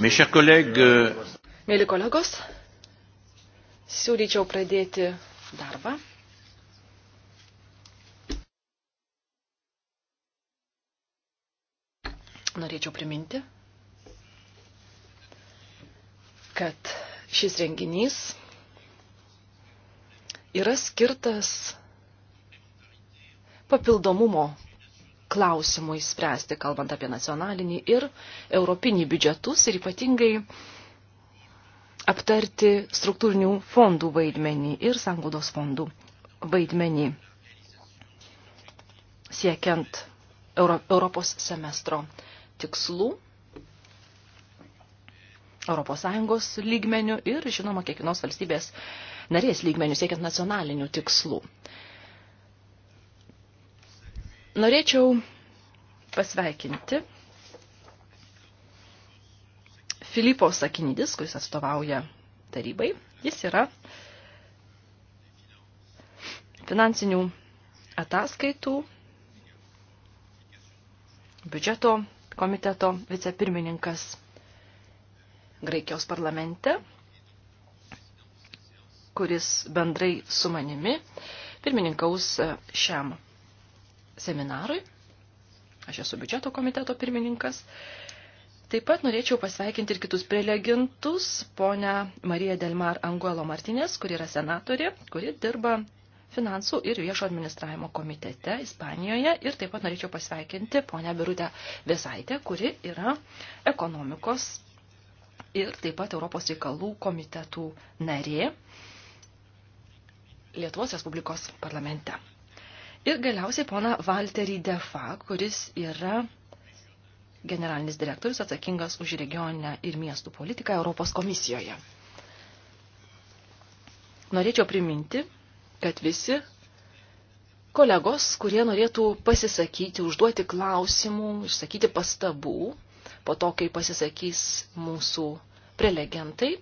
Euh, Mėly kolegos, siūlyčiau pradėti darbą. Norėčiau priminti, kad šis renginys yra skirtas papildomumo klausimui spręsti, kalbant apie nacionalinį ir europinį biudžetus ir ypatingai aptarti struktūrinių fondų vaidmenį ir sanglaudos fondų vaidmenį siekiant Euro, Europos semestro tikslų, Europos Sąjungos lygmenių ir, žinoma, kiekvienos valstybės narės lygmenių siekiant nacionalinių tikslų. Uh, Norėčiau pasveikinti Filipo Sakinidis, kuris atstovauja tarybai. Jis yra finansinių ataskaitų biudžeto komiteto vicepirmininkas Graikijos parlamente, kuris bendrai su manimi pirmininkaus šiam seminarui. Aš esu biudžeto komiteto pirmininkas. Taip pat norėčiau pasveikinti ir kitus prelegentus, ponę Mariją Delmar Anguelo Martinės, kuri yra senatorė, kuri dirba finansų ir viešo administravimo komitete Ispanijoje. Ir taip pat norėčiau pasveikinti ponę Birutę Vesaitę, kuri yra ekonomikos ir taip pat Europos reikalų komitetų narė Lietuvos Respublikos parlamente. Ir galiausiai pona Valterį Defa, kuris yra generalinis direktorius atsakingas už regioninę ir miestų politiką Europos komisijoje. Norėčiau priminti, kad visi kolegos, kurie norėtų pasisakyti, užduoti klausimų, išsakyti pastabų, po to, kai pasisakys mūsų prelegentai,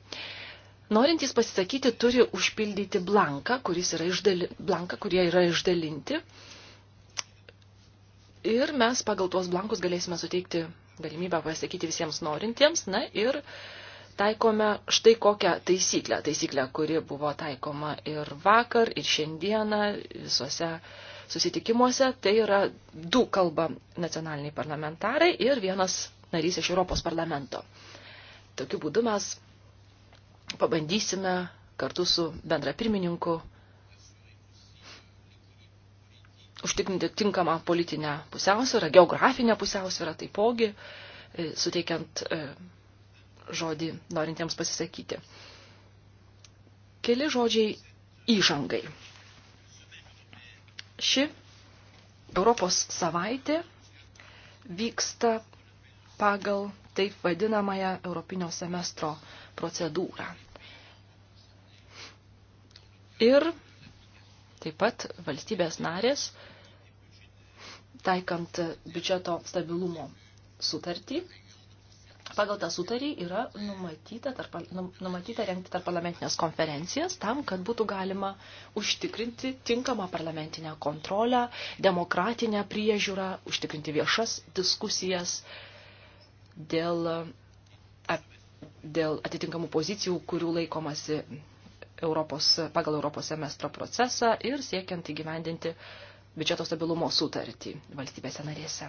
norintys pasisakyti turi užpildyti blanką, kuris yra išdali, blanką kurie yra išdalinti. Ir mes pagal tuos blankus galėsime suteikti galimybę pasakyti visiems norintiems. Na ir taikome štai kokią taisyklę. Taisyklę, kuri buvo taikoma ir vakar, ir šiandieną visose susitikimuose. Tai yra du kalba nacionaliniai parlamentarai ir vienas narys iš Europos parlamento. Tokiu būdu mes pabandysime kartu su bendra pirmininku užtikrinti tinkamą politinę pusiausvyrą, geografinę pusiausvyrą taipogi, e, suteikiant e, žodį norintiems pasisakyti. Keli žodžiai įžangai. Ši Europos savaitė vyksta pagal taip vadinamąją Europinio semestro procedūrą. Ir taip pat valstybės narės, taikant biudžeto stabilumo sutartį, pagal tą sutarį yra numatyta, tarp, numatyta rengti tarp parlamentinės konferencijas tam, kad būtų galima užtikrinti tinkamą parlamentinę kontrolę, demokratinę priežiūrą, užtikrinti viešas diskusijas dėl, dėl atitinkamų pozicijų, kurių laikomasi Europos, pagal Europos semestro procesą ir siekiant įgyvendinti biudžeto stabilumo sutartį valstybėse narėse.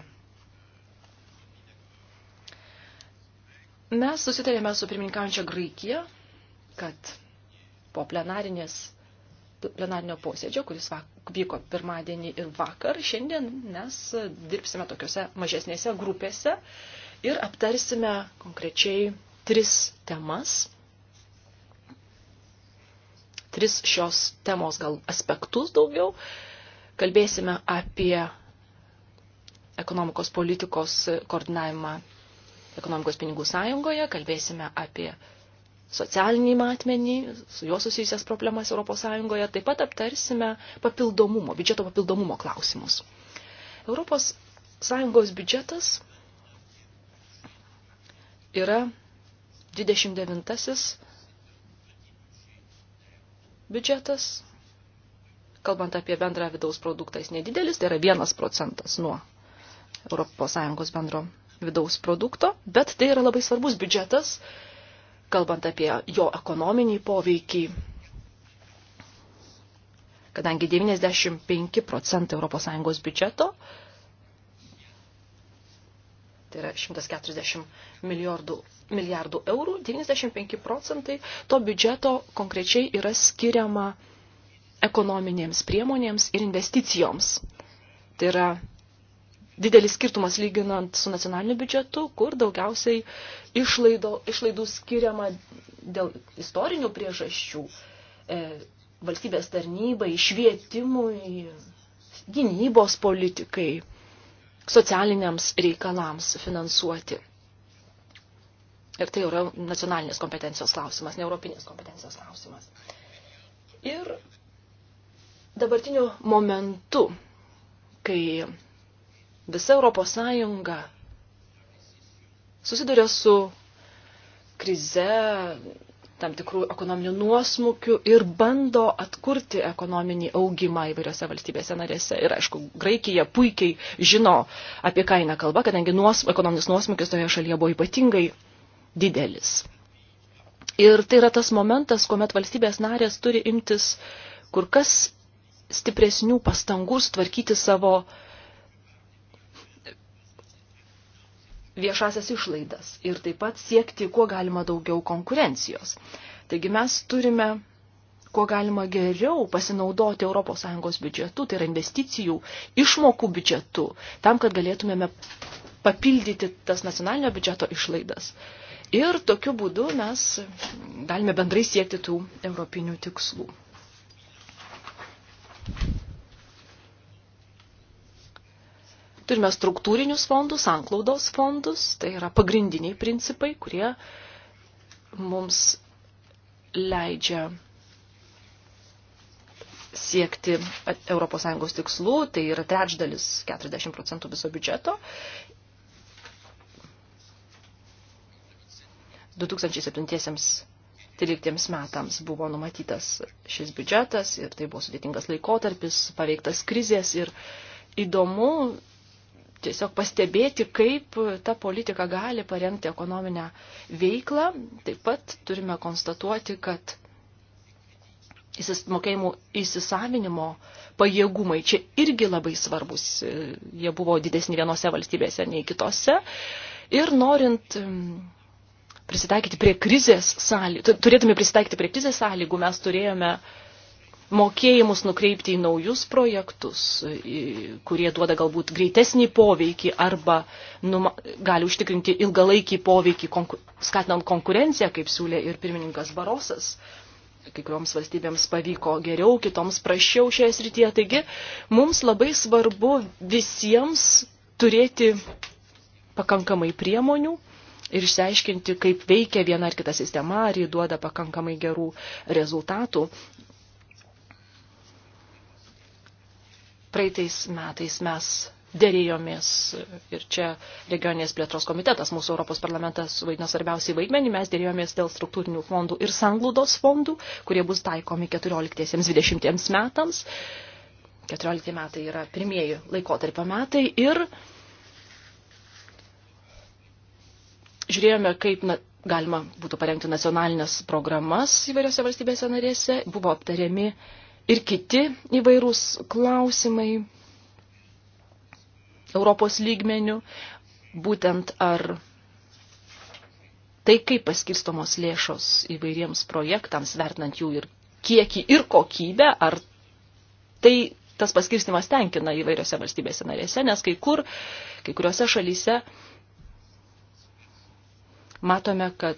Mes susitarėme su pirmininkaujančia Graikija, kad po plenarinės, plenarinio posėdžio, kuris vyko pirmadienį ir vakar, šiandien mes dirbsime tokiuose mažesnėse grupėse ir aptarsime konkrečiai tris temas tris šios temos gal aspektus daugiau. Kalbėsime apie ekonomikos politikos koordinavimą ekonomikos pinigų sąjungoje, kalbėsime apie socialinį matmenį, su juo susijusias problemas Europos Sąjungoje, taip pat aptarsime papildomumo, biudžeto papildomumo klausimus. Europos Sąjungos biudžetas yra 29 biudžetas, kalbant apie bendrą vidaus produktą, jis nedidelis, tai yra vienas procentas nuo ES bendro vidaus produkto, bet tai yra labai svarbus biudžetas, kalbant apie jo ekonominį poveikį, kadangi 95 procentai ES biudžeto, tai yra 140 milijardų milijardų eurų, 95 procentai to biudžeto konkrečiai yra skiriama ekonominėms priemonėms ir investicijoms. Tai yra didelis skirtumas lyginant su nacionaliniu biudžetu, kur daugiausiai išlaido, išlaidų skiriama dėl istorinių priežasčių e, valstybės tarnybai, švietimui, gynybos politikai, socialiniams reikalams finansuoti. Ir tai yra nacionalinės kompetencijos klausimas, ne europinės kompetencijos klausimas. Ir dabartiniu momentu, kai visa Europos Sąjunga susiduria su krize, tam tikrų ekonominių nuosmukių ir bando atkurti ekonominį augimą įvairiose valstybėse narėse. Ir aišku, Graikija puikiai žino, apie ką eina kalba, kadangi nuos, ekonominis nuosmukis toje šalyje buvo ypatingai didelis. Ir tai yra tas momentas, kuomet valstybės narės turi imtis kur kas stipresnių pastangų sutvarkyti savo viešasias išlaidas ir taip pat siekti kuo galima daugiau konkurencijos. Taigi mes turime kuo galima geriau pasinaudoti ES biudžetu, tai yra investicijų, išmokų biudžetu, tam, kad galėtumėme papildyti tas nacionalinio biudžeto išlaidas. Uh, Ir tokiu būdu mes galime bendrai siekti tų europinių tikslų. Turime struktūrinius fondus, anklaudos fondus, tai yra pagrindiniai principai, kurie mums leidžia siekti ES tikslų, tai yra trečdalis 40 procentų viso biudžeto 2007-2013 metams buvo numatytas šis biudžetas ir tai buvo sudėtingas laikotarpis, paveiktas krizės ir įdomu tiesiog pastebėti, kaip ta politika gali paremti ekonominę veiklą. Taip pat turime konstatuoti, kad mokėjimų įsisavinimo pajėgumai čia irgi labai svarbus. Jie buvo didesni vienose valstybėse nei kitose. Ir norint prisitaikyti prie krizės sąlygų, turėtume prisitaikyti prie krizės sąlygų, mes turėjome mokėjimus nukreipti į naujus projektus, kurie duoda galbūt greitesnį poveikį arba numa, gali užtikrinti ilgalaikį poveikį, konku, skatinant konkurenciją, kaip siūlė ir pirmininkas Barosas. Kai kurioms valstybėms pavyko geriau, kitoms prašiau šioje srityje. Taigi mums labai svarbu visiems turėti pakankamai priemonių ir išsiaiškinti, kaip veikia viena ar kita sistema, ar ji duoda pakankamai gerų rezultatų. Praeitais metais mes dėrėjomės ir čia regioninės plėtros komitetas, mūsų Europos parlamentas vaidino svarbiausiai vaidmenį, mes dėrėjomės dėl struktūrinių fondų ir sanglaudos fondų, kurie bus taikomi 14-20 metams. 14 metai yra pirmieji laikotarpio metai ir žiūrėjome, kaip na, galima būtų parengti nacionalinės programas įvairiose valstybėse narėse, buvo aptariami ir kiti įvairūs klausimai Europos lygmenių, būtent ar tai, kaip paskirstomos lėšos įvairiems projektams, vertinant jų ir kiekį ir kokybę, ar tai tas paskirstimas tenkina įvairiose valstybėse narėse, nes kai kur, kai kuriuose šalyse matome, kad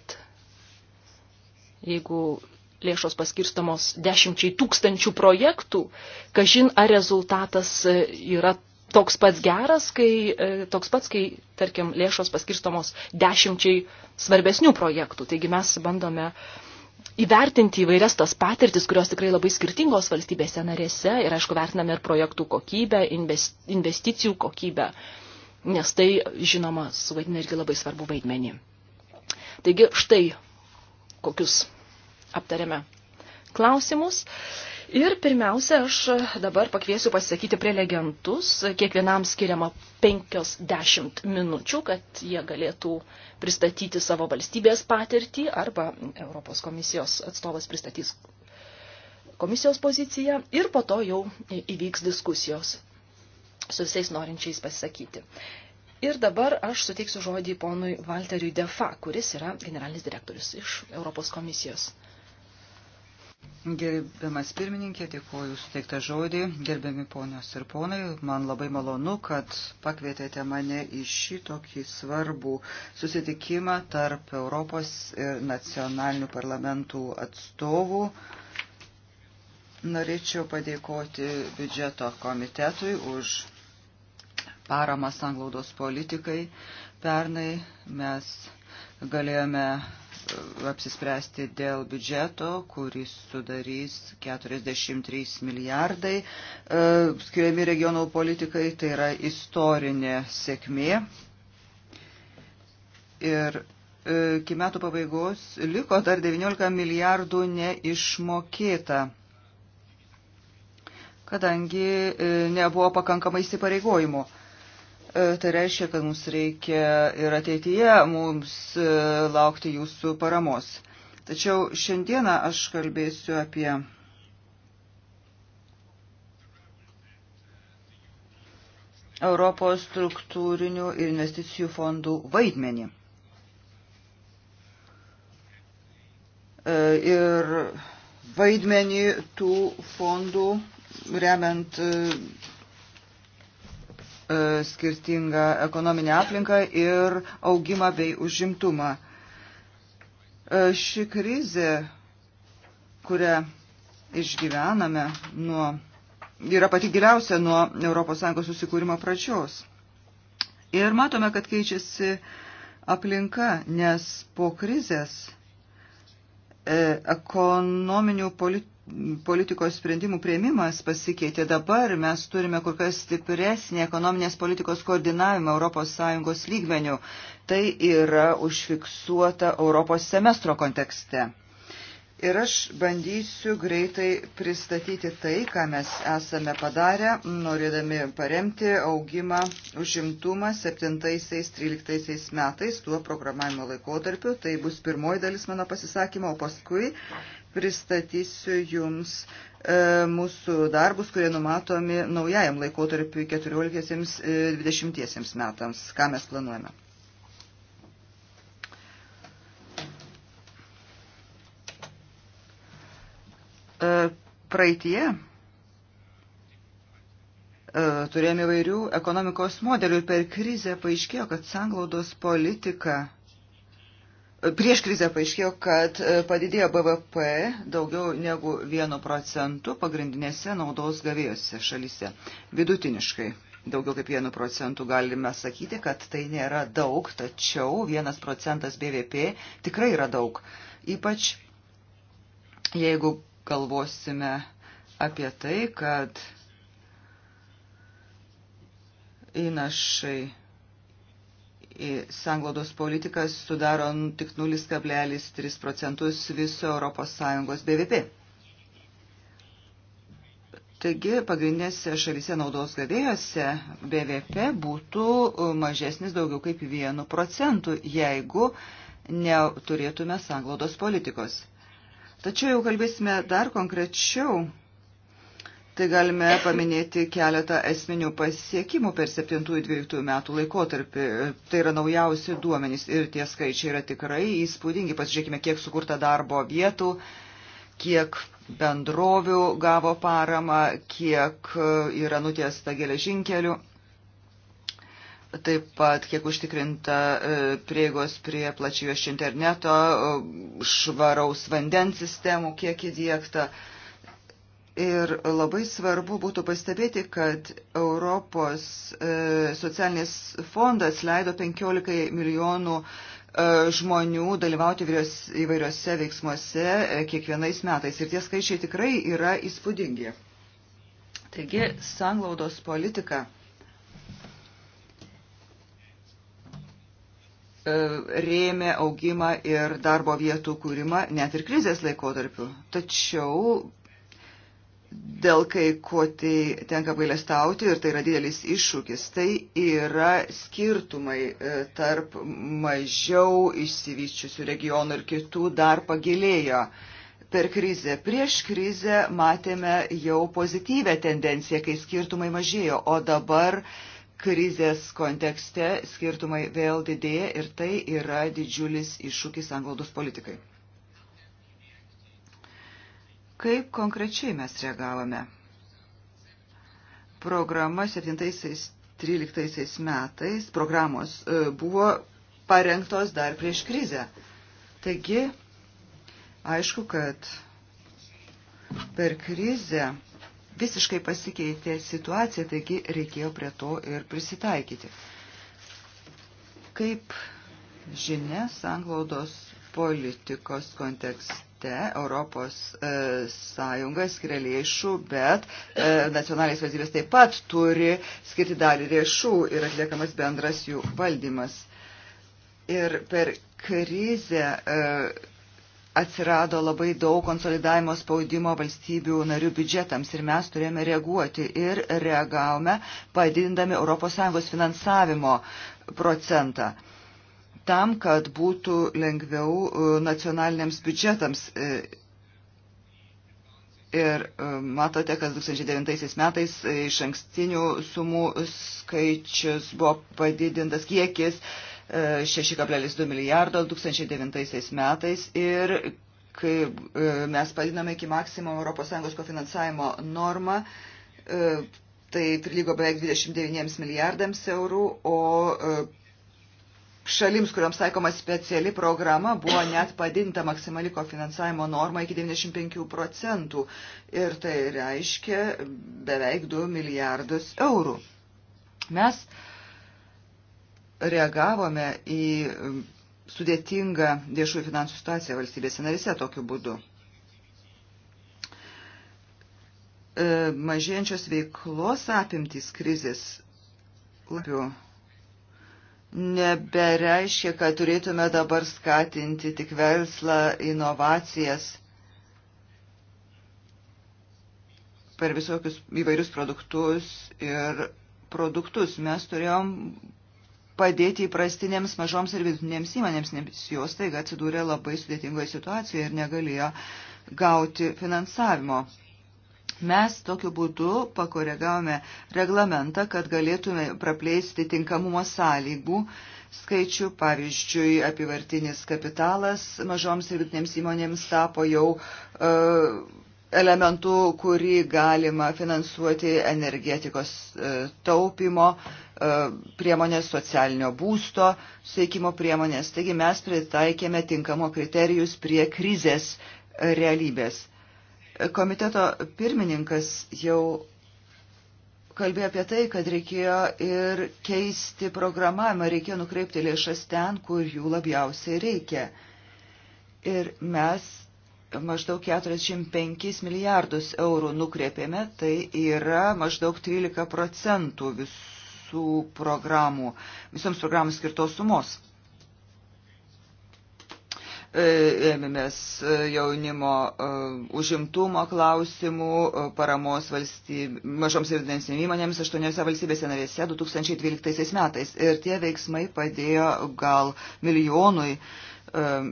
jeigu lėšos paskirstamos dešimčiai tūkstančių projektų, kažin ar rezultatas e, yra toks pats geras, kai, e, toks pats, kai, tarkim, lėšos paskirstomos dešimčiai svarbesnių projektų. Taigi mes bandome įvertinti įvairias tas patirtis, kurios tikrai labai skirtingos valstybėse narėse ir, aišku, vertiname ir projektų kokybę, investicijų kokybę, nes tai, žinoma, suvaidina irgi labai svarbu vaidmenį. Taigi štai kokius aptarėme klausimus. Ir pirmiausia, aš dabar pakviesiu pasisakyti prelegentus, kiekvienam skiriama 50 minučių, kad jie galėtų pristatyti savo valstybės patirtį arba Europos komisijos atstovas pristatys komisijos poziciją ir po to jau įvyks diskusijos su visais norinčiais pasisakyti. Ir dabar aš suteiksiu žodį ponui Valteriui Defa, kuris yra generalinis direktorius iš Europos komisijos. Gerbiamas pirmininkė, dėkuoju suteiktą žodį. Gerbiami ponios ir ponai, man labai malonu, kad pakvietėte mane į šitokį svarbų susitikimą tarp Europos ir nacionalinių parlamentų atstovų. Norėčiau padėkoti biudžeto komitetui už paramą sanglaudos politikai. Pernai mes galėjome e, apsispręsti dėl biudžeto, kuris sudarys 43 milijardai e, skiriami regionų politikai. Tai yra istorinė sėkmė. Ir e, iki metų pabaigos liko dar 19 milijardų neišmokėta, kadangi nebuvo pakankamai įsipareigojimų. E, tai reiškia, kad mums reikia ir ateityje mums e, laukti jūsų paramos. Tačiau šiandieną aš kalbėsiu apie Europos struktūrinių ir investicijų fondų vaidmenį. E, ir vaidmenį tų fondų remiant E, skirtingą ekonominę aplinką ir augimą bei užimtumą. E, ši krizė, kurią išgyvename nuo, yra pati giliausia nuo ES susikūrimo pradžios. Ir matome, kad keičiasi aplinka, nes po krizės e, ekonominių politikų politikos sprendimų prieimimas pasikeitė. Dabar mes turime kur kas stipresnį ekonominės politikos koordinavimą ES lygmenių. Tai yra užfiksuota Europos semestro kontekste. Ir aš bandysiu greitai pristatyti tai, ką mes esame padarę, norėdami paremti augimą užimtumą 7-13 metais, tuo programavimo laikotarpiu. Tai bus pirmoji dalis mano pasisakymo, o paskui pristatysiu Jums e, mūsų darbus, kurie numatomi naujajam laikotarpiu 14-20 e, metams, ką mes planuojame. E, praeitie e, turėjome vairių ekonomikos modelių ir per krizę paaiškėjo, kad sanglaudos politika Prieš krizę paaiškėjo, kad e, padidėjo BVP daugiau negu 1 procentu pagrindinėse naudos gavėjose šalyse. Vidutiniškai daugiau kaip 1 procentų galime sakyti, kad tai nėra daug, tačiau 1 procentas BVP tikrai yra daug. Ypač jeigu galvosime apie tai, kad įnašai sanglaudos politiką sudaro tik 0,3 procentus viso ES BVP. Taigi pagrindinėse šalyse naudos gavėjose BVP būtų e, mažesnis daugiau kaip 1 procentų, jeigu neturėtume sanglaudos politikos. Tačiau jau kalbėsime dar konkrečiau Tai galime paminėti keletą esminių pasiekimų per 7-12 metų laikotarpį. Tai yra naujausi duomenys ir tie skaičiai yra tikrai įspūdingi. Pasižiūrėkime, kiek sukurta darbo vietų, kiek bendrovių gavo paramą, kiek e, yra nutiesta geležinkelių. Taip pat, kiek užtikrinta e, prieigos prie plačiuoščio interneto, e, švaraus vandens sistemų, kiek įdėkta. Ir labai svarbu būtų pastebėti, kad Europos e, socialinis fondas leido 15 milijonų e, žmonių dalyvauti įvairiose veiksmuose e, kiekvienais metais. Ir tie skaičiai tikrai yra įspūdingi. Taigi, sanglaudos politika rėmė augimą ir darbo vietų kūrimą net ir krizės laikotarpiu. Tačiau dėl kai ko tai tenka gailestauti ir tai yra didelis iššūkis. Tai yra skirtumai e, tarp mažiau išsivyščiusių regionų ir kitų dar pagilėjo. Per krizę, prieš krizę matėme jau pozityvę tendenciją, kai skirtumai mažėjo, o dabar krizės kontekste skirtumai vėl didėja ir tai yra didžiulis iššūkis anglodos politikai. Kaip konkrečiai mes reagavome? Programa 7-13 metais, programos e, buvo parengtos dar prieš krizę. Taigi, aišku, kad per krizę visiškai pasikeitė situacija, taigi reikėjo prie to ir prisitaikyti. Kaip žinia, sanglaudos politikos kontekste biudžete Europos e, Sąjunga skiria lėšų, bet e, nacionalinės valstybės taip pat turi skirti dalį lėšų ir atliekamas bendras jų valdymas. Ir per krizę e, atsirado labai daug konsolidavimo spaudimo valstybių narių biudžetams ir mes turėjome reaguoti ir reagavome padindami ES finansavimo procentą. E, tam, kad būtų lengviau e, nacionaliniams biudžetams. E, ir e, matote, kad 2009 metais iš ankstinių sumų skaičius buvo padidintas kiekis 6,2 milijardo 2009 metais ir kai mes padiname iki maksimumo ES kofinansavimo normą, tai prilygo beveik 29 milijardams eurų, o šalims, kuriams taikoma speciali programa, buvo net padinta maksimali kofinansavimo norma iki 95 procentų ir tai reiškia beveik 2 milijardus eurų. Mes reagavome į sudėtingą viešųjų finansų situaciją valstybėse narise tokiu būdu. E, mažėjančios veiklos apimtys krizės labiau nebereiškia, kad turėtume dabar skatinti tik verslą, inovacijas per visokius įvairius produktus ir produktus. Mes turėjom padėti įprastinėms mažoms ir vidutinėms įmonėms, nes jos taiga atsidūrė labai sudėtingoje situacijoje ir negalėjo gauti finansavimo. Mes tokiu būdu pakoregavome reglamentą, kad galėtume praplėsti tinkamumo sąlygų skaičių. Pavyzdžiui, apivartinis kapitalas mažoms ir vidutinėms įmonėms tapo jau. Uh, e, elementų, kurį galima finansuoti energetikos e, taupimo e, priemonės, socialinio būsto sveikimo priemonės. Taigi mes pritaikėme tinkamo kriterijus prie krizės realybės. Komiteto pirmininkas jau kalbėjo apie tai, kad reikėjo ir keisti programavimą, reikėjo nukreipti lėšas ten, kur jų labiausiai reikia. Ir mes maždaug 45 milijardus eurų nukreipėme, tai yra maždaug 13 procentų visų programų, visoms programų skirtos sumos. E, ėmėmės e, jaunimo e, užimtumo klausimų, paramos valstyb... mažoms ir didenėms įmonėms aštuoniose valstybėse narėse 2012 metais. Ir tie veiksmai padėjo gal milijonui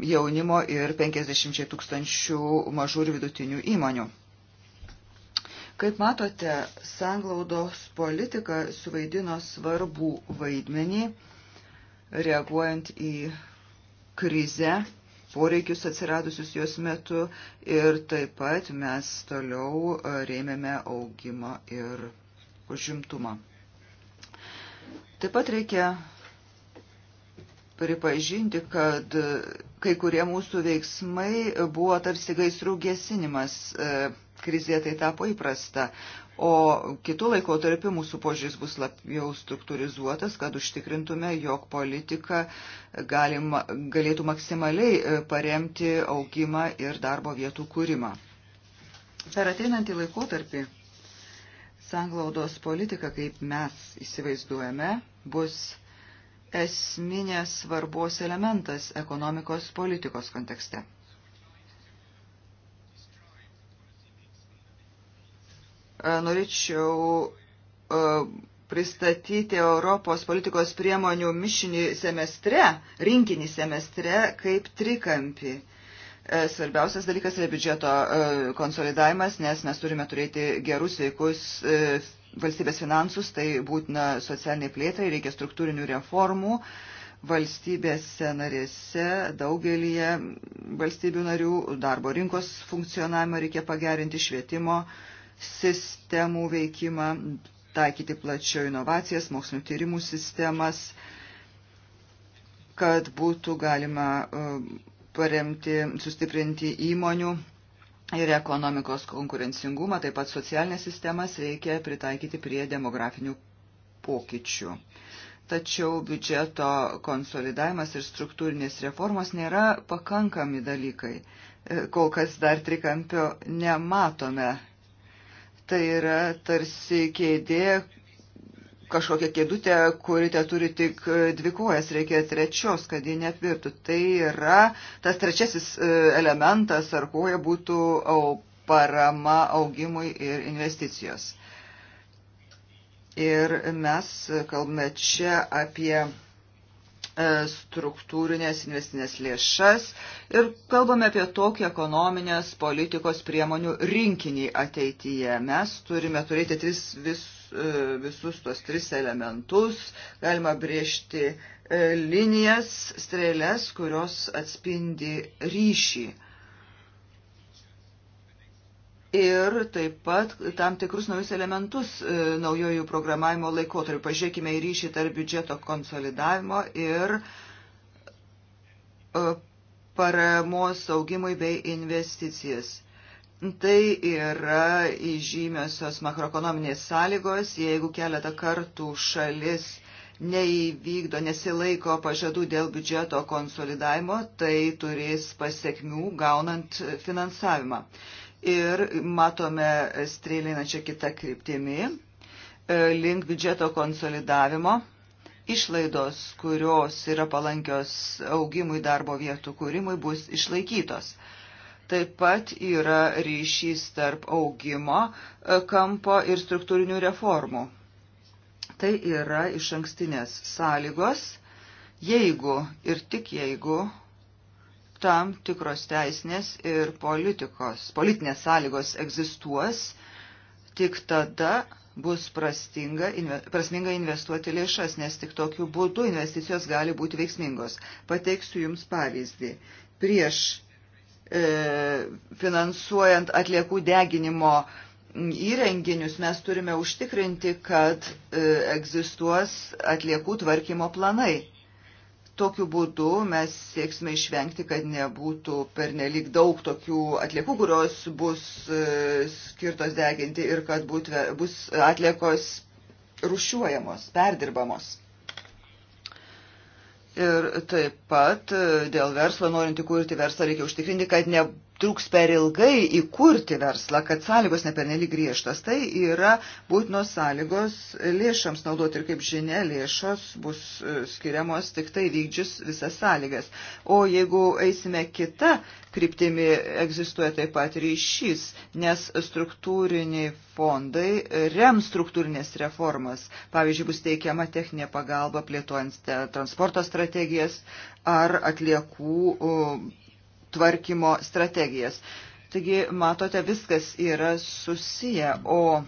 jaunimo ir 50 tūkstančių mažų ir vidutinių įmonių. Kaip matote, sanglaudos politika suvaidino svarbų vaidmenį reaguojant į krizę poreikius atsiradusius jos metu ir taip pat mes toliau e, rėmėme augimą ir užimtumą. Taip pat reikia pripažinti, kad e, kai kurie mūsų veiksmai buvo tarsi gaisrų gesinimas. E, krizė tai tapo įprasta. O kitų laikotarpių mūsų požiūris bus labiau struktūrizuotas, kad užtikrintume, jog politika galima, galėtų maksimaliai e, paremti augimą ir darbo vietų kūrimą. Per ateinantį laikotarpį sanglaudos politika, kaip mes įsivaizduojame, bus esminės svarbos elementas ekonomikos politikos kontekste. E, norėčiau e, pristatyti Europos politikos priemonių mišinį semestre, rinkinį semestre, kaip trikampį. E, svarbiausias dalykas yra biudžeto konsolidavimas, nes mes turime turėti gerus veikus valstybės finansus, tai būtina socialiniai plėtrai, reikia struktūrinių reformų valstybėse narėse, daugelie valstybių narių darbo rinkos funkcionavimą reikia pagerinti švietimo sistemų veikimą, taikyti plačiau inovacijas, mokslinio tyrimų sistemas, kad būtų galima uh, paremti, sustiprinti įmonių ir ekonomikos konkurencingumą, taip pat socialinės sistemas reikia pritaikyti prie demografinių pokyčių. Tačiau biudžeto konsolidavimas ir struktūrinės reformos nėra pakankami dalykai. E, kol kas dar trikampio nematome. Tai yra tarsi kėdė, kažkokią kėdutę, kuri te turi tik e, dvi kojas, reikia trečios, kad ji netvirtų. Tai yra tas trečiasis e, elementas, ar koja būtų parama augimui ir investicijos. Ir mes kalbame čia apie e, struktūrinės investinės lėšas ir kalbame apie tokį ekonominės politikos priemonių rinkinį ateityje. Mes turime turėti tris vis E, visus tos tris elementus, galima briežti e, linijas, strėlės, kurios atspindi ryšį. Ir taip pat tam tikrus naujus elementus e, naujojų programavimo laikotarpiu. Pažiūrėkime į ryšį tarp biudžeto konsolidavimo ir paramos augimui bei investicijas. Tai yra įžymiosios makroekonominės sąlygos, jeigu keletą kartų šalis neįvykdo, nesilaiko pažadų dėl biudžeto konsolidavimo, tai turės pasiekmių gaunant finansavimą. Ir matome strėlinančią kitą kryptimį e, link biudžeto konsolidavimo. Išlaidos, kurios yra palankios augimui darbo vietų kūrimui, bus išlaikytos. Taip pat yra ryšys tarp augimo e, kampo ir struktūrinių reformų. Tai yra iš ankstinės sąlygos, jeigu ir tik jeigu tam tikros teisinės ir politikos, politinės sąlygos egzistuos, tik tada bus prastinga, prasminga investuoti lėšas, nes tik tokiu būdu investicijos gali būti veiksmingos. Pateiksiu Jums pavyzdį. Prieš E, finansuojant atliekų deginimo įrenginius, mes turime užtikrinti, kad e, egzistuos atliekų tvarkymo planai. Tokiu būdu mes sieksime išvengti, kad nebūtų pernelyg daug tokių atliekų, kurios bus e, skirtos deginti ir kad bus atliekos rušiuojamos, perdirbamos. Ir taip pat e, dėl verslo, norint įkurti verslą, reikia užtikrinti, kad ne truks per ilgai įkurti verslą, kad sąlygos nepernelyg griežtas. Tai yra būtinos sąlygos lėšams naudoti ir kaip žinia, lėšos bus e, skiriamos tik tai vykdžius visas sąlygas. O jeigu eisime kita kryptimi, egzistuoja taip pat ryšys, nes struktūriniai fondai rem struktūrinės reformas. Pavyzdžiui, bus teikiama techninė pagalba plėtojant transporto strategijas ar atliekų tvarkymo strategijas. Taigi, matote, viskas yra susiję, o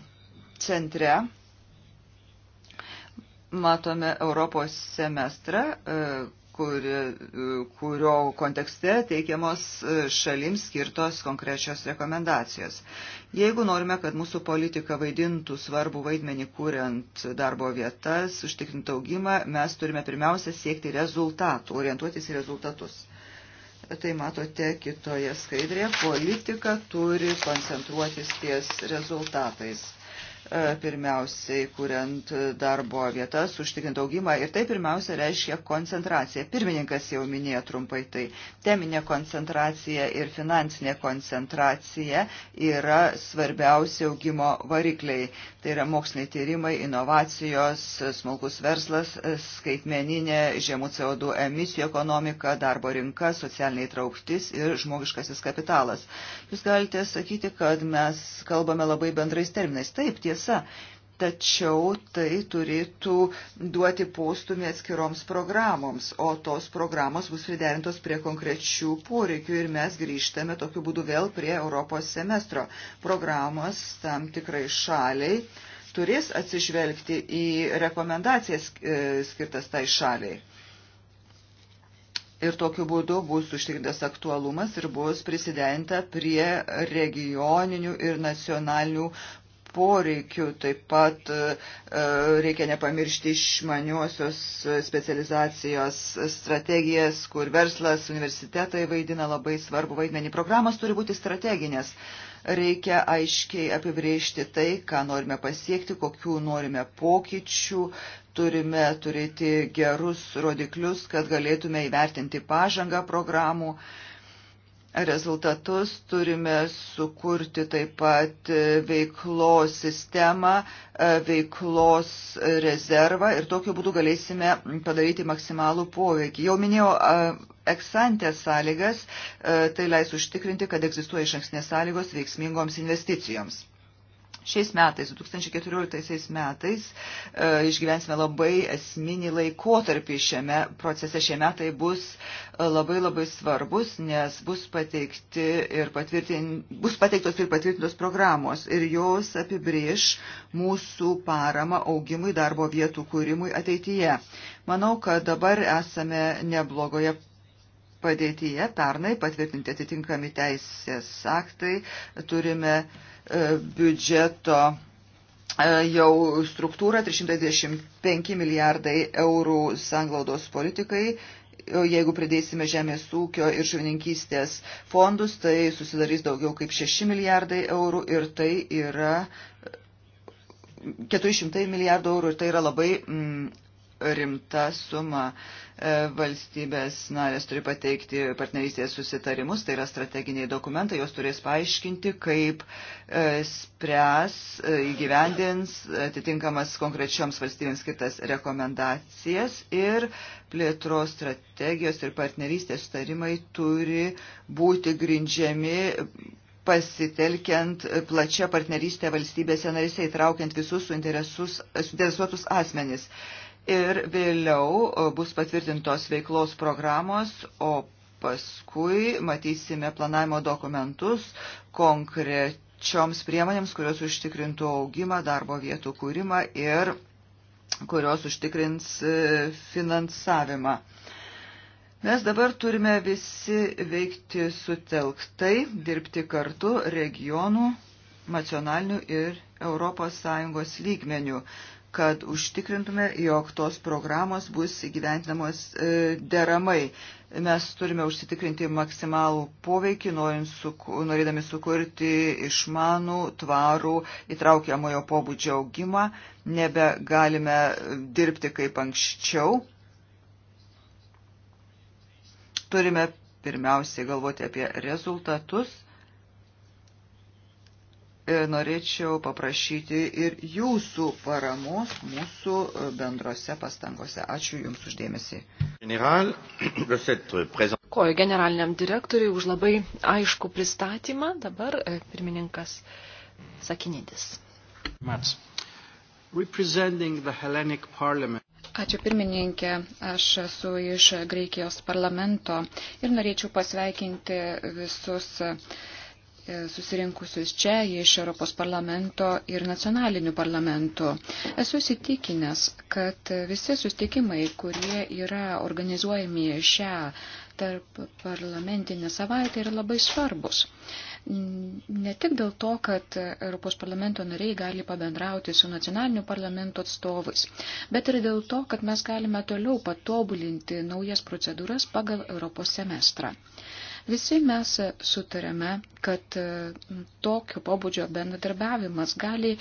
centre matome Europos semestrą, e, kuri, e, kurio kontekste teikiamos e, šalims skirtos konkrečios rekomendacijos. Jeigu norime, kad mūsų politika vaidintų svarbų vaidmenį kūriant darbo vietas, užtikrint augimą, mes turime pirmiausia siekti rezultatų, orientuotis į rezultatus tai matote kitoje skaidrėje, politika turi koncentruotis ties rezultatais. E, pirmiausiai kuriant darbo vietas, užtikrint augimą ir tai pirmiausia reiškia koncentraciją. Pirmininkas jau minėjo trumpai tai. Teminė koncentracija ir finansinė koncentracija yra svarbiausi augimo varikliai. Tai yra moksliniai tyrimai, inovacijos, smulkus verslas, skaitmeninė žemų CO2 emisijų ekonomika, darbo rinka, socialiniai trauktis ir žmogiškasis kapitalas. Jūs galite sakyti, kad mes kalbame labai bendrais terminais. Taip, ties tiesa. Tačiau tai turėtų duoti postumį atskiroms programoms, o tos programos bus priderintos prie konkrečių poreikių ir mes grįžtame tokiu būdu vėl prie Europos semestro. Programos tam tikrai šaliai turės atsižvelgti į rekomendacijas e, skirtas tai šaliai. Ir tokiu būdu bus užtikrintas aktualumas ir bus prisidenta prie regioninių ir nacionalinių poreikių. Taip pat e, e, reikia nepamiršti išmaniosios specializacijos strategijas, kur verslas, universitetai vaidina labai svarbu vaidmenį. Programos turi būti strateginės. Reikia aiškiai apibriežti tai, ką norime pasiekti, kokių norime pokyčių, turime turėti gerus rodiklius, kad galėtume įvertinti pažangą programų. Uh, rezultatus, turime sukurti taip pat veiklos sistemą, veiklos rezervą ir tokiu būdu galėsime padaryti maksimalų poveikį. Jau minėjau eksantės sąlygas, tai leis užtikrinti, kad egzistuoja iš anksnės sąlygos veiksmingoms investicijoms. Šiais metais, 2014 metais, e, išgyvensime labai esminį laikotarpį šiame procese. Šie metai bus e, labai labai svarbus, nes bus, pateikti ir patvirtin, bus pateiktos ir patvirtintos programos ir jos apibrieš mūsų paramą augimui darbo vietų kūrimui ateityje. Manau, kad dabar esame neblogoje padėtyje. Pernai patvirtinti atitinkami teisės aktai turime E, biudžeto e, jau struktūrą 325 milijardai eurų sanglaudos politikai. Jeigu pridėsime žemės ūkio ir žuvininkystės fondus, tai susidarys daugiau kaip 6 milijardai eurų ir tai yra 400 milijardų eurų ir tai yra labai mm, rimta suma. E, valstybės narės turi pateikti partnerystės susitarimus, tai yra strateginiai dokumentai, jos turės paaiškinti, kaip e, spręs, e, įgyvendins atitinkamas konkrečioms valstybėms skirtas rekomendacijas ir plėtros strategijos ir partnerystės sutarimai turi būti grindžiami pasitelkiant plačią partnerystę valstybėse narėse, įtraukiant visus suinteresuotus asmenis ir vėliau e, bus patvirtintos veiklos programos, o paskui matysime planavimo dokumentus konkrečioms priemonėms, kurios užtikrintų augimą, darbo vietų kūrimą ir kurios užtikrins e, finansavimą. Mes dabar turime visi veikti sutelktai, dirbti kartu regionų, nacionalinių ir ES lygmenių kad užtikrintume, jog tos programos bus įgyventinamos e, deramai. Mes turime užsitikrinti maksimalų poveikį, suku, norėdami sukurti išmanų, tvarų, įtraukiamojo pobūdžio augimą. Nebegalime dirbti kaip anksčiau. Turime pirmiausiai galvoti apie rezultatus E, norėčiau paprašyti ir jūsų paramos mūsų e, bendrose pastangose. Ačiū Jums uždėmesį. General, Koju generaliniam direktoriui už labai aišku pristatymą. Dabar e, pirmininkas Sakinidis. Mats. Ačiū pirmininkė, aš esu iš Graikijos parlamento ir norėčiau pasveikinti visus uh, E, susirinkusius čia iš Europos parlamento ir nacionalinių parlamentų. Esu įsitikinęs, kad visi sustikimai, kurie yra organizuojami šią tarp parlamentinę savaitę, yra labai svarbus. Ne tik dėl to, kad Europos parlamento nariai gali pabendrauti su nacionaliniu parlamento atstovais, bet ir dėl to, kad mes galime toliau patobulinti naujas procedūras pagal Europos semestrą. Visi mes sutarėme, kad e, tokio pobūdžio bendradarbiavimas gali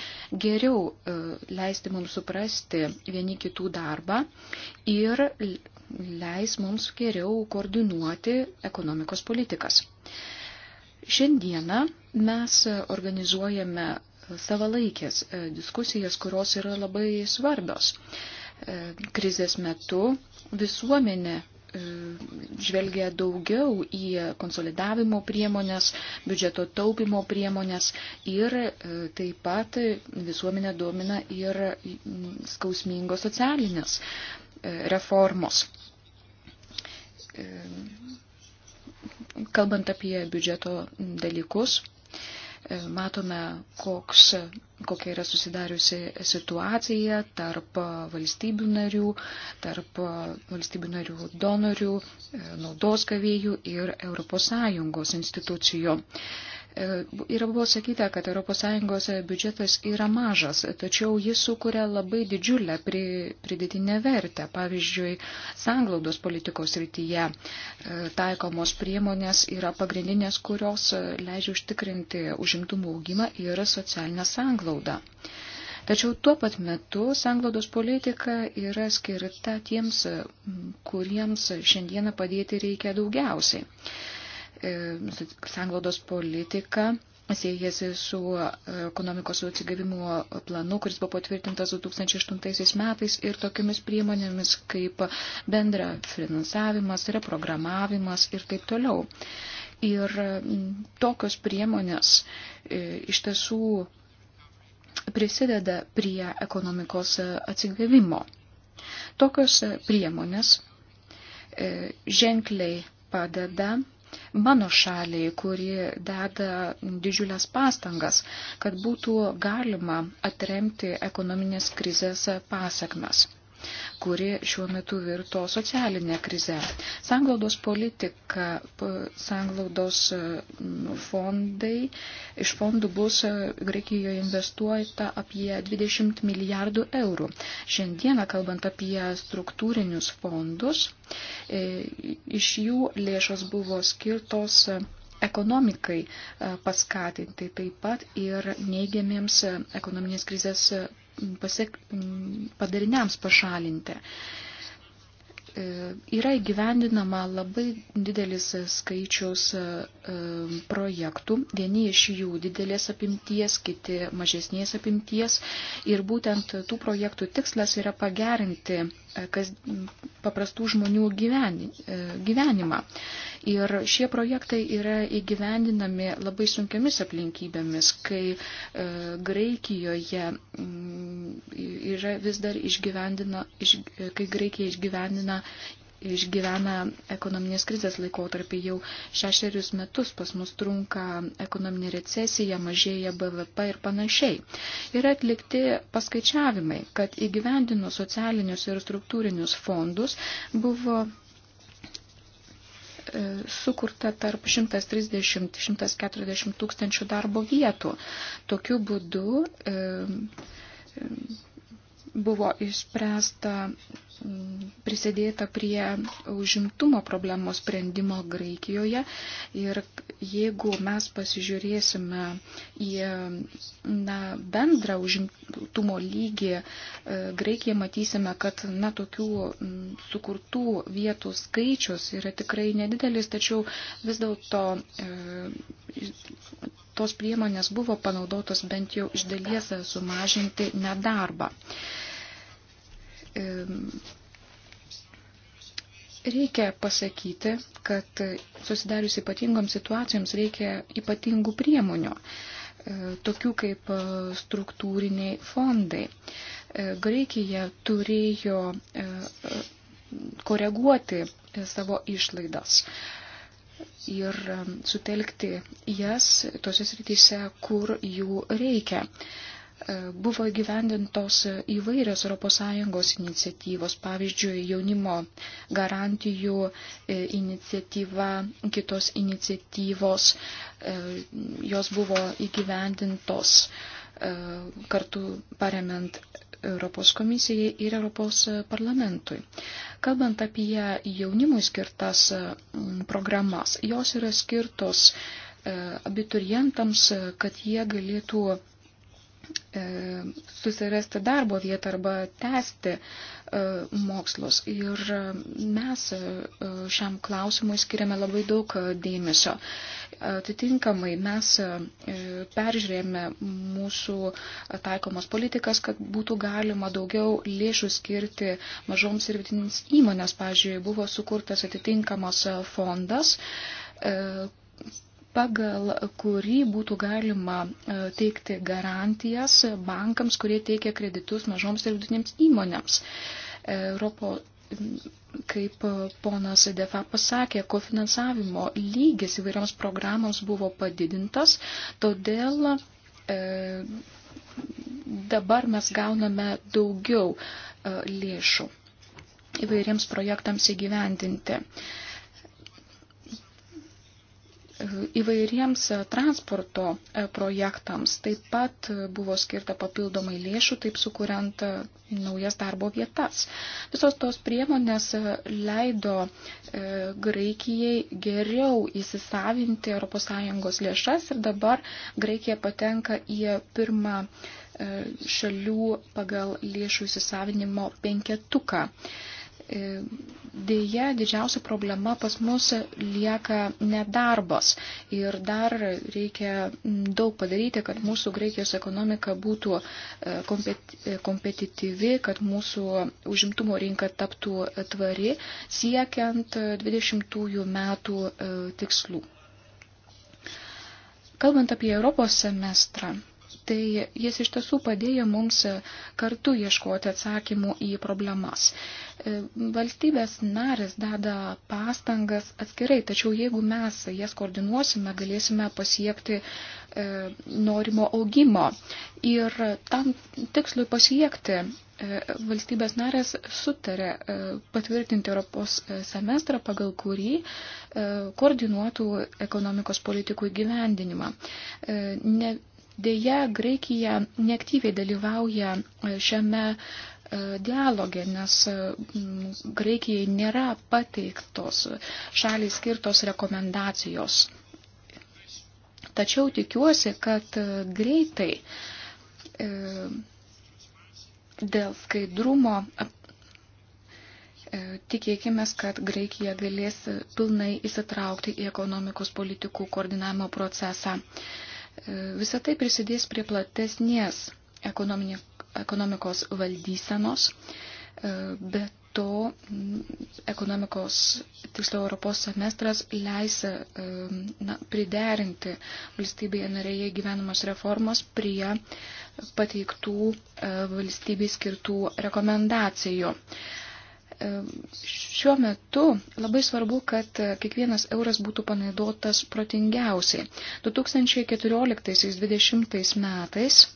geriau e, leisti mums suprasti vieni kitų darbą ir leis mums geriau koordinuoti ekonomikos politikas. Šiandieną mes organizuojame savalaikės e, diskusijas, kurios yra labai svarbios. Krizės metu visuomenė E, žvelgia daugiau į konsolidavimo priemonės, biudžeto taupimo priemonės ir e, taip pat visuomenė domina ir skausmingos socialinės e, reformos. Kalbant apie biudžeto dalykus, matome, koks, kokia yra susidariusi situacija tarp valstybių narių, tarp valstybių narių donorių, naudos gavėjų ir ES institucijų. E, yra buvo sakyta, kad ES biudžetas yra mažas, tačiau jis sukuria labai didžiulę pridėtinę vertę. Pavyzdžiui, sanglaudos politikos rytyje e, taikomos priemonės yra pagrindinės, kurios leidžia užtikrinti užimtumų augimą ir socialinę sanglaudą. Tačiau tuo pat metu sanglaudos politika yra skirta tiems, kuriems šiandieną padėti reikia daugiausiai. E, sanglaudos politika siejasi su e, ekonomikos atsigavimo planu, kuris buvo patvirtintas 2008 metais ir tokiamis priemonėmis kaip bendra finansavimas, reprogramavimas ir taip toliau. Ir tokios priemonės e, iš tiesų prisideda prie ekonomikos atsigavimo. Tokios priemonės ženkliai padeda mano šaliai, kuri deda didžiulės pastangas, kad būtų galima atremti ekonominės krizės pasiekmes kuri šiuo metu virto socialinė krize. Sanglaudos politika, sanglaudos e, nu, fondai, iš fondų bus e, Graikijoje investuota apie 20 milijardų eurų. Šiandieną, kalbant apie struktūrinius fondus, e, iš jų lėšos buvo skirtos ekonomikai paskatinti taip pat ir neigiamiems ekonominės krizės pasiek, padariniams pašalinti. E, yra įgyvendinama labai didelis skaičius e, projektų, vieni iš jų didelės apimties, kiti mažesnės apimties ir būtent tų projektų tikslas yra pagerinti kas, paprastų žmonių gyveni, e, gyvenimą. Ir šie projektai yra įgyvendinami labai sunkiamis aplinkybėmis, kai e, Graikijoje m, mm, yra vis dar išgyvendina, iš, kai Graikija išgyvendina išgyvena ekonominės krizės laikotarpį. Jau šešerius metus pas mus trunka ekonominė recesija, mažėja BVP ir panašiai. Yra atlikti paskaičiavimai, kad įgyvendinus socialinius ir struktūrinius fondus buvo e, sukurta tarp 130-140 tūkstančių darbo vietų. Tokiu būdu e, e, buvo išspręsta, mm, prisidėta prie užimtumo problemos sprendimo Graikijoje. Ir jeigu mes pasižiūrėsime į na, bendrą užimtumo lygį, e, Graikija matysime, kad na, tokių mm, sukurtų vietų skaičius yra tikrai nedidelis, tačiau vis dėlto e, tos priemonės buvo panaudotos bent jau iš dalies sumažinti nedarbą. Reikia pasakyti, kad susidarius ypatingoms situacijoms reikia ypatingų priemonių, e, tokių kaip e, struktūriniai fondai. E, Graikija turėjo koreguoti savo išlaidas ir sutelkti jas tose srityse, kur jų reikia. E, buvo gyvendintos įvairios ES iniciatyvos, pavyzdžiui, jaunimo garantijų e, iniciatyva, kitos iniciatyvos, e, jos buvo įgyvendintos kartu paremant Europos komisijai ir Europos parlamentui. Kalbant apie jaunimui skirtas mm, programas, jos yra skirtos e, abiturientams, kad jie galėtų E, susirasti darbo vietą arba tęsti e, mokslus. Ir e, mes šiam klausimui skiriame labai daug dėmesio. Atitinkamai mes peržiūrėjome mūsų taikomos politikas, kad būtų galima daugiau lėšų skirti mažoms ir vidutinėms įmonės. Pavyzdžiui, buvo sukurtas atitinkamas fondas pagal kurį būtų galima e, teikti garantijas bankams, kurie teikia kreditus mažoms ir vidutinėms įmonėms. Europo, kaip ponas Defa pasakė, kofinansavimo lygis įvairioms programoms buvo padidintas, todėl e, dabar mes gauname daugiau e, lėšų įvairiems projektams įgyvendinti. E, įvairiems e, transporto e, projektams. Taip pat e, buvo skirta papildomai lėšų, taip sukuriant naujas darbo vietas. Visos tos priemonės leido Graikijai geriau įsisavinti ES lėšas ir dabar Graikija patenka į pirmą šalių pagal lėšų įsisavinimo penketuką. E, Deja, didžiausia problema pas mus lieka nedarbas ir dar reikia daug padaryti, kad mūsų Graikijos ekonomika būtų e, e, kompetityvi, kad mūsų užimtumo rinka taptų tvari, siekiant 20 metų tikslų. Kalbant apie Europos semestrą, tai jis iš tiesų padėjo mums kartu ieškoti atsakymų į problemas. E, valstybės narės deda pastangas atskirai, tačiau jeigu mes jas koordinuosime, galėsime pasiekti e, norimo augimo. Ir tam tikslui pasiekti e, valstybės narės sutarė patvirtinti Europos semestrą, pagal kurį koordinuotų ekonomikos politikų įgyvendinimą. Ne, Deja, Graikija neaktyviai dalyvauja e, šiame e, dialogė, nes e, Graikijai nėra pateiktos šaliai skirtos rekomendacijos. Tačiau tikiuosi, kad greitai dėl skaidrumo tikėkime, kad Graikija galės pilnai įsitraukti į ekonomikos politikų koordinavimo procesą. Visą tai prisidės prie platesnės ekonomikos valdysenos, e, bet to ekonomikos, tiksliau Europos semestras leis e, na, priderinti valstybėje narėje gyvenamos reformos prie pateiktų e, valstybei skirtų rekomendacijų. Šiuo metu labai svarbu, kad kiekvienas euras būtų panaudotas protingiausiai. 2014-2020 metais e,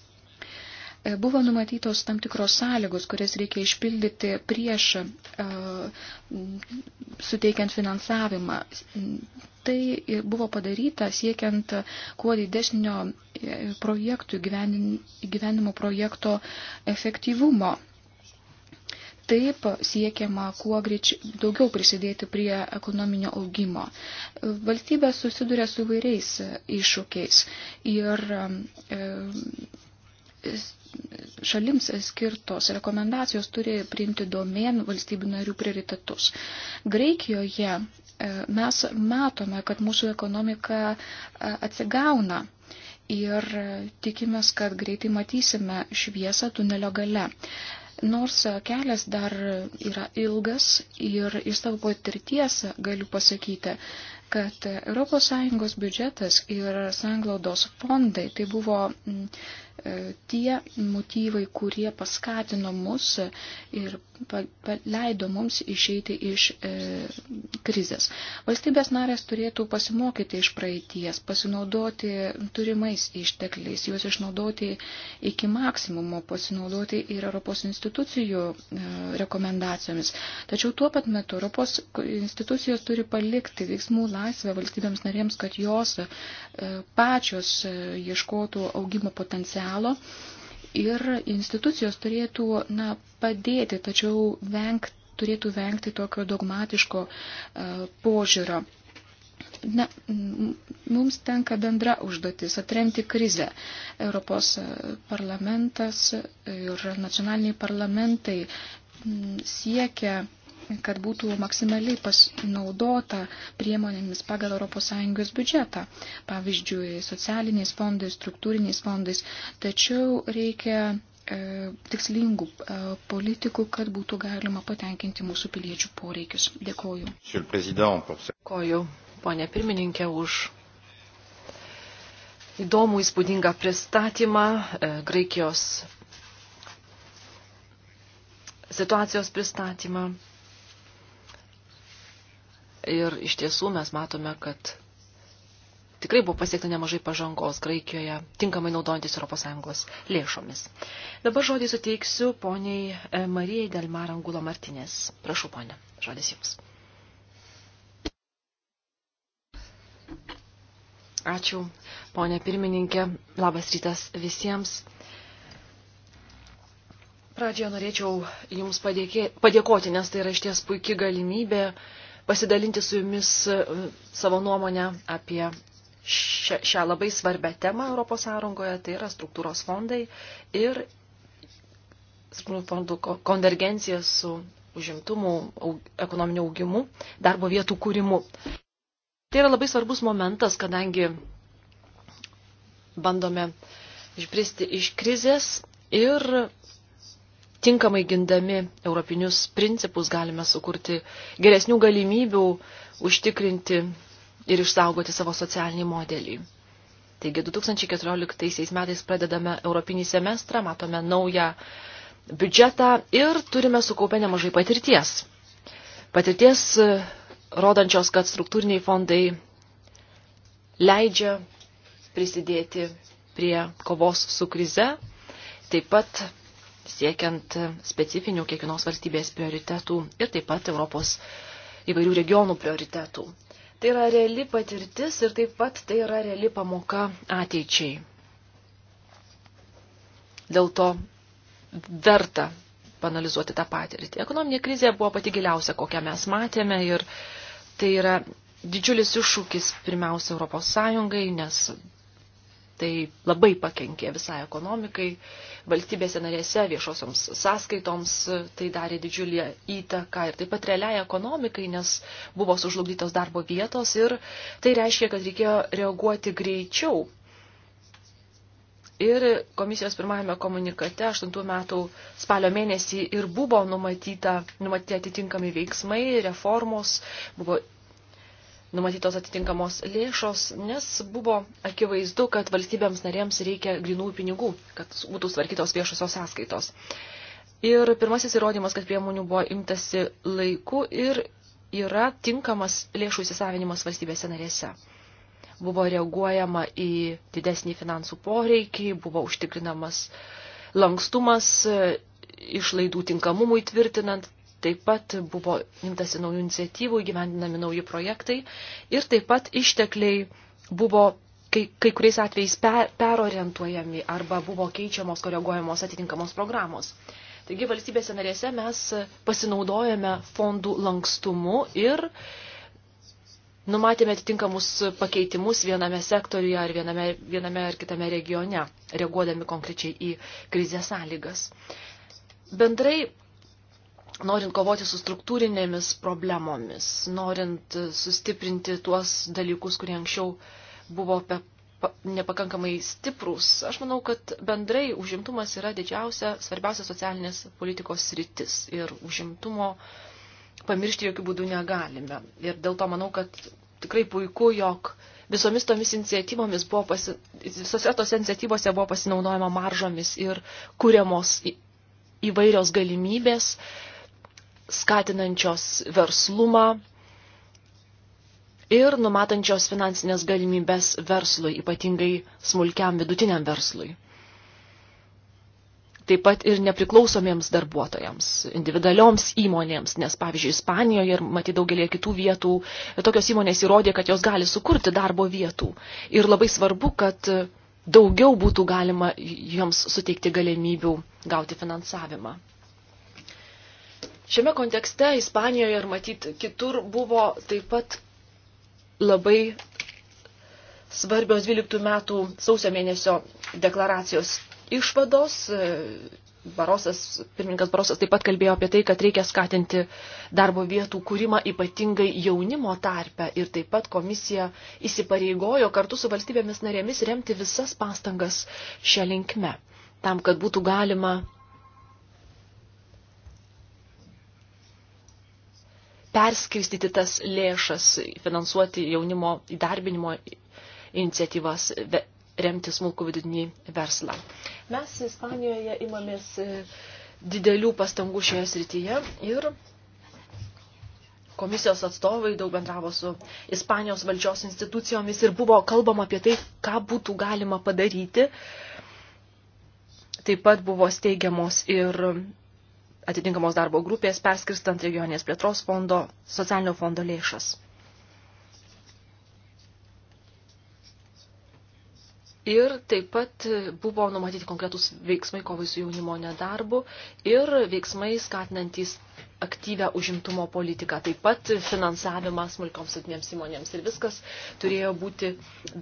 buvo numatytos tam tikros sąlygos, kurias reikia išpildyti prieš e, suteikiant finansavimą. Tai buvo padaryta siekiant kuo didesnio e, projektų, gyvenimo projekto efektyvumo. Taip siekiama kuo greičiau daugiau prisidėti prie ekonominio augimo. Valstybė susiduria su vairiais iššūkiais ir um, e, šalims skirtos rekomendacijos turi priimti domėn valstybių narių prioritetus. Graikijoje e, mes matome, kad mūsų ekonomika e, atsigauna ir tikimės, kad greitai matysime šviesą tunelio gale. Nors kelias dar yra ilgas ir iš savo patirties galiu pasakyti, kad ES biudžetas ir sanglaudos fondai tai buvo mm, tie motyvai, kurie paskatino mus ir leido mums išeiti iš e, krizės. Valstybės narės turėtų pasimokyti iš praeities, pasinaudoti turimais ištekliais, juos išnaudoti iki maksimumo, pasinaudoti ir Europos institucijų e, rekomendacijomis. Tačiau tuo pat metu Europos institucijos turi palikti veiksmų laisvę valstybėms narėms, kad jos e, pačios ieškotų augimo potencialą potencialo ir institucijos turėtų na, padėti, tačiau vengt, turėtų vengti tokio dogmatiško uh, požiūrio. Na, mums tenka bendra užduotis atremti krizę. Europos e, parlamentas ir nacionaliniai parlamentai siekia kad būtų maksimaliai pasinaudota priemonėmis pagal ES biudžetą, pavyzdžiui, socialiniais fondais, struktūriniais fondais, tačiau reikia e, tikslingų e, politikų, kad būtų galima patenkinti mūsų piliečių poreikius. Dėkoju. Dėkoju, ponė pirmininkė, už įdomų įspūdingą pristatymą e, Graikijos situacijos pristatymą. Ir iš tiesų mes matome, kad tikrai buvo pasiekta nemažai pažangos Graikijoje, tinkamai naudojantis ES lėšomis. Dabar žodį suteiksiu poniai e, Marijai Delmar Angulo Martinės. Prašau, ponė, žodis jums. Ačiū, ponė pirmininkė. Labas rytas visiems. Pradžioje norėčiau Jums padėkė, padėkoti, nes tai yra išties puikia galimybė uh, pasidalinti su jumis e, savo nuomonę apie šią, šią labai svarbę temą Europos sąrangoje, tai yra struktūros fondai ir fondų konvergencija su užimtumu, ekonominiu augimu, darbo vietų kūrimu. Tai yra labai svarbus momentas, kadangi bandome išbristi iš krizės ir tinkamai gindami europinius principus galime sukurti geresnių galimybių užtikrinti ir išsaugoti savo socialinį modelį. Taigi 2014 metais pradedame europinį semestrą, matome naują biudžetą ir turime sukaupę nemažai patirties. Patirties e, rodančios, kad struktūriniai fondai leidžia prisidėti prie kovos su krize, taip pat siekiant specifinių kiekvienos valstybės prioritetų ir taip pat Europos įvairių regionų prioritetų. Tai yra reali patirtis ir taip pat tai yra reali pamoka ateičiai. Dėl to verta panalizuoti tą patirtį. Ekonominė krizė buvo pati giliausia, kokią mes matėme ir tai yra didžiulis iššūkis pirmiausia Europos Sąjungai, nes tai labai pakenkė visai ekonomikai, valstybėse narėse viešosioms sąskaitoms tai darė didžiulį įtaką ir taip pat realiai ekonomikai, nes buvo sužlugdytos darbo vietos ir tai reiškia, kad reikėjo reaguoti greičiau. Ir komisijos pirmajame komunikate 8 metų spalio mėnesį ir buvo numatyta, numatyti atitinkami veiksmai, reformos, buvo numatytos atitinkamos lėšos, nes buvo akivaizdu, kad valstybėms narėms reikia grinų pinigų, kad būtų svarkytos viešosios sąskaitos. Ir pirmasis įrodymas, kad priemonių buvo imtasi laiku ir yra tinkamas lėšų įsisavinimas valstybėse narėse. Buvo reaguojama į didesnį finansų poreikį, buvo užtikrinamas lankstumas išlaidų tinkamumui tvirtinant Taip pat buvo imtasi naujų iniciatyvų, įgyvendinami nauji projektai ir taip pat ištekliai buvo kai, kai kuriais atvejais per, perorientuojami arba buvo keičiamos, koreguojamos atitinkamos programos. Taigi valstybėse narėse mes pasinaudojame fondų lankstumu ir numatėme atitinkamus pakeitimus viename sektoriuje ar viename, viename ar kitame regione, reaguodami konkrečiai į krizės sąlygas. Bendrai norint kovoti su struktūrinėmis problemomis, norint sustiprinti tuos dalykus, kurie anksčiau buvo pe, pa, nepakankamai stiprus. Aš manau, kad bendrai užimtumas yra didžiausia, svarbiausia socialinės politikos sritis ir užimtumo pamiršti jokių būdų negalime. Ir dėl to manau, kad tikrai puiku, jog visomis tomis iniciatyvomis buvo pasi... visose tose iniciatyvose buvo pasinaudojama maržomis ir kūriamos įvairios galimybės, skatinančios verslumą ir numatančios finansinės galimybės verslui, ypatingai smulkiam vidutiniam verslui. Taip pat ir nepriklausomiems darbuotojams, individualioms įmonėms, nes pavyzdžiui, Ispanijoje ir matyti daugelį kitų vietų, tokios įmonės įrodė, kad jos gali sukurti darbo vietų. Ir labai svarbu, kad daugiau būtų galima joms suteikti galimybių gauti finansavimą. Šiame kontekste Ispanijoje ir matyti kitur buvo taip pat labai svarbios 12 metų sausio mėnesio deklaracijos išvados. Barosas, pirmininkas Barosas taip pat kalbėjo apie tai, kad reikia skatinti darbo vietų kūrimą ypatingai jaunimo tarpe ir taip pat komisija įsipareigojo kartu su valstybėmis narėmis remti visas pastangas šią linkme, tam, kad būtų galima perskirstyti tas lėšas, finansuoti jaunimo įdarbinimo iniciatyvas, remti smulkų vidutinį verslą. Mes Ispanijoje imamės e, didelių pastangų šioje srityje ir komisijos atstovai daug bendravo su Ispanijos valdžios institucijomis ir buvo kalbama apie tai, ką būtų galima padaryti. Taip pat buvo steigiamos ir atitinkamos darbo grupės perskirstant regioninės plėtros fondo, socialinio fondo lėšas. Ir taip pat buvo numatyti konkretus veiksmai kovai su jaunimo nedarbu ir veiksmai skatinantys aktyvę užimtumo politiką, taip pat finansavimą smulkioms atinėms įmonėms. Ir viskas turėjo būti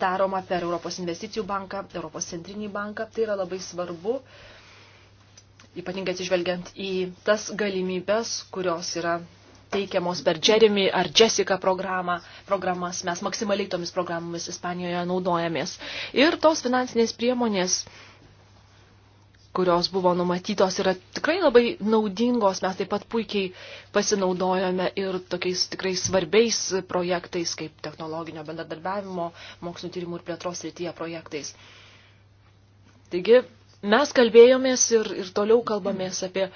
daroma per Europos investicijų banką, Europos centrinį banką. Tai yra labai svarbu. Uh, ypatingai atsižvelgiant į tas galimybės, kurios yra teikiamos per Jeremy ar Jessica programą, programas. Mes maksimaliai tomis programomis Ispanijoje naudojamės. Ir tos finansinės priemonės, kurios buvo numatytos, yra tikrai labai naudingos. Mes taip pat puikiai pasinaudojame ir tokiais tikrai svarbiais projektais, kaip technologinio bendradarbiavimo, mokslinio tyrimų ir plėtros rytyje projektais. Taigi, mes kalbėjomės ir, ir toliau kalbamės apie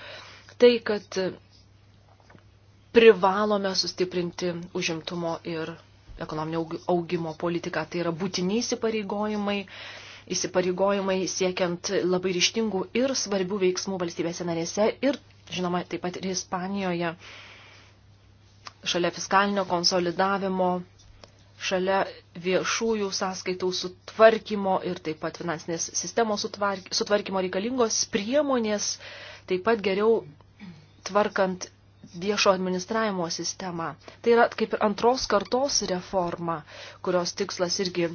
tai, kad privalome sustiprinti užimtumo ir ekonominio augimo politiką. Tai yra būtini įsipareigojimai, įsipareigojimai siekiant labai ryštingų ir svarbių veiksmų valstybėse narėse ir, žinoma, taip pat ir Ispanijoje šalia fiskalinio konsolidavimo šalia viešųjų sąskaitų sutvarkymo ir taip pat finansinės sistemos sutvarkymo reikalingos priemonės, taip pat geriau tvarkant viešo administravimo sistemą. Tai yra kaip ir antros kartos reforma, kurios tikslas irgi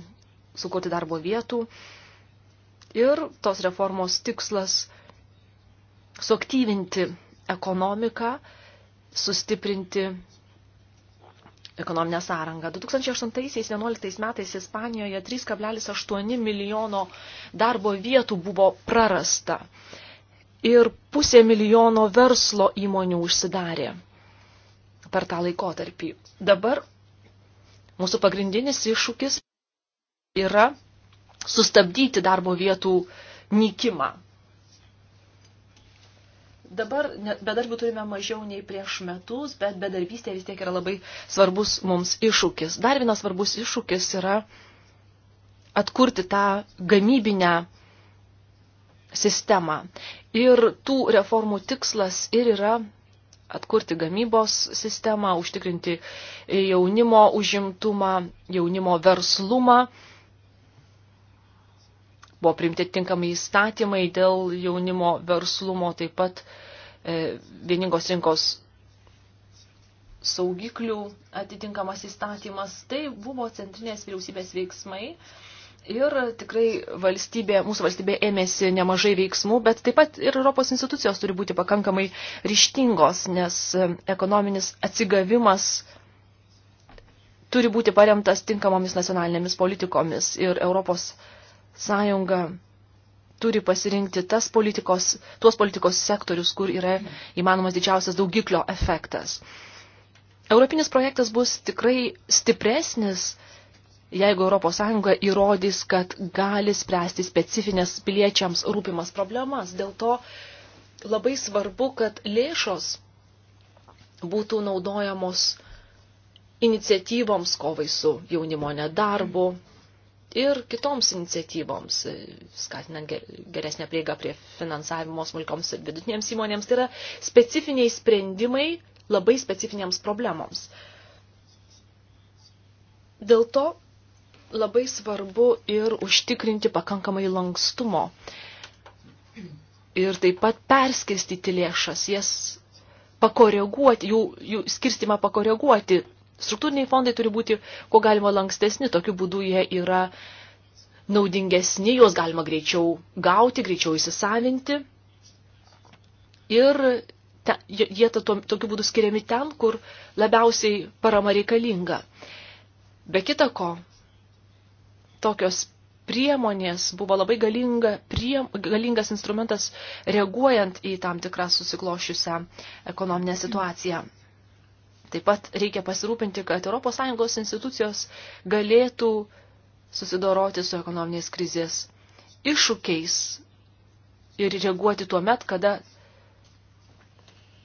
sukurti darbo vietų. Ir tos reformos tikslas suaktyvinti ekonomiką, sustiprinti ekonominę sąrangą. 2008-2011 metais Ispanijoje 3,8 milijono darbo vietų buvo prarasta ir pusė milijono verslo įmonių užsidarė per tą laikotarpį. Dabar mūsų pagrindinis iššūkis yra sustabdyti darbo vietų nykimą. Dabar bedarbių turime mažiau nei prieš metus, bet bedarbystė vis tiek yra labai svarbus mums iššūkis. Dar vienas svarbus iššūkis yra atkurti tą gamybinę sistemą. Ir tų reformų tikslas ir yra atkurti gamybos sistemą, užtikrinti jaunimo užimtumą, jaunimo verslumą Buvo priimti tinkamai įstatymai dėl jaunimo verslumo, taip pat e, vieningos rinkos saugiklių atitinkamas įstatymas. Tai buvo centrinės vyriausybės veiksmai. Ir tikrai valstybė, mūsų valstybė ėmėsi nemažai veiksmų, bet taip pat ir Europos institucijos turi būti pakankamai ryštingos, nes e, ekonominis atsigavimas turi būti paremtas tinkamomis nacionalinėmis politikomis ir Europos sąjunga turi pasirinkti tas politikos, tuos politikos sektorius, kur yra įmanomas didžiausias daugiklio efektas. Europinis projektas bus tikrai stipresnis, jeigu ES įrodys, kad gali spręsti specifines piliečiams rūpimas problemas. Dėl to labai svarbu, kad lėšos būtų naudojamos iniciatyvoms kovai su jaunimo nedarbu, ir kitoms iniciatyvoms, skatinant geresnę prieigą prie finansavimo smulkioms ir vidutinėms įmonėms. Tai yra specifiniai sprendimai labai specifinėms problemoms. Dėl to labai svarbu ir užtikrinti pakankamai lankstumo ir taip pat perskirstyti lėšas, jas pakoreguoti, jų, jų skirstimą pakoreguoti Struktūriniai fondai turi būti, ko galima lankstesni, tokiu būdu jie yra naudingesni, juos galima greičiau gauti, greičiau įsisavinti. Ir te, jie to, tokiu būdu skiriami ten, kur labiausiai parama reikalinga. Be kita ko, tokios priemonės buvo labai galinga, prie, galingas instrumentas reaguojant į tam tikrą susiklošiusią ekonominę situaciją. Taip pat reikia pasirūpinti, kad ES institucijos galėtų susidoroti su ekonominės krizės iššūkiais ir reaguoti tuo met, kada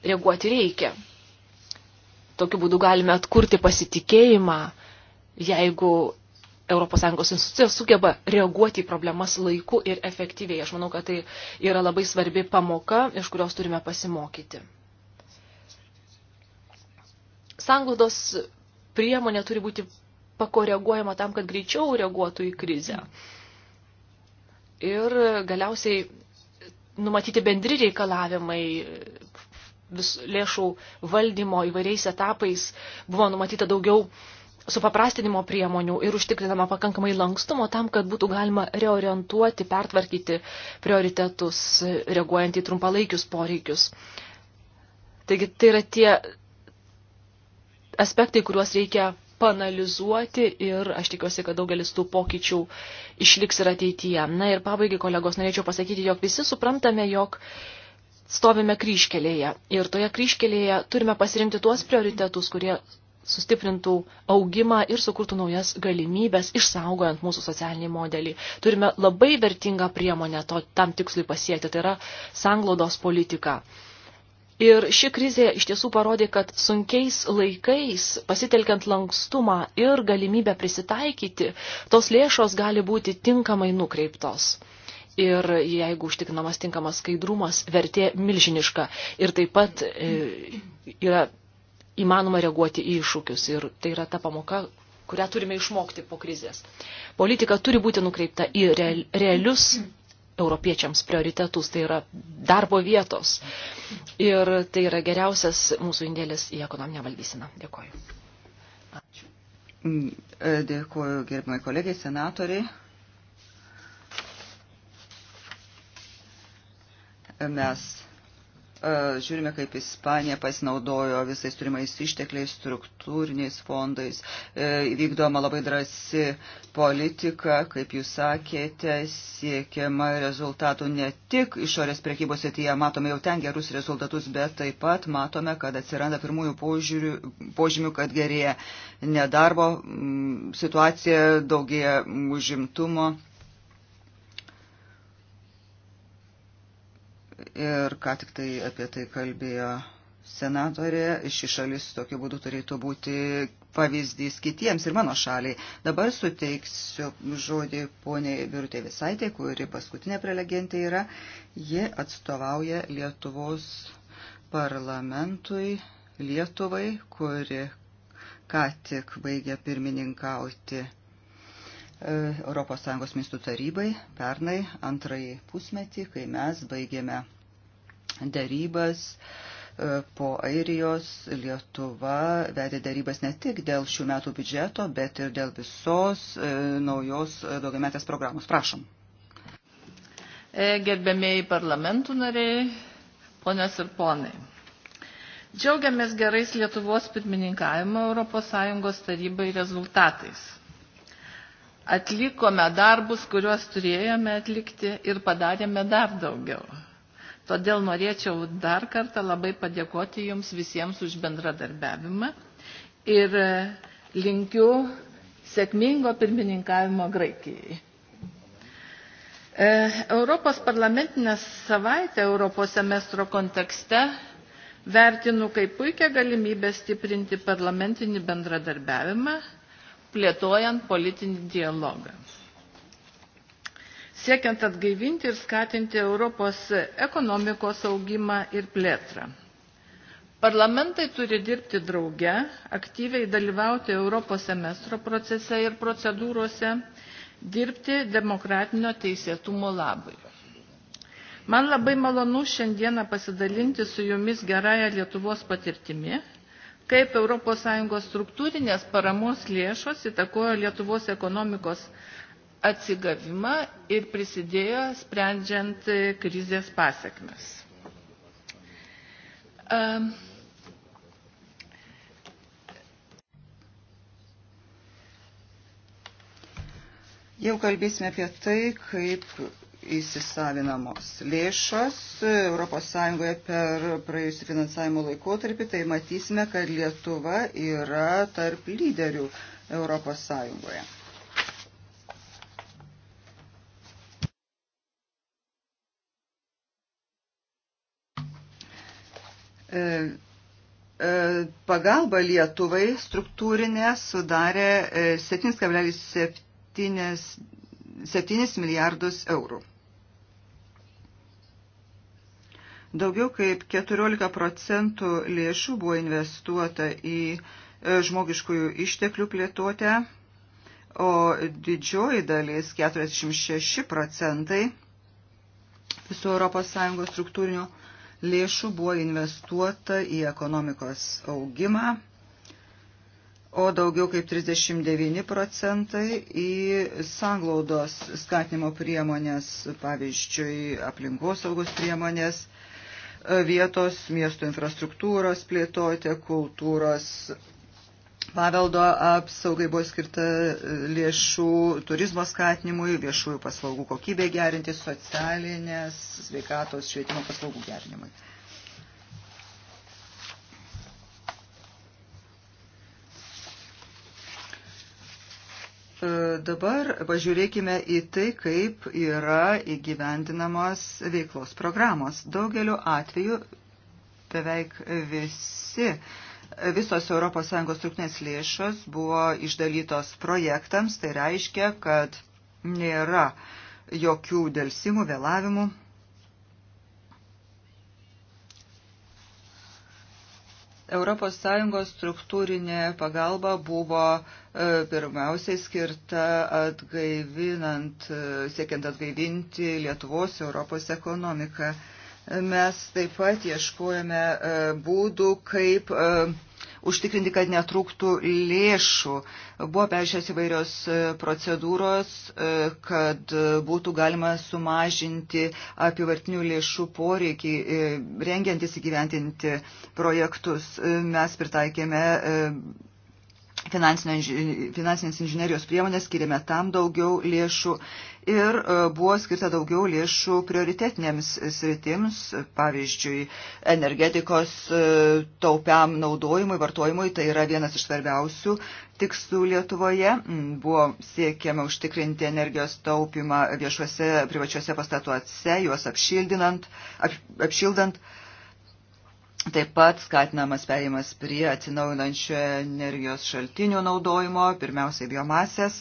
reaguoti reikia. Tokiu būdu galime atkurti pasitikėjimą, jeigu ES institucijos sugeba reaguoti į problemas laiku ir efektyviai. Aš manau, kad tai yra labai svarbi pamoka, iš kurios turime pasimokyti sanglaudos priemonė turi būti pakoreguojama tam, kad greičiau reaguotų į krizę. Ir galiausiai numatyti bendri reikalavimai vis, lėšų valdymo įvairiais etapais buvo numatyta daugiau supaprastinimo priemonių ir užtikrinama pakankamai lankstumo tam, kad būtų galima reorientuoti, pertvarkyti prioritetus, reaguojant į trumpalaikius poreikius. Taigi tai yra tie aspektai, kuriuos reikia panalizuoti ir aš tikiuosi, kad daugelis tų pokyčių išliks ir ateityje. Na ir pabaigai, kolegos, norėčiau pasakyti, jog visi suprantame, jog stovime kryškelėje ir toje kryškelėje turime pasirinkti tuos prioritetus, kurie sustiprintų augimą ir sukurtų naujas galimybės, išsaugojant mūsų socialinį modelį. Turime labai vertingą priemonę to, tam tikslui pasiekti, tai yra sanglaudos politika. Ir ši krizė iš tiesų parodė, kad sunkiais laikais, pasitelkiant lankstumą ir galimybę prisitaikyti, tos lėšos gali būti tinkamai nukreiptos. Ir jeigu užtikrinamas tinkamas skaidrumas, vertė milžiniška. Ir taip pat e, yra įmanoma reaguoti į iššūkius. Ir tai yra ta pamoka, kurią turime išmokti po krizės. Politika turi būti nukreipta į realius europiečiams prioritetus, tai yra darbo vietos. Ir tai yra geriausias mūsų indėlis į ekonominę valdysiną. Dėkoju. Ačiū. Mm, e, dėkoju gerbimai kolegiai, senatoriai. Mes žiūrime, kaip Ispanija pasinaudojo visais turimais ištekliais, struktūriniais fondais, e, vykdoma labai drasi politika, kaip jūs sakėte, siekiama rezultatų ne tik išorės priekybos atėje, matome jau ten gerus rezultatus, bet taip pat matome, kad atsiranda pirmųjų požiūrių, požymių, kad gerėja nedarbo situacija, daugėja užimtumo. ir ką tik tai apie tai kalbėjo senatorė, ši šalis tokiu būdu turėtų būti pavyzdys kitiems ir mano šaliai. Dabar suteiksiu žodį poniai Birutė Visaitė, kuri paskutinė prelegentė yra. Ji atstovauja Lietuvos parlamentui Lietuvai, kuri ką tik baigė pirmininkauti ES ministrų tarybai pernai antrąjį pusmetį, kai mes baigėme darybas e, po Airijos Lietuva vedė darybas ne tik dėl šių metų biudžeto, bet ir dėl visos e, naujos daugiametės programos. Prašom. E, Gerbėmėjai parlamentų nariai, ponios ir ponai. Džiaugiamės gerais Lietuvos pirmininkavimo ES tarybai rezultatais atlikome darbus, kuriuos turėjome atlikti ir padarėme dar daugiau. Todėl norėčiau dar kartą labai padėkoti Jums visiems už bendradarbiavimą ir e, linkiu sėkmingo pirmininkavimo Graikijai. E, Europos parlamentinę savaitę Europos semestro kontekste vertinu kaip puikia galimybė stiprinti parlamentinį bendradarbiavimą plėtojant politinį dialogą. Siekiant atgaivinti ir skatinti Europos ekonomikos augimą ir plėtrą. Parlamentai turi dirbti drauge, aktyviai dalyvauti Europos semestro procese ir procedūrose, dirbti demokratinio teisėtumo labui. Man labai malonu šiandieną pasidalinti su jumis gerąją Lietuvos patirtimi kaip ES struktūrinės paramos lėšos įtakojo Lietuvos ekonomikos atsigavimą ir prisidėjo sprendžiant krizės pasiekmes. Um. Jau kalbėsime apie tai, kaip įsisavinamos lėšos ES per praėjusį finansavimo laikotarpį, tai matysime, kad Lietuva yra tarp lyderių ES. E, e, pagalba Lietuvai struktūrinė sudarė 7,7 e, 7 milijardus eurų. Daugiau kaip 14 procentų lėšų buvo investuota į e, žmogiškųjų išteklių plėtotę, o didžioji dalis 46 procentai visų ES struktūrinių lėšų buvo investuota į ekonomikos augimą, o daugiau kaip 39 procentai į sanglaudos skatinimo priemonės, pavyzdžiui, aplinkosaugos priemonės vietos miestų infrastruktūros plėtoti, kultūros paveldo apsaugai buvo skirta lėšų turizmo skatinimui, viešųjų paslaugų kokybė gerinti, socialinės, sveikatos, švietimo paslaugų gerinimui. E, dabar pažiūrėkime į tai, kaip yra įgyvendinamos veiklos programos. Daugeliu atveju beveik visi, visos ES trukmės lėšos buvo išdalytos projektams, tai reiškia, kad nėra jokių dėlsimų, vėlavimų ES struktūrinė pagalba buvo e, pirmiausiai skirta atgaivinant, e, siekiant atgaivinti Lietuvos Europos ekonomiką. Mes taip pat ieškojame e, būdų, kaip užtikrinti, kad netrūktų lėšų. Buvo peršęs įvairios e, procedūros, e, kad būtų galima sumažinti apivartinių lėšų poreikį, e, rengiantis įgyventinti projektus. Mes pritaikėme finansinės inžinerijos priemonės skiriame tam daugiau lėšų ir e, buvo skirta daugiau lėšų prioritetinėms sritims, pavyzdžiui, energetikos e, taupiam naudojimui, vartojimui, tai yra vienas iš svarbiausių tikslų Lietuvoje. Mm, buvo siekiama užtikrinti energijos taupimą viešuose, privačiuose pastatuose, juos apšildinant, ap, apšildant. apšildant Taip pat skatinamas perėjimas prie atsinaujinančio energijos šaltinių naudojimo, pirmiausiai biomasės,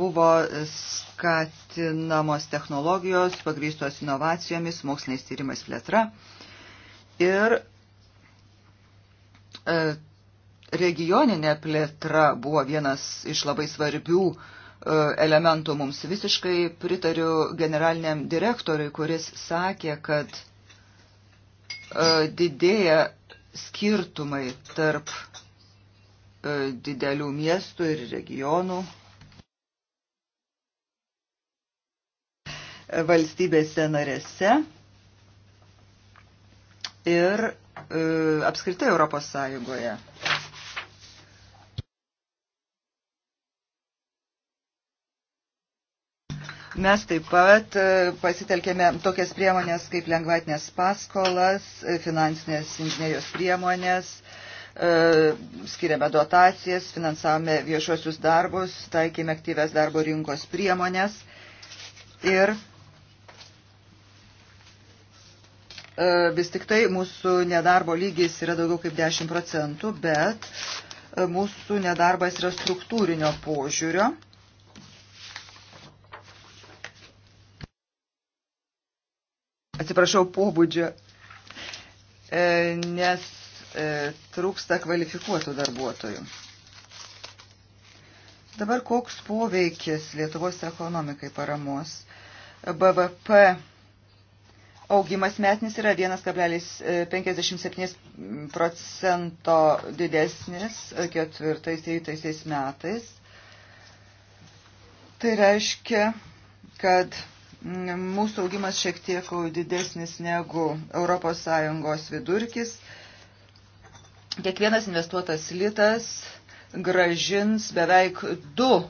buvo skatinamos technologijos, pagrįstos inovacijomis, moksliniais tyrimais plėtra. Ir e, regioninė plėtra buvo vienas iš labai svarbių e, elementų mums visiškai pritariu generaliniam direktoriui, kuris sakė, kad E, didėja skirtumai tarp e, didelių miestų ir regionų. valstybėse narėse ir e, apskritai Europos Sąjungoje. Mes taip pat e, pasitelkėme tokias priemonės kaip lengvatinės paskolas, e, finansinės inžinierijos priemonės, e, skiriame dotacijas, finansavome viešuosius darbus, taikėme aktyves darbo rinkos priemonės ir vis tik tai mūsų nedarbo lygis yra daugiau kaip 10 procentų, bet mūsų nedarbas yra struktūrinio požiūrio atsiprašau, pobūdžio, e, nes e, trūksta kvalifikuotų darbuotojų. Dabar koks poveikis Lietuvos ekonomikai paramos? BVP augimas metinis yra 1,57 e, procento didesnis ketvirtais metais. Tai reiškia, kad Mūsų augimas šiek tiek didesnis negu ES vidurkis. Kiekvienas investuotas litas gražins beveik 2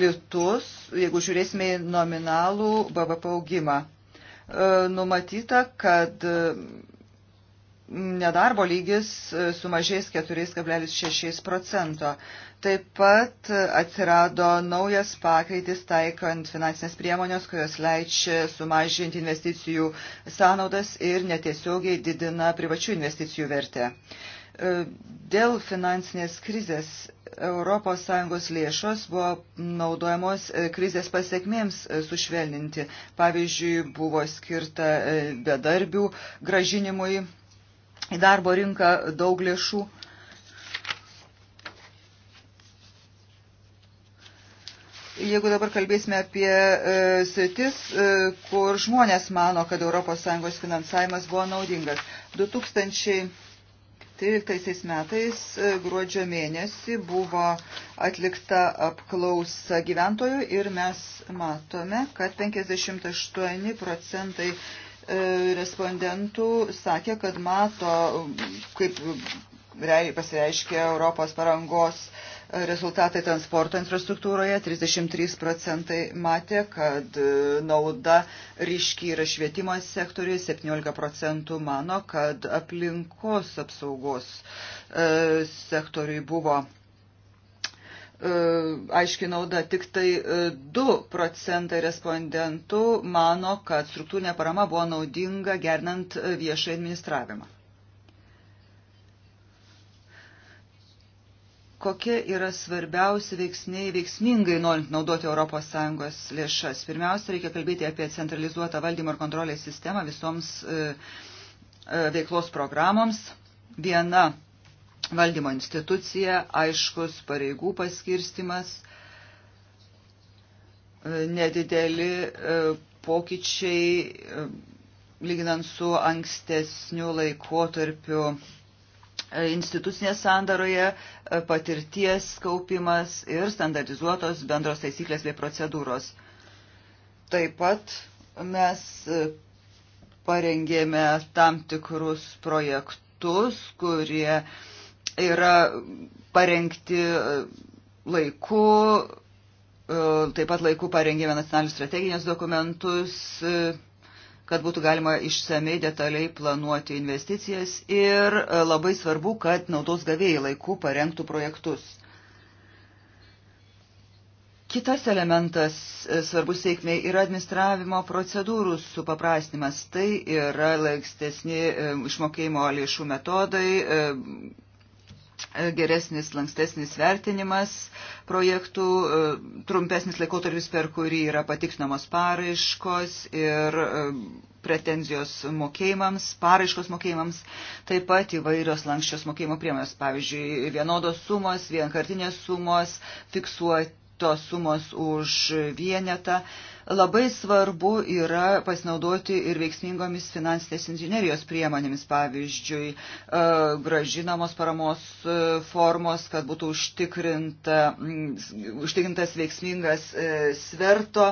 litus, jeigu žiūrėsime į nominalų BVP augimą. E, numatyta, kad nedarbo lygis e, sumažės 4,6 procento. Taip pat atsirado naujas pakreitis taikant finansinės priemonės, kurios leidžia sumažinti investicijų sąnaudas ir netiesiogiai didina privačių investicijų vertę. E, dėl finansinės krizės ES lėšos buvo naudojamos e, krizės pasiekmėms sušvelninti. Pavyzdžiui, buvo skirta bedarbių gražinimui į darbo rinką daug lėšų. Jeigu dabar kalbėsime apie e, sritis, e, kur žmonės mano, kad ES finansavimas buvo naudingas. 2013 metais e, gruodžio mėnesį buvo atlikta apklausa gyventojų ir mes matome, kad 58 procentai E, respondentų sakė, kad mato, kaip pasireiškia Europos parangos rezultatai transporto infrastruktūroje. 33 procentai matė, kad e, nauda ryški yra švietimo sektoriuje, 17 procentų mano, kad aplinkos apsaugos e, sektoriui buvo E, aiški nauda. Tik tai 2 e, procentai respondentų mano, kad struktūrinė parama buvo naudinga gernant e, viešą administravimą. Kokie yra svarbiausi veiksniai veiksmingai norint naudoti ES lėšas? Pirmiausia, reikia kalbėti apie centralizuotą valdymo ir kontrolės sistemą visoms veiklos programoms. Viena valdymo institucija, aiškus pareigų paskirstimas, e, nedideli e, pokyčiai e, lyginant su ankstesniu laikotarpiu institucinės sandaroje, patirties kaupimas ir standartizuotos bendros taisyklės bei procedūros. Taip pat mes parengėme tam tikrus projektus, kurie uh, yra parengti e, laiku, e, taip pat laiku parengėme nacionalinius strateginius dokumentus, e, kad būtų galima išsamei detaliai planuoti investicijas ir labai svarbu, kad naudos gavėjai laiku parengtų projektus. Kitas elementas svarbus sėkmiai yra administravimo procedūrų supaprastinimas. Tai yra laikstesni išmokėjimo lėšų metodai, geresnis, lankstesnis vertinimas projektų, e, trumpesnis laikotarpis, per kurį yra patikrinamos paraiškos ir e, pretenzijos mokėjimams, paraiškos mokėjimams, taip pat įvairios lankščios mokėjimo priemonės, pavyzdžiui, vienodos sumos, vienkartinės sumos, fiksuotos sumos už vienetą. Labai svarbu yra pasinaudoti ir veiksmingomis finansinės inžinerijos priemonėmis, pavyzdžiui, e, gražinamos paramos e, formos, kad būtų užtikrinta, užtikrintas veiksmingas e, sverto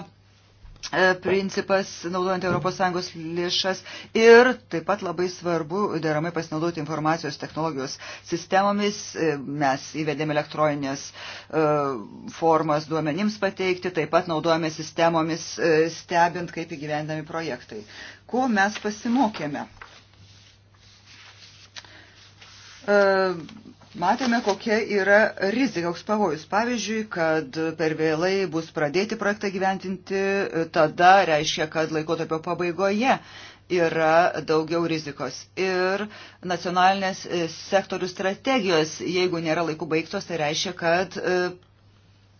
E, principas, naudojant ES lėšas ir taip pat labai svarbu deramai pasinaudoti informacijos technologijos sistemomis. E, mes įvedėme elektroninės e, formas duomenims pateikti, taip pat naudojame sistemomis stebint, kaip įgyvendami projektai. Ko mes pasimokėme? Matėme, kokia yra rizika, koks pavojus. Pavyzdžiui, kad per vėlai bus pradėti projektą gyventinti, tada reiškia, kad laikotarpio pabaigoje yra daugiau rizikos. Ir nacionalinės e, sektorių strategijos, jeigu nėra laikų baigtos, tai reiškia, kad e,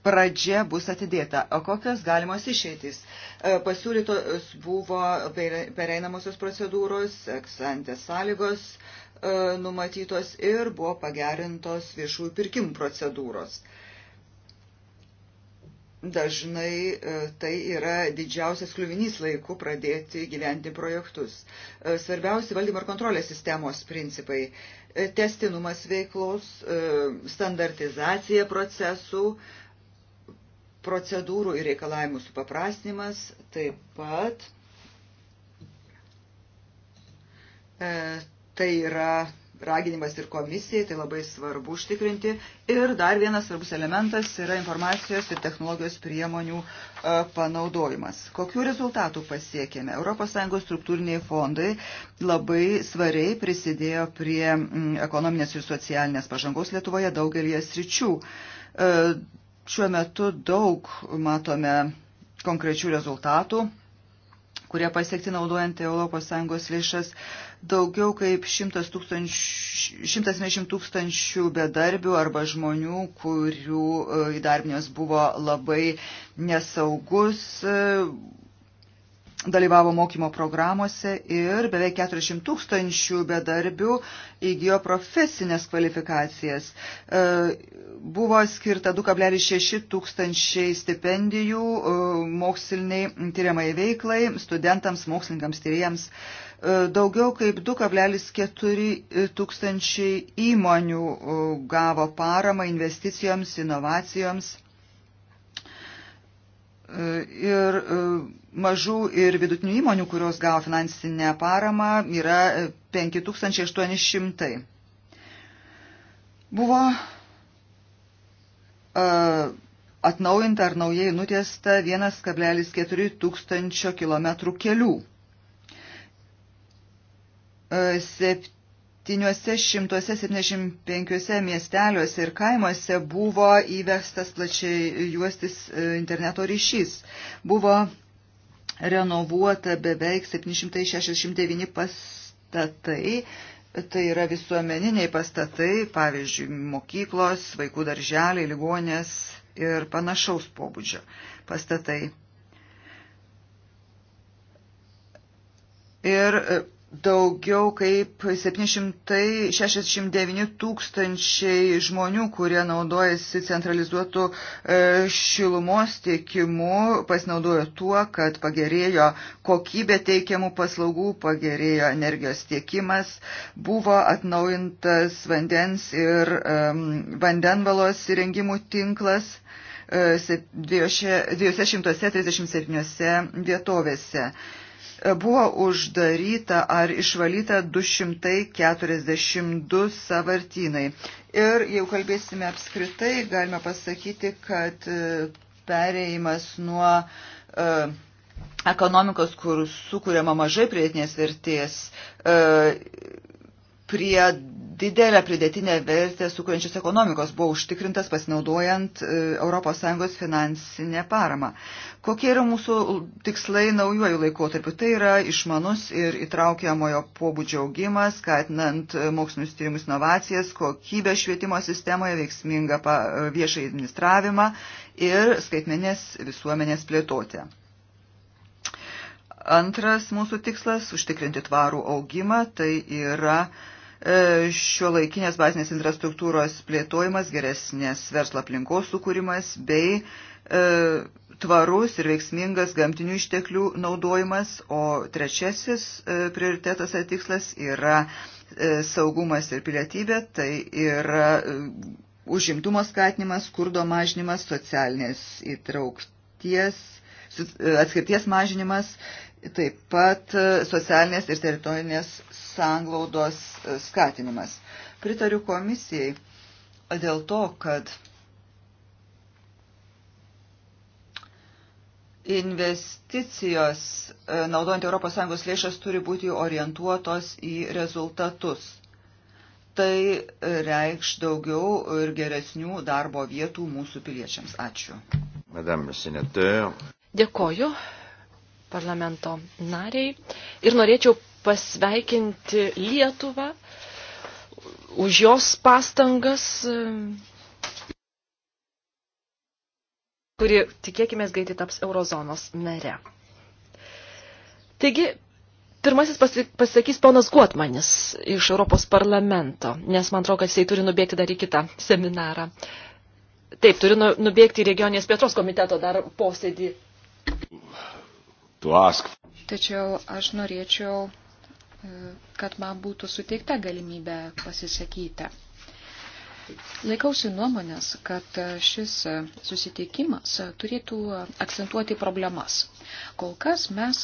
pradžia bus atidėta. O kokios galimos išeitys? E, pasiūlytos buvo pereinamosios procedūros, eksantės sąlygos, E, numatytos ir buvo pagerintos viešųjų pirkimų procedūros. Dažnai e, tai yra didžiausias kliuvinys laiku pradėti gyventi projektus. E, svarbiausi valdymo ir kontrolės sistemos principai - testinumas veiklos, standartizacija procesų, procedūrų ir reikalavimų supaprastinimas, taip pat Tai yra raginimas ir komisijai, tai labai svarbu užtikrinti. Ir dar vienas svarbus elementas yra informacijos ir technologijos priemonių e, panaudojimas. Kokių rezultatų pasiekėme? ES struktūriniai fondai labai svariai prisidėjo prie ekonominės ir socialinės pažangos Lietuvoje daugelie sričių. E, šiuo metu daug matome konkrečių rezultatų kurie pasiekti naudojant ES lėšas. Daugiau kaip 100 tūkstančių, tūkstančių bedarbių arba žmonių, kurių e, įdarbinimas buvo labai nesaugus, e, dalyvavo mokymo programuose ir beveik 400 tūkstančių bedarbių įgyjo profesinės kvalifikacijas. E, buvo skirta 2,6 tūkstančiai stipendijų e, moksliniai tyriamai veiklai, studentams, mokslininkams, tyriems. E, daugiau kaip 2,4 tūkstančiai įmonių gavo paramą investicijoms, inovacijoms Ir e, mažų ir vidutinių įmonių, kurios gavo finansinę paramą, yra 5800. E, Buvo e, atnaujinta ar naujai nutiesta 1,4 tūkstančio kilometrų kelių. 7 775 miesteliuose ir kaimuose buvo įvestas plačiai juostis e, interneto ryšys. Buvo renovuota beveik 769 pastatai Tai yra visuomeniniai pastatai, pavyzdžiui, mokyklos, vaikų darželiai, ligonės ir panašaus pobūdžio pastatai. Ir e, daugiau kaip 769 tūkstančiai žmonių, kurie naudojasi centralizuotų e, šilumos tiekimu, pasinaudojo tuo, kad pagerėjo kokybė teikiamų paslaugų, pagerėjo energijos tiekimas, buvo atnaujintas vandens ir um, vandenvalos įrengimų tinklas. 237 e, vietovėse buvo uždaryta ar išvalyta 242 savartinai. Ir jau kalbėsime apskritai, galime pasakyti, kad e, pereimas nuo e, ekonomikos, kur sukūriama mažai prietinės vertės, e, prie didelę pridėtinę vertę sukūrenčios ekonomikos buvo užtikrintas pasinaudojant e, ES finansinę paramą. Kokie yra mūsų tikslai naujojų laikotarpių? Tai yra išmanus ir įtraukiamojo pobūdžio augimas, skatinant e, mokslinius tyrimus inovacijas, kokybę švietimo sistemoje, veiksmingą e, viešai administravimą ir skaitmenės visuomenės plėtotę. Antras mūsų tikslas - užtikrinti tvarų augimą, tai yra uh, E, šio laikinės bazinės infrastruktūros plėtojimas, geresnės verslo aplinkos sukūrimas bei e, tvarus ir veiksmingas gamtinių išteklių naudojimas, o trečiasis e, prioritetas ar tikslas yra saugumas ir pilietybė, tai yra užimtumo skatinimas, skurdo mažinimas, socialinės įtraukties, atskirties mažinimas taip pat e, socialinės ir teritorinės sanglaudos e, skatinimas. Pritariu komisijai dėl to, kad investicijos, e, naudojant ES lėšas, turi būti orientuotos į rezultatus. Tai reikš daugiau ir geresnių darbo vietų mūsų piliečiams. Ačiū. Madame, Dėkoju parlamento nariai ir norėčiau pasveikinti Lietuvą už jos pastangas, kuri tikėkime greitai taps eurozonos nare. Taigi, pirmasis pasakys ponas Guotmanis iš Europos parlamento, nes man atrodo, kad jisai turi nubėgti dar į kitą seminarą. Taip, turiu nu-, nubėgti į regioninės plėtros komiteto dar posėdį. Tačiau aš norėčiau, e, kad man būtų suteikta galimybė pasisakyti. Laikausi nuomonės, kad šis susitikimas turėtų akcentuoti problemas. Kol kas mes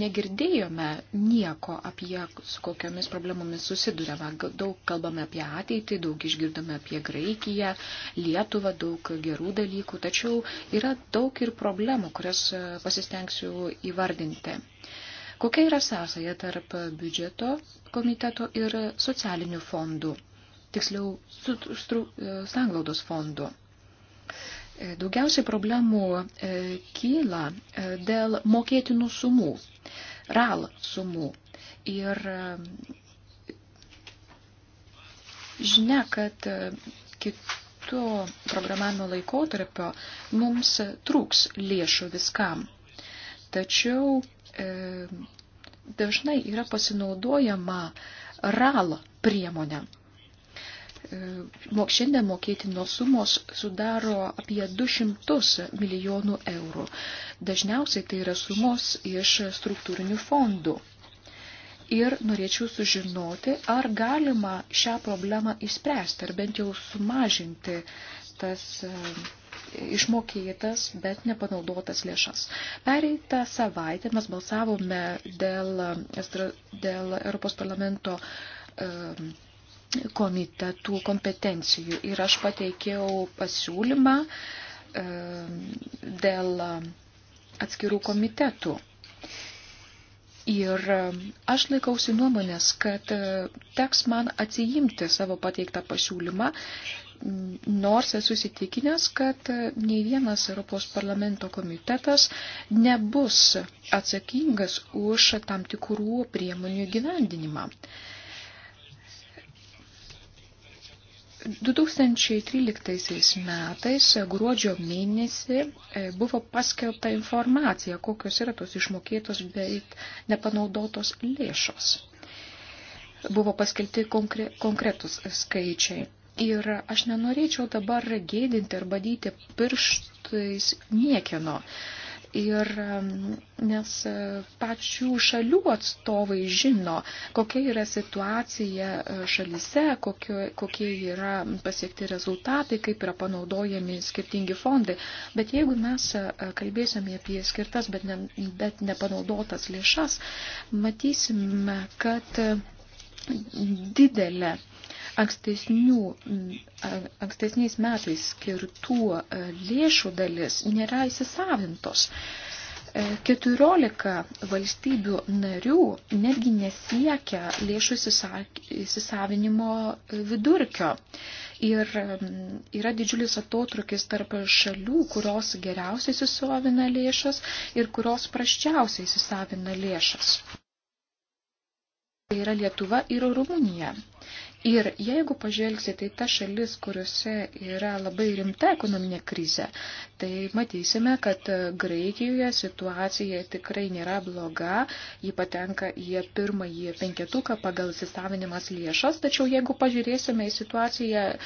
negirdėjome nieko apie su kokiamis problemomis susidurėme. Daug kalbame apie ateitį, daug išgirdome apie Graikiją, Lietuvą, daug gerų dalykų, tačiau yra daug ir problemų, kurias pasistengsiu įvardinti. Kokia yra sąsaja tarp biudžeto komiteto ir socialinių fondų? tiksliau, su stru, e, sanglaudos fondu. E, daugiausiai problemų e, kyla dėl mokėtinų sumų, RAL sumų. Ir žinia, kad kitų programavimo laikotarpio mums trūks lėšų viskam. Tačiau dažnai yra pasinaudojama RAL priemonė E, šiandien mokėtinos sumos sudaro apie 200 milijonų eurų. Dažniausiai tai yra sumos iš struktūrinių fondų. Ir norėčiau sužinoti, ar galima šią problemą išspręsti, ar bent jau sumažinti tas e, išmokėtas, bet nepanaudotas lėšas. Pereitą savaitę mes balsavome dėl, e, dėl Europos parlamento um, komitetų kompetencijų. Ir aš pateikiau pasiūlymą e, dėl atskirų komitetų. Ir aš laikausi nuomonės, kad e, teks man atsijimti savo pateiktą pasiūlymą, nors esu įsitikinęs, kad nei vienas Europos parlamento komitetas nebus atsakingas už tam tikrų priemonių gyvendinimą. 2013 metais e, gruodžio mėnesį e, buvo paskelbta informacija, kokios yra tos išmokėtos, bet nepanaudotos lėšos. Buvo paskelbti konkre, konkretus skaičiai. Ir aš nenorėčiau dabar gėdinti ar badyti pirštais niekieno. Ir nes e, pačių šalių atstovai žino, kokia yra situacija e, šalyse, kokio, kokie yra pasiekti rezultatai, kaip yra panaudojami skirtingi fondai. Bet jeigu mes e, kalbėsime apie skirtas, bet, ne, bet nepanaudotas lėšas, matysime, kad didelė ankstesnių, ankstesniais metais skirtų lėšų dalis nėra įsisavintos. 14 e, valstybių narių netgi nesiekia lėšų įsisavinimo vidurkio. Ir yra didžiulis atotrukis tarp šalių, kurios geriausiai įsisavina lėšas ir kurios praščiausiai įsisavina lėšas. Tai yra Lietuva ir Rumunija. Ir jeigu pažvelgsite į tai tas šalis, kuriuose yra labai rimta ekonominė krize, tai matysime, kad Graikijoje situacija tikrai nėra bloga, ji patenka į pirmąjį penketuką pagal įsisavinimas lėšas, tačiau jeigu pažiūrėsime į situaciją e,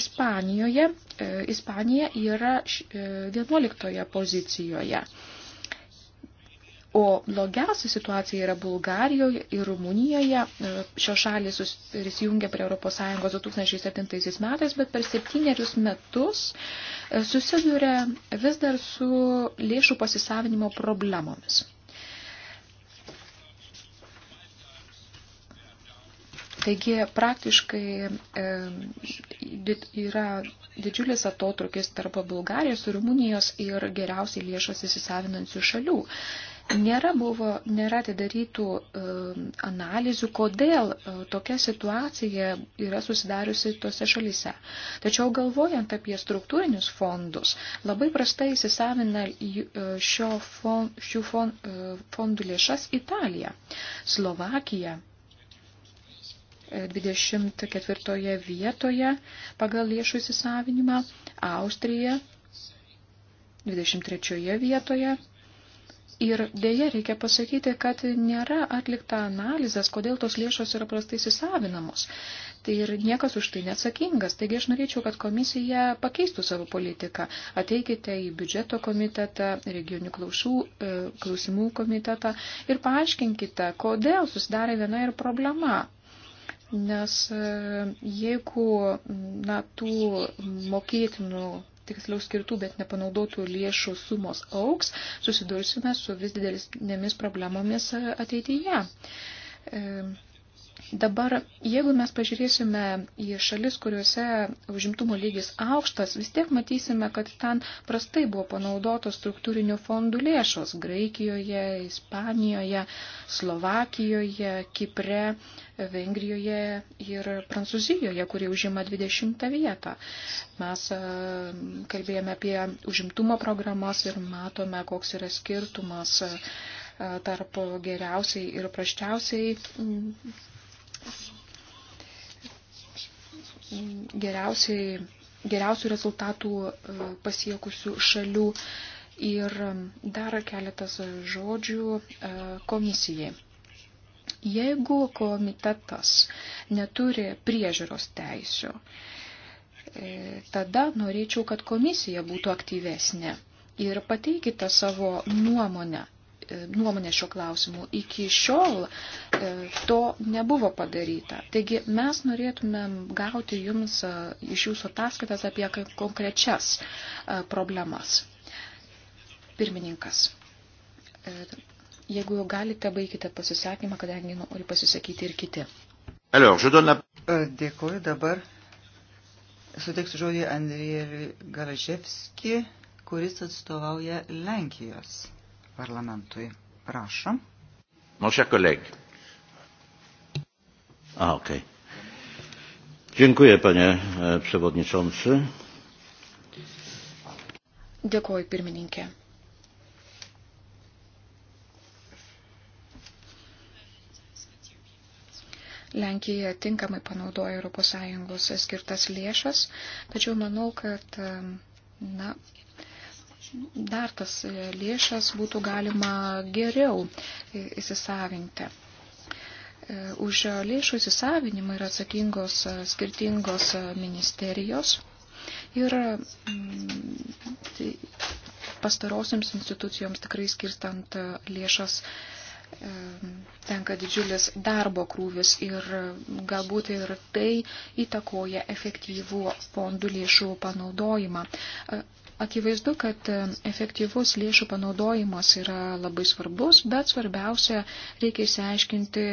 Ispanijoje, e, Ispanija yra 11 e, pozicijoje. O blogiausia situacija yra Bulgarijoje ir Rumunijoje. Šios šalis prisijungė prie ES 2007 metais, bet per septynerius metus e, susiduria vis dar su lėšų pasisavinimo problemomis. Taigi praktiškai e, yra didžiulis atotrukis tarp Bulgarijos ir Rumunijos ir geriausiai lėšas įsisavinančių šalių. Nėra, buvo, nėra atidarytų e, analizių, kodėl e, tokia situacija yra susidariusi tose šalyse. Tačiau galvojant apie struktūrinius fondus, labai prastai įsisavina e, šio fon, šių fon, e, fondų lėšas Italija, Slovakija. 24 e, vietoje pagal lėšų įsisavinimą, Austrija 23 vietoje, Ir dėja reikia pasakyti, kad nėra atlikta analizės, kodėl tos lėšos yra prastai įsisavinamos. Tai ir niekas už tai neatsakingas. Taigi aš norėčiau, kad komisija pakeistų savo politiką. Ateikite į biudžeto komitetą, regionių klausų, e, klausimų komitetą ir paaiškinkite, kodėl susidarė viena ir problema. Nes e, jeigu na, tų mokėtinų tiksliau skirtų, bet nepanaudotų lėšų sumos auks, susidursime su vis didelis problemomis ateityje. E, Dabar, jeigu mes pažiūrėsime į šalis, kuriuose užimtumo lygis aukštas, vis tiek matysime, kad ten prastai buvo panaudotos struktūrinių fondų lėšos Graikijoje, Ispanijoje, Slovakijoje, Kipre, Vengrijoje ir Prancūzijoje, kurie užima 20 vietą. Mes e, kalbėjome apie užimtumo programas ir matome, koks yra skirtumas e, tarp geriausiai ir praščiausiai geriausiai, geriausių rezultatų e, pasiekusių šalių ir e, dar keletas žodžių e, komisijai. Jeigu komitetas neturi priežiūros teisių, tada norėčiau, kad komisija būtų aktyvesnė ir pateikite savo nuomonę nuomonę šio klausimu. Iki šiol e, to nebuvo padaryta. Taigi mes norėtumėm gauti jums e, iš jūsų ataskaitas apie konkrečias e, problemas. Pirmininkas, jeigu jau galite, baigite pasisakymą, kadangi nori pasisakyti ir kiti. Alors, je donne la... Dėkuoju dabar. Suteiksiu žodį Andrieliui Garaževski, kuris atstovauja Lenkijos parlamentui. Prašom. Mon cher collègue. A, ah, okej. Okay. Dziękuję, panie e, przewodniczący. Dėkuoju, pirmininkė. Lenkija tinkamai panaudoja ES skirtas lėšas, tačiau manau, kad e, na, dar tas e, lėšas būtų galima geriau e, įsisavinti. E, už lėšų įsisavinimą yra atsakingos skirtingos ministerijos ir mm, pastarosiams institucijoms tikrai skirstant lėšas tenka didžiulis darbo krūvis ir galbūt ir tai įtakoja efektyvų fondų lėšų panaudojimą. Akivaizdu, kad e, efektyvus lėšų panaudojimas yra labai svarbus, bet svarbiausia, reikia įsiaiškinti,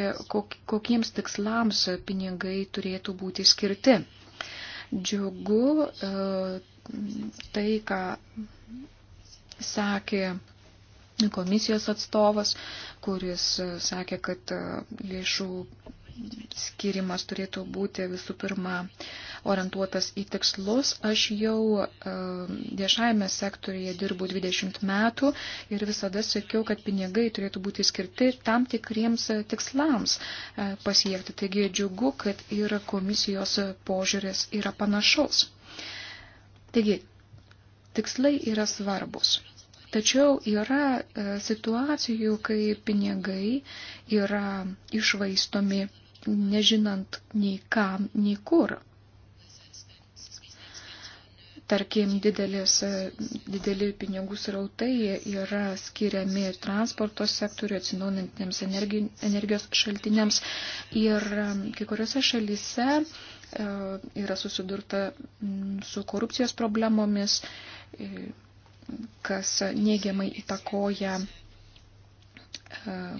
kokiems tikslams pinigai turėtų būti skirti. Džiugu e, tai, ką sakė komisijos atstovas, kuris e, sakė, kad lėšų skirimas turėtų būti visų pirma orientuotas į tikslus. Aš jau e, viešajame sektorije dirbu 20 metų ir visada sakiau, kad pinigai turėtų būti skirti tam tikriems tikslams e, pasiekti. Taigi džiugu, kad ir komisijos požiūris yra panašaus. Taigi, tikslai yra svarbus. Tačiau yra e, situacijų, kai pinigai yra išvaistomi nežinant nei kam, nei kur. Tarkim, didelis, dideli pinigų srautai yra skiriami transporto sektoriu, atsinaujinantiems energijos šaltiniams ir um, kai kuriuose šalyse uh, yra susidurta mm, su korupcijos problemomis, uh, kas neigiamai įtakoja um,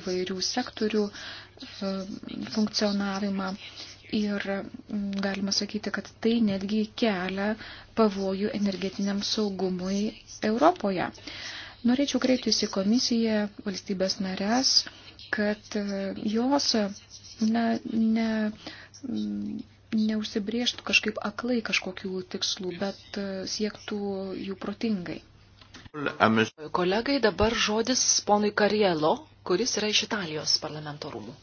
įvairių sektorių funkcionavimą. Ir mm, galima sakyti, kad tai netgi kelia pavojų energetiniam saugumui Europoje. Norėčiau kreiptis į komisiją valstybės narės, kad e, jos ne, ne, mm, neužsibrieštų kažkaip aklai kažkokių tikslų, bet e, siektų jų protingai. Kolegai dabar žodis ponui Karielo, kuris yra iš Italijos parlamento rūmų.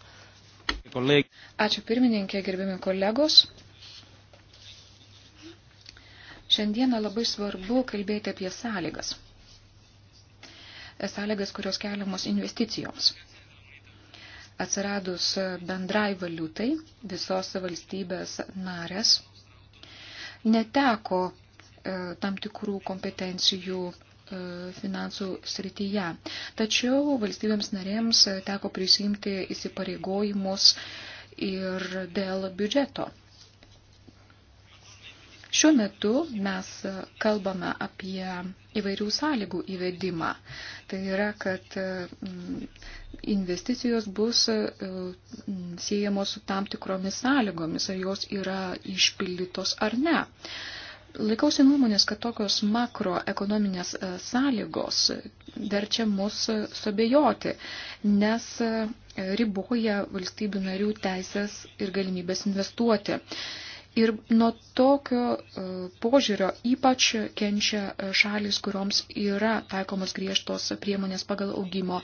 Ačiū pirmininkė, gerbimi kolegos. Šiandieną labai svarbu kalbėti apie sąlygas. Sąlygas, kurios keliamos investicijoms. Atsiradus bendrai valiutai visos valstybės narės neteko e, tam tikrų kompetencijų E, finansų srityje. Tačiau valstybėms narėms e, teko prisimti įsipareigojimus ir dėl biudžeto. Šiuo metu mes kalbame apie įvairių sąlygų įvedimą. Tai yra, kad e, investicijos bus siejamos su tam tikromis sąlygomis, ar jos yra išpildytos ar ne. Laikausi nuomonės, kad tokios makroekonominės e, sąlygos verčia mus e, sobejoti, nes e, riboja valstybių narių teisės ir galimybės investuoti. Ir nuo tokio požiūrio ypač kenčia šalis, kurioms yra taikomos griežtos priemonės pagal augimo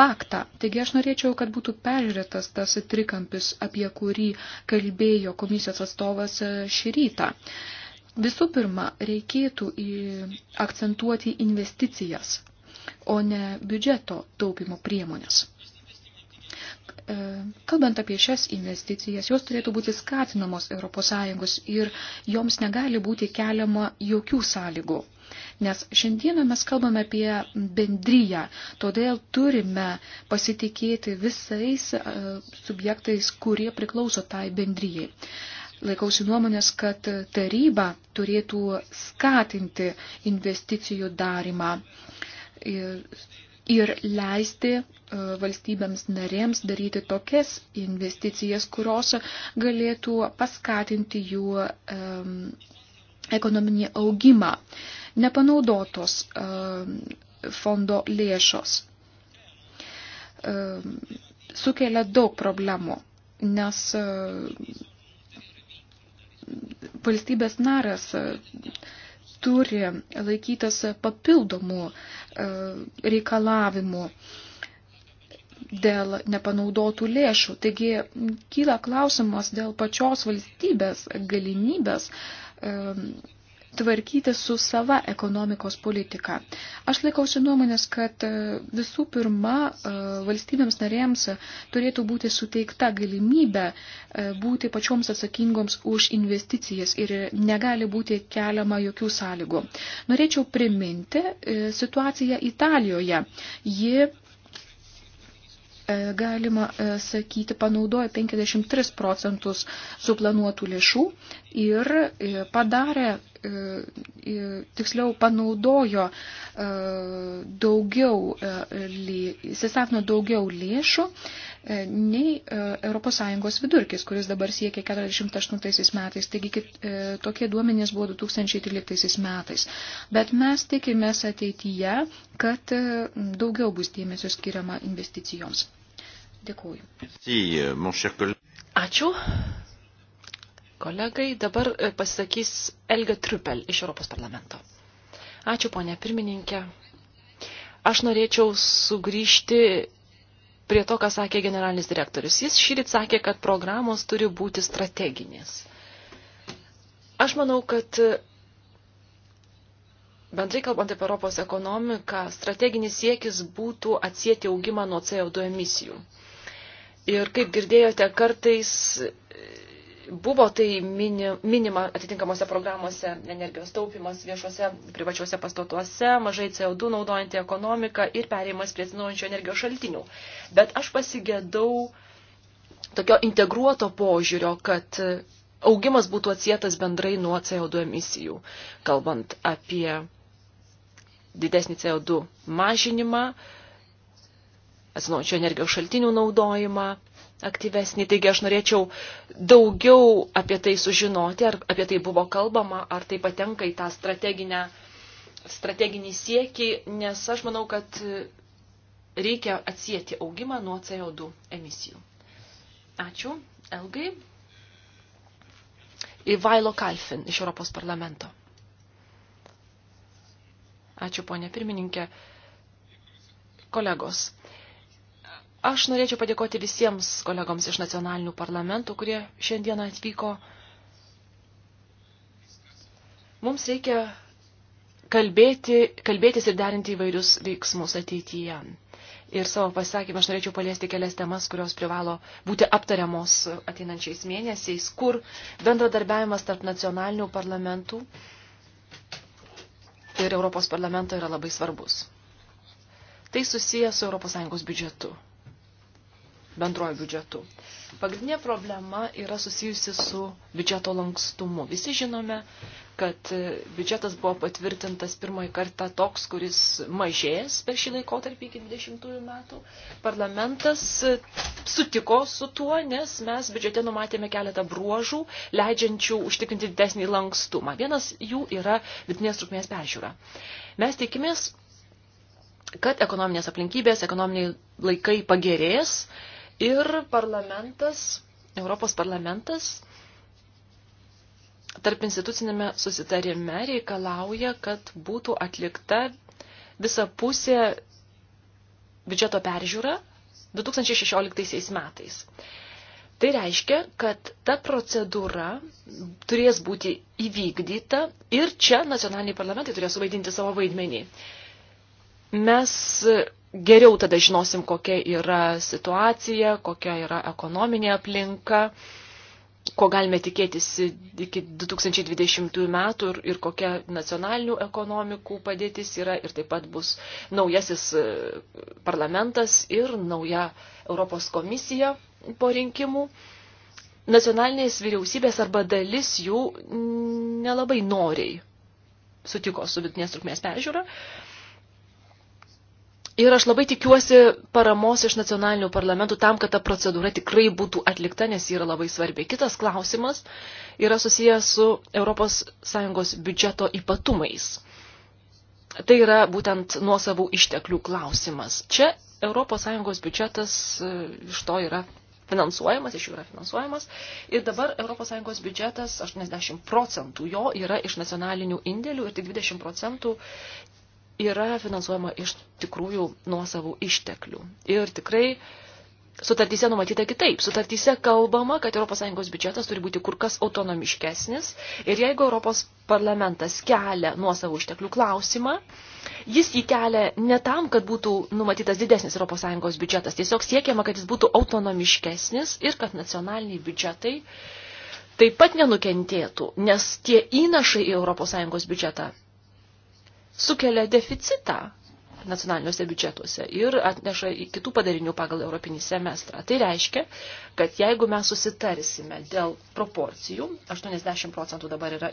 paktą. Taigi aš norėčiau, kad būtų peržiūrėtas tas trikampis, apie kurį kalbėjo komisijos atstovas šį rytą. Visų pirma, reikėtų akcentuoti investicijas, o ne biudžeto taupimo priemonės. E, kalbant apie šias investicijas, jos turėtų būti skatinamos ES ir joms negali būti keliama jokių sąlygų. Nes šiandieną mes kalbame apie bendryją, todėl turime pasitikėti visais e, subjektais, kurie priklauso tai bendryjai laikausi nuomonės, kad taryba turėtų skatinti investicijų darimą ir, ir leisti e, valstybėms narėms daryti tokias investicijas, kurios galėtų paskatinti jų um, ekonominį augimą. Nepanaudotos um, fondo lėšos um, sukelia daug problemų, nes um, valstybės naras e, turi laikytas papildomų e, reikalavimų dėl nepanaudotų lėšų. Taigi kyla klausimas dėl pačios valstybės galimybės e, tvarkyti su sava ekonomikos politika. Aš laikausi nuomonės, kad e, visų pirma e, valstybėms narėms turėtų būti suteikta galimybė e, būti pačioms atsakingoms už investicijas ir negali būti keliama jokių sąlygų. Norėčiau priminti situaciją Italijoje. Ji galima sakyti, panaudoja 53 procentus suplanuotų lėšų, ir e, padarė, e, tiksliau panaudojo e, daugiau, įsisavino daugiau lėšų nei ES vidurkis, kuris dabar siekia 48 metais, taigi tokie duomenys buvo 2013 metais. Bet mes tikimės ateityje, kad daugiau bus dėmesio skiriama investicijoms. Dėkuoju. Ačiū, kolegai. Dabar e, pasisakys Elga Triupel iš Europos parlamento. Ačiū, ponė pirmininkė. Aš norėčiau sugrįžti prie to, ką sakė generalinis direktorius. Jis šįryt sakė, kad programos turi būti strateginės. Aš manau, kad e, Bendrai kalbant apie Europos ekonomiką, strateginis siekis būtų atsėti augimą nuo CO2 emisijų. Ir kaip girdėjote, kartais e, Buvo tai mini, minima atitinkamose programuose energijos taupimas viešuose, privačiuose pastatuose, mažai CO2 naudojanti ekonomika ir pereimas prie atsinaujančio energijos šaltinių. Bet aš pasigėdau tokio integruoto požiūrio, kad augimas būtų atsietas bendrai nuo CO2 emisijų, kalbant apie didesnį CO2 mažinimą, atsinaujančio energijos šaltinių naudojimą aktyvesnį. Taigi aš norėčiau daugiau apie tai sužinoti, ar apie tai buvo kalbama, ar tai patenka į tą strateginę, strateginį siekį, nes aš manau, kad reikia atsijėti augimą nuo CO2 emisijų. Ačiū, Elgai. Ivailo Kalfin iš Europos parlamento. Ačiū, ponė pirmininkė. Kolegos, Aš norėčiau padėkoti visiems kolegoms iš nacionalinių parlamentų, kurie šiandieną atvyko. Mums reikia kalbėti, kalbėtis ir derinti įvairius veiksmus ateityje. Ir savo pasakymą aš norėčiau paliesti kelias temas, kurios privalo būti aptariamos ateinančiais mėnesiais, kur bendradarbiavimas tarp nacionalinių parlamentų ir Europos parlamento yra labai svarbus. Tai susijęs su ES biudžetu bendrojo biudžetu. Pagrindinė problema yra susijusi su biudžeto lankstumu. Visi žinome, kad biudžetas buvo patvirtintas pirmąjį kartą toks, kuris mažės per šį laikotarpį iki 20 metų. Parlamentas sutiko su tuo, nes mes biudžete numatėme keletą bruožų, leidžiančių užtikrinti didesnį lankstumą. Vienas jų yra vidinės trukmės peržiūra. Mes tikimės, kad ekonominės aplinkybės, ekonominiai laikai pagerės ir parlamentas, Europos parlamentas tarp institucinėme susitarime reikalauja, kad būtų atlikta visa pusė biudžeto peržiūra 2016 metais. Tai reiškia, kad ta procedūra turės būti įvykdyta ir čia nacionaliniai parlamentai turės suvaidinti savo vaidmenį. Mes geriau tada žinosim, kokia yra situacija, kokia yra ekonominė aplinka, ko galime tikėtis iki 2020 metų ir, ir kokia nacionalinių ekonomikų padėtis yra ir taip pat bus naujasis e, parlamentas ir nauja Europos komisija po rinkimų. Nacionalinės vyriausybės arba dalis jų nelabai noriai sutiko su vidutinės trukmės peržiūra. Uh, Ir aš labai tikiuosi paramos iš nacionalinių parlamentų tam, kad ta procedūra tikrai būtų atlikta, nes ji yra labai svarbi. Kitas klausimas yra susijęs su ES biudžeto ypatumais. Tai yra būtent nuosavų išteklių klausimas. Čia ES biudžetas e, iš to yra finansuojamas, iš jų yra finansuojamas. Ir dabar ES biudžetas 80 procentų jo yra iš nacionalinių indėlių ir tik 20 procentų yra finansuojama iš tikrųjų nuosavų išteklių. Ir tikrai sutartyse numatyta kitaip. Sutartyse kalbama, kad ES biudžetas turi būti kur kas autonomiškesnis ir jeigu Europos parlamentas kelia nuosavų išteklių klausimą, jis jį kelia ne tam, kad būtų numatytas didesnis ES biudžetas, tiesiog siekiama, kad jis būtų autonomiškesnis ir kad nacionaliniai biudžetai taip pat nenukentėtų, nes tie įnašai į ES biudžetą sukelia deficitą nacionaliniuose biudžetuose ir atneša į kitų padarinių pagal europinį semestrą. Tai reiškia, kad jeigu mes susitarsime dėl proporcijų, 80 procentų dabar yra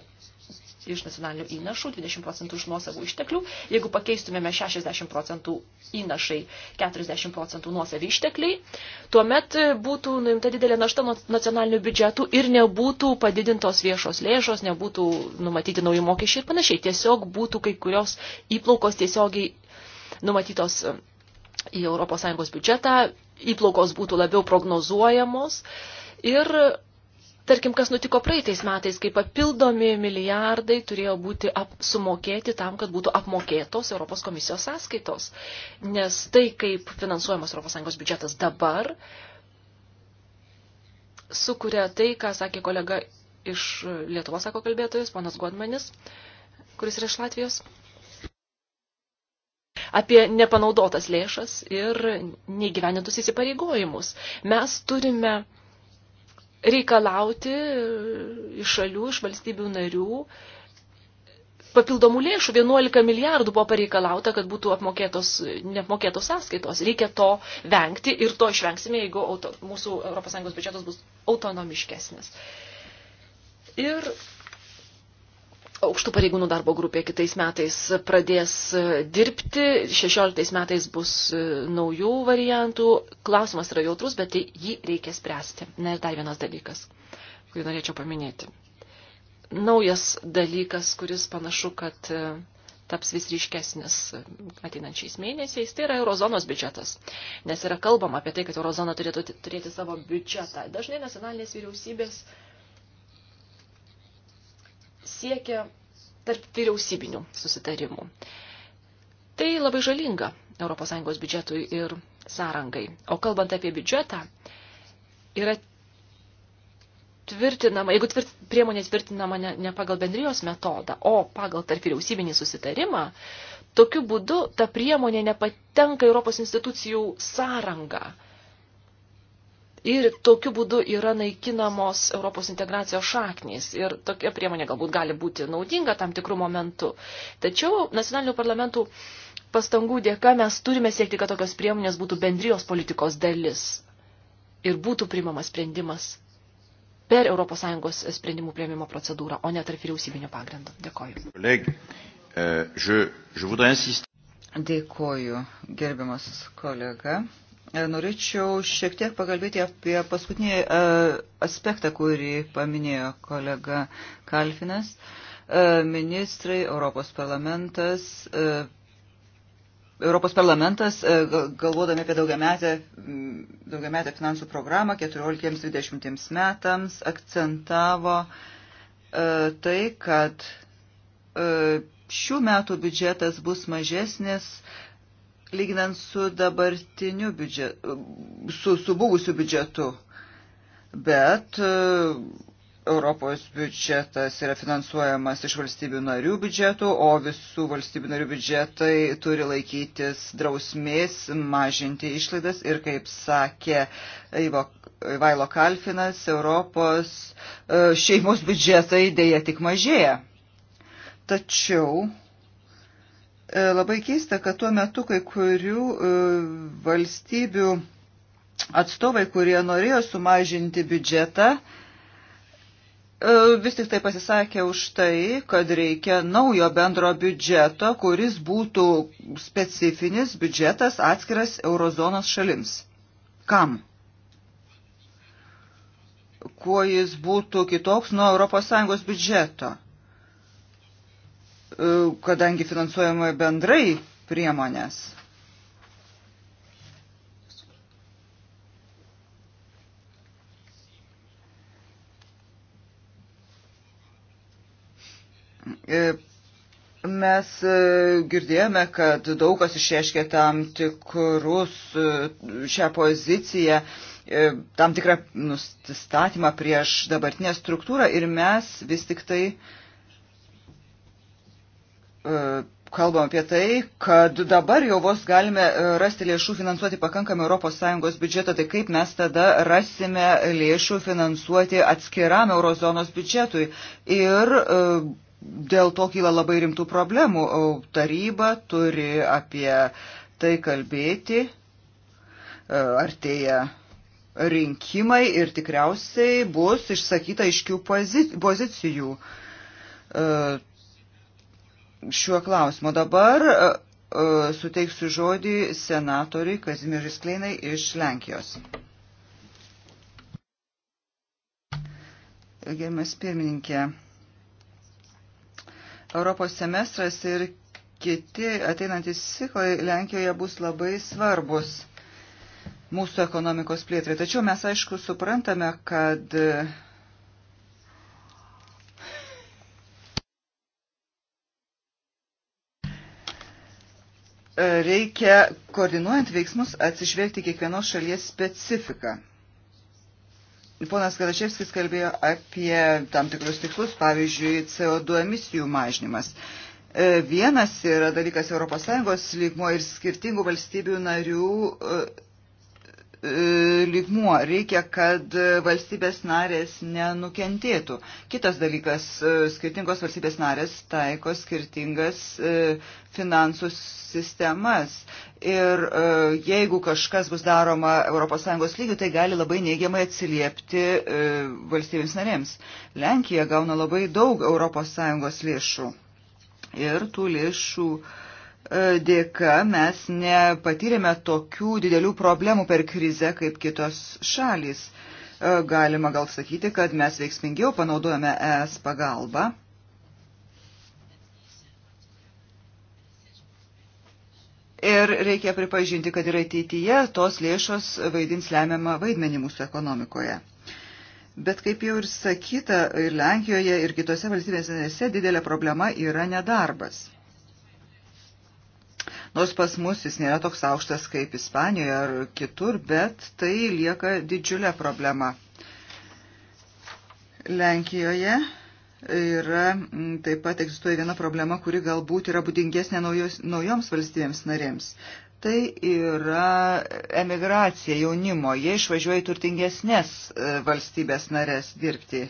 iš nacionalinių įnašų, 20 procentų iš nuosavų išteklių. Jeigu pakeistumėme 60 procentų įnašai, 40 procentų nuosavi ištekliai, tuomet būtų nuimta didelė našta nacionalinių biudžetų ir nebūtų padidintos viešos lėšos, nebūtų numatyti nauji mokesčiai ir panašiai. Tiesiog būtų kai kurios įplaukos tiesiogiai numatytos e, į ES biudžetą, įplaukos būtų labiau prognozuojamos ir Tarkim, kas nutiko praeitais metais, kai papildomi milijardai turėjo būti ap, sumokėti tam, kad būtų apmokėtos Europos komisijos sąskaitos. Nes tai, kaip finansuojamas ES biudžetas dabar, sukuria tai, ką sakė kolega iš Lietuvos, sako kalbėtojas, ponas Godmanis, kuris yra iš Latvijos, apie nepanaudotas lėšas ir neįgyvenintus įsipareigojimus. Mes turime reikalauti iš šalių, iš valstybių narių papildomų lėšų. 11 milijardų buvo pareikalauta, kad būtų apmokėtos, neapmokėtos sąskaitos. Reikia to vengti ir to išvengsime, jeigu auto, mūsų ES biudžetas bus autonomiškesnis. Ir aukštų pareigūnų darbo grupė kitais metais pradės e, dirbti, 16 metais bus e, naujų variantų. Klausimas yra jautrus, bet tai jį reikia spręsti. Na ir dar vienas dalykas, kurį norėčiau paminėti. Naujas dalykas, kuris panašu, kad e, taps vis ryškesnis ateinančiais mėnesiais, tai yra eurozonos biudžetas. Nes yra kalbama apie tai, kad eurozona turėtų turėti savo biudžetą. Dažnai nacionalinės vyriausybės uh, siekia tarp vyriausybinių susitarimų. Tai labai žalinga ES biudžetui ir sąrangai. O kalbant apie biudžetą, yra tvirtinama, jeigu tvirt, priemonė tvirtinama ne, ne pagal bendrijos metodą, o pagal tarp vyriausybinį susitarimą, tokiu būdu ta priemonė nepatenka Europos institucijų sąrangą. Ir tokiu būdu yra naikinamos Europos integracijos šaknys. Ir tokia priemonė galbūt gali būti naudinga tam tikrų momentų. Tačiau nacionalinių parlamentų pastangų dėka mes turime siekti, kad tokios priemonės būtų bendrijos politikos dalis. Ir būtų primamas sprendimas per ES sprendimų prieimimo procedūrą, o ne tarp vyriausybinio pagrindo. Dėkoju. Koleg, e, je, je Dėkoju, gerbiamas kolega. E, norėčiau šiek tiek pakalbėti apie paskutinį e, aspektą, kurį paminėjo kolega Kalfinas. E, ministrai, Europos parlamentas. Europos parlamentas, galvodami apie daugiametę, daugiametę finansų programą 14-20 metams, akcentavo tai, kad šių metų biudžetas bus mažesnis lyginant su dabartiniu biudžetu, su, su buvusiu biudžetu. Bet e, Europos biudžetas yra finansuojamas iš valstybių narių biudžetų, o visų valstybių narių biudžetai turi laikytis drausmės, mažinti išlaidas ir, kaip sakė Ivo, Vailo Kalfinas, Europos e, šeimos biudžetai dėja tik mažėja. Tačiau E, labai keista, kad tuo metu kai kurių e, valstybių atstovai, kurie norėjo sumažinti biudžetą, e, vis tik tai pasisakė už tai, kad reikia naujo bendro biudžeto, kuris būtų specifinis biudžetas atskiras eurozonos šalims. Kam? Kuo jis būtų kitoks nuo ES biudžeto? E, kadangi finansuojama bendrai priemonės. E, mes e, girdėjome, kad daug kas išreiškė tam tikrus šią poziciją, tam tikrą nustatymą prieš dabartinę struktūrą ir mes vis tik tai uh, E, kalbam apie tai, kad dabar jau vos galime e, rasti lėšų finansuoti pakankamą ES biudžetą, tai kaip mes tada rasime lėšų finansuoti atskiram eurozonos biudžetui. Ir e, dėl to kyla labai rimtų problemų. Taryba turi apie tai kalbėti, artėja rinkimai ir tikriausiai bus išsakyta iškių pozicijų šiuo klausimu. Dabar e, e, suteiksiu žodį senatoriui Kazimiris Kleinai iš Lenkijos. Gerbiamas pirmininkė, Europos semestras ir kiti ateinantys ciklai Lenkijoje bus labai svarbus mūsų ekonomikos plėtrai. Tačiau mes aišku suprantame, kad reikia, koordinuojant veiksmus, atsižvelgti kiekvienos šalies specifiką. Ponas Galaševskis kalbėjo apie tam tikrus tikslus, pavyzdžiui, CO2 emisijų mažinimas. E, vienas yra dalykas ES lygmo ir skirtingų valstybių narių e, E, lygmuo. Reikia, kad valstybės narės nenukentėtų. Kitas dalykas, e, skirtingos valstybės narės taiko skirtingas e, finansų sistemas. Ir jeigu kažkas bus daroma ES lygių, tai gali labai neigiamai atsiliepti valstybėms narėms. Lenkija gauna labai daug ES lėšų. Ir tų lėšų uh, E, dėka mes nepatyrėme tokių didelių problemų per krizę kaip kitos šalys. E, galima gal sakyti, kad mes veiksmingiau panaudojame ES pagalbą. Ir reikia pripažinti, kad ir ateityje tos lėšos vaidins lemiamą vaidmenį mūsų ekonomikoje. Bet kaip jau ir sakyta, ir Lenkijoje, ir kitose valstybėse didelė problema yra nedarbas. Nors pas mus jis nėra toks aukštas kaip Ispanijoje ar kitur, bet tai lieka didžiulė problema. Lenkijoje yra mm, taip pat egzistuoja viena problema, kuri galbūt yra būdingesnė naujos, naujoms valstybėms narėms. Tai yra emigracija jaunimo. Jie išvažiuoja į turtingesnės e, valstybės narės dirbti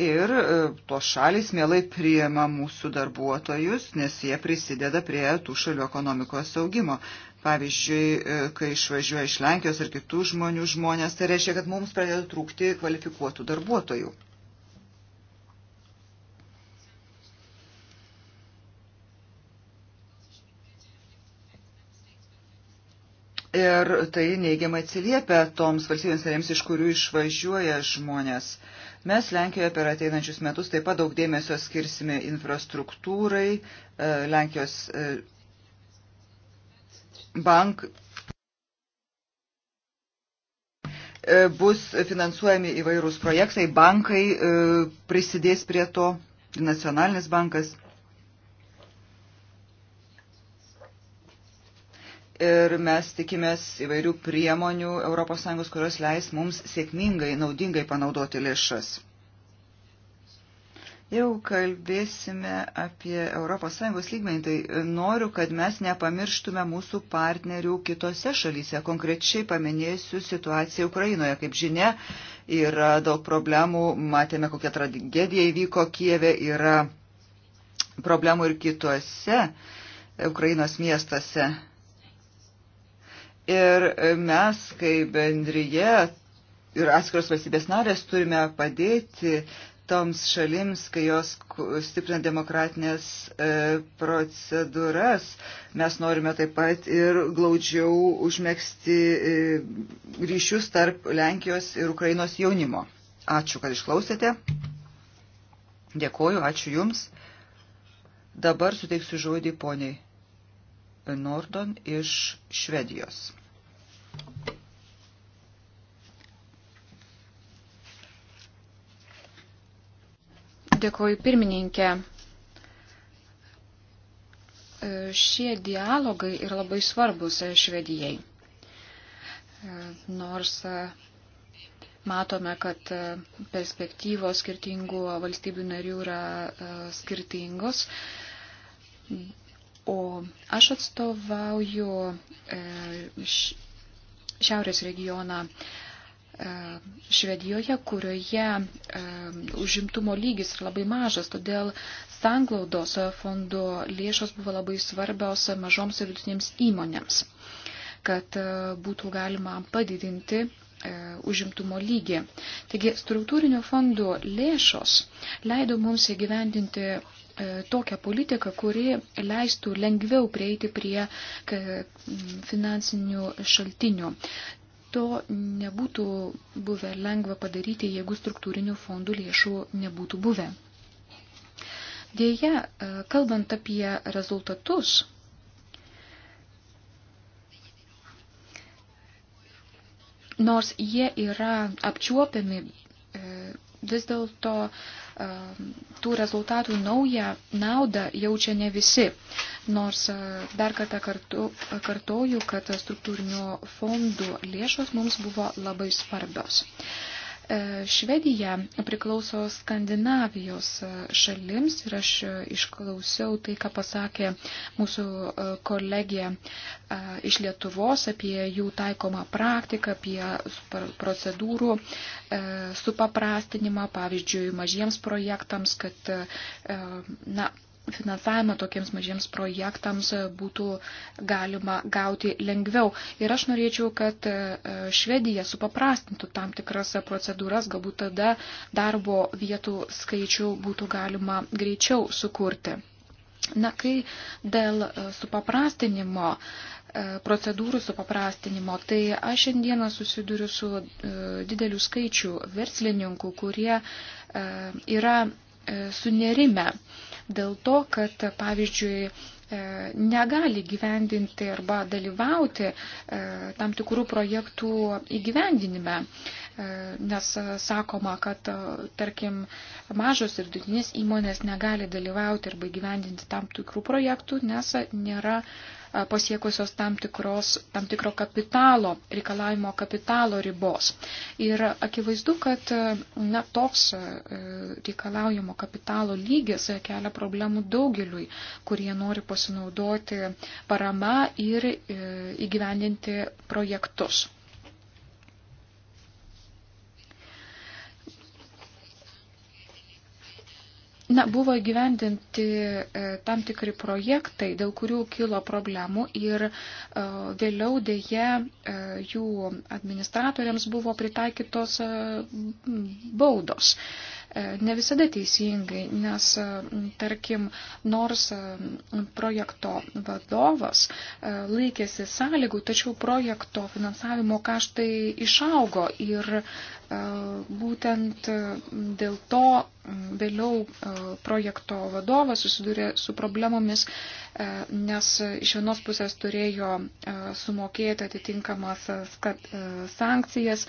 ir e, tos šalis mielai priema mūsų darbuotojus, nes jie prisideda prie tų šalių ekonomikos augimo. Pavyzdžiui, e, kai išvažiuoja iš Lenkijos ir kitų žmonių žmonės, tai reiškia, kad mums pradeda trūkti kvalifikuotų darbuotojų. Ir tai neigiamai atsiliepia toms valstybėms narėms, iš kurių išvažiuoja žmonės. Mes Lenkijoje per ateinančius metus taip pat daug dėmesio skirsime infrastruktūrai, e, Lenkijos e, bank e, bus finansuojami įvairūs projektai, bankai prisidės prie to, nacionalinis bankas. ir mes tikimės įvairių priemonių ES, kurios leis mums sėkmingai, naudingai panaudoti lėšas. Jau kalbėsime apie ES lygmenį, tai noriu, kad mes nepamirštume mūsų partnerių kitose šalyse. Konkrečiai paminėsiu situaciją Ukrainoje. Kaip žinia, yra daug problemų, matėme, kokia tragedija įvyko Kijeve, yra problemų ir kitose Ukrainos miestuose. Ir mes, kaip bendryje ir atskiros valstybės narės, turime padėti toms šalims, kai jos stiprina demokratinės e, procedūras. Mes norime taip pat ir glaudžiau užmėgsti e, ryšius tarp Lenkijos ir Ukrainos jaunimo. Ačiū, kad išklausėte. Dėkoju, ačiū Jums. Dabar suteiksiu žodį poniai Nordon iš Švedijos. Dėkuoju pirmininkė. Šie dialogai yra labai svarbus Švedijai. Nors matome, kad perspektyvos skirtingų valstybių narių yra skirtingos, O aš atstovauju e, šiaurės regioną e, Švedijoje, kurioje e, užimtumo lygis yra labai mažas, todėl sanglaudos fondo lėšos buvo labai svarbios mažoms ir vidutinėms įmonėms, kad būtų galima padidinti užimtumo lygį. Taigi struktūrinio fondo lėšos leido mums įgyvendinti E, tokią politiką, kuri leistų lengviau prieiti prie e, finansinių šaltinių. To nebūtų buvę lengva padaryti, jeigu struktūrinių fondų lėšų nebūtų buvę. Dėja, e, kalbant apie rezultatus, nors jie yra apčiuopiami, vis dėlto e, Ehm, tų rezultatų naują naudą jaučia ne visi. Nors e, dar kartą kartu, kartoju, kad struktūrinių fondų lėšos mums buvo labai svarbios. E, Švedija priklauso Skandinavijos e, šalims ir aš e, išklausiau tai, ką pasakė mūsų kolegė iš Lietuvos apie jų taikomą praktiką, apie procedūrų supaprastinimą, pavyzdžiui, mažiems projektams, kad na, finansavimą tokiems mažiems projektams būtų galima gauti lengviau. Ir aš norėčiau, kad e, Švedija supaprastintų tam tikras procedūras, galbūt tada darbo vietų skaičių būtų galima greičiau sukurti. Na, kai dėl e, supaprastinimo e, procedūrų supaprastinimo. Tai aš šiandieną susiduriu su dideliu skaičiu verslininkų, kurie yra E, sunerime dėl to, kad, pavyzdžiui, e, negali gyvendinti arba dalyvauti e, tam tikrų projektų įgyvendinime. Nes sakoma, kad, tarkim, mažos ir dutinės įmonės negali dalyvauti arba įgyvendinti tam tikrų projektų, nes nėra pasiekusios tam, tikros, tam tikro kapitalo, reikalavimo kapitalo ribos. Ir akivaizdu, kad na, toks e, reikalaujamo kapitalo lygis kelia problemų daugeliui, kurie nori pasinaudoti parama ir e, įgyvendinti projektus. Na, buvo įgyvendinti e, tam tikri projektai, dėl kurių kilo problemų ir e, vėliau dėje e, jų administratoriams buvo pritaikytos baudos. E, ne visada teisingai, nes, e, tarkim, nors e, projekto vadovas laikėsi sąlygų, tačiau projekto finansavimo kaštai išaugo ir būtent dėl to vėliau projekto vadovas susidūrė su problemomis, nes iš vienos pusės turėjo sumokėti atitinkamas sankcijas,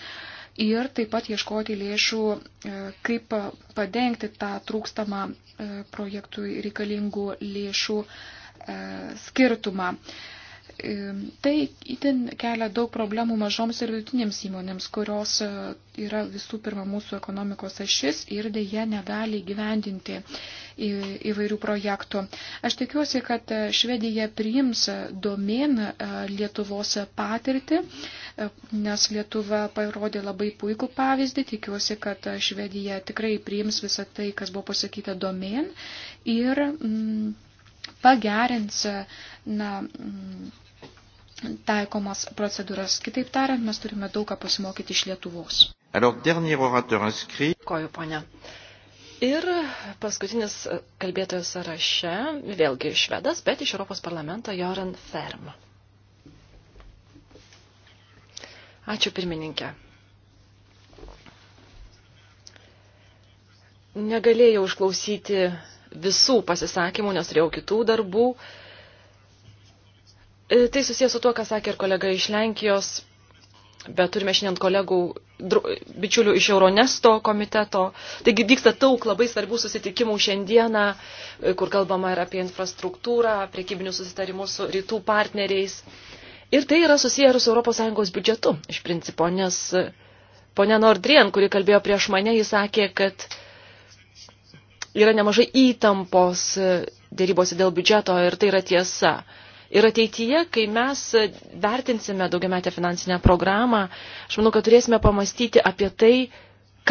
ir taip pat ieškoti lėšų, e, kaip padengti tą trūkstamą e, projektui reikalingų lėšų e, skirtumą. Tai itin kelia daug problemų mažoms ir vidutinėms įmonėms, kurios e, yra visų pirma mūsų ekonomikos ašis ir dėje negali gyvendinti įvairių projektų. Aš tikiuosi, kad e, Švedija priims domen e, Lietuvos patirtį, nes Lietuva parodė labai puikų pavyzdį. Tikiuosi, kad Švedija tikrai priims visą tai, kas buvo pasakyta domen ir mm, pagerins na, mm, taikomas procedūras. Kitaip tariant, mes turime daug ką pasimokyti iš Lietuvos. Alors, dernier orateur inscrit. Koju, ponia. Ir paskutinis kalbėtojas sąraše, vėlgi švedas, bet iš Europos parlamento Joran Ferm. Ačiū pirmininkė. Negalėjau išklausyti visų pasisakymų, nes turėjau kitų darbų. Uh, E, tai susijęs su tuo, ką sakė ir kolega iš Lenkijos, bet turime šiandien kolegų, bičiulių iš Euronesto komiteto. Taigi vyksta daug labai svarbių susitikimų šiandieną, e, kur kalbama ir apie infrastruktūrą, priekybinius susitarimus su rytų partneriais. Ir tai yra susiję ir su ES biudžetu, iš principo, nes e, ponia Nordrien, kuri kalbėjo prieš mane, jis sakė, kad yra nemažai įtampos dėrybose dėl biudžeto ir tai yra tiesa. Ir ateityje, kai mes vertinsime daugiametę finansinę programą, aš manau, kad turėsime pamastyti apie tai,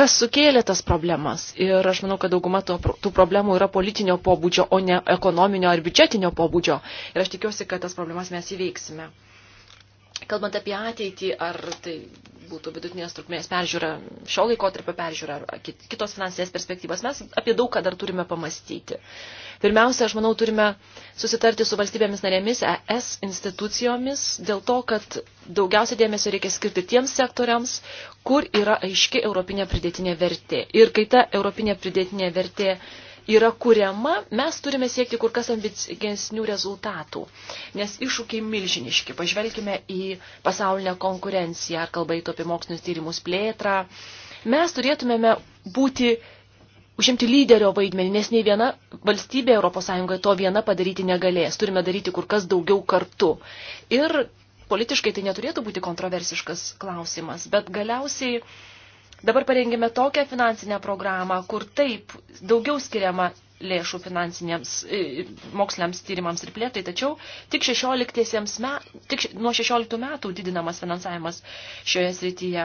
kas sukėlė tas problemas. Ir aš manau, kad dauguma to, tų problemų yra politinio pobūdžio, o ne ekonominio ar biudžetinio pobūdžio. Ir aš tikiuosi, kad tas problemas mes įveiksime. Kalbant apie ateitį, ar tai būtų vidutinės trukmės peržiūra, šio laikotarpio peržiūra, ar kitos finansinės perspektyvas, mes apie daug ką dar turime pamastyti. Pirmiausia, aš manau, turime susitarti su valstybėmis narėmis, ES institucijomis, dėl to, kad daugiausia dėmesio reikia skirti tiems sektoriams, kur yra aiški europinė pridėtinė vertė. Ir kai ta europinė pridėtinė vertė yra kuriama, mes turime siekti kur kas ambicingesnių rezultatų, nes iššūkiai milžiniški. Pažvelkime į pasaulinę konkurenciją, ar kalba įtų apie mokslinius tyrimus plėtrą. Mes turėtumėme būti, užimti lyderio vaidmenį, nes nei viena valstybė ES to viena padaryti negalės. Turime daryti kur kas daugiau kartu. Ir politiškai tai neturėtų būti kontroversiškas klausimas, bet galiausiai Dabar parengėme tokią finansinę programą, kur taip daugiau skiriama lėšų finansiniams e, moksliniams tyrimams ir plėtai, tačiau tik, 16 me, tik nuo 16 metų didinamas finansavimas šioje srityje.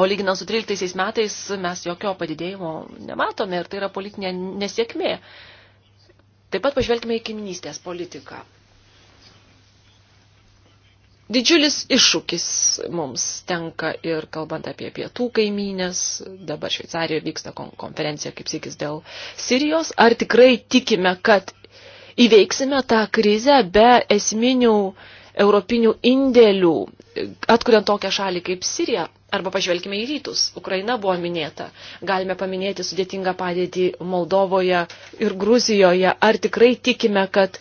O lyginant su 13 metais mes jokio padidėjimo nematome ir tai yra politinė nesėkmė. Taip pat pažvelgime į kininystės politiką didžiulis iššūkis mums tenka ir kalbant apie pietų kaimynės, dabar Šveicarijoje vyksta konferencija kaip sėkis dėl Sirijos, ar tikrai tikime, kad įveiksime tą krizę be esminių europinių indėlių, atkuriant tokią šalį kaip Sirija. Arba pažvelkime į rytus. Ukraina buvo minėta. Galime paminėti sudėtingą padėtį Moldovoje ir Gruzijoje. Ar tikrai tikime, kad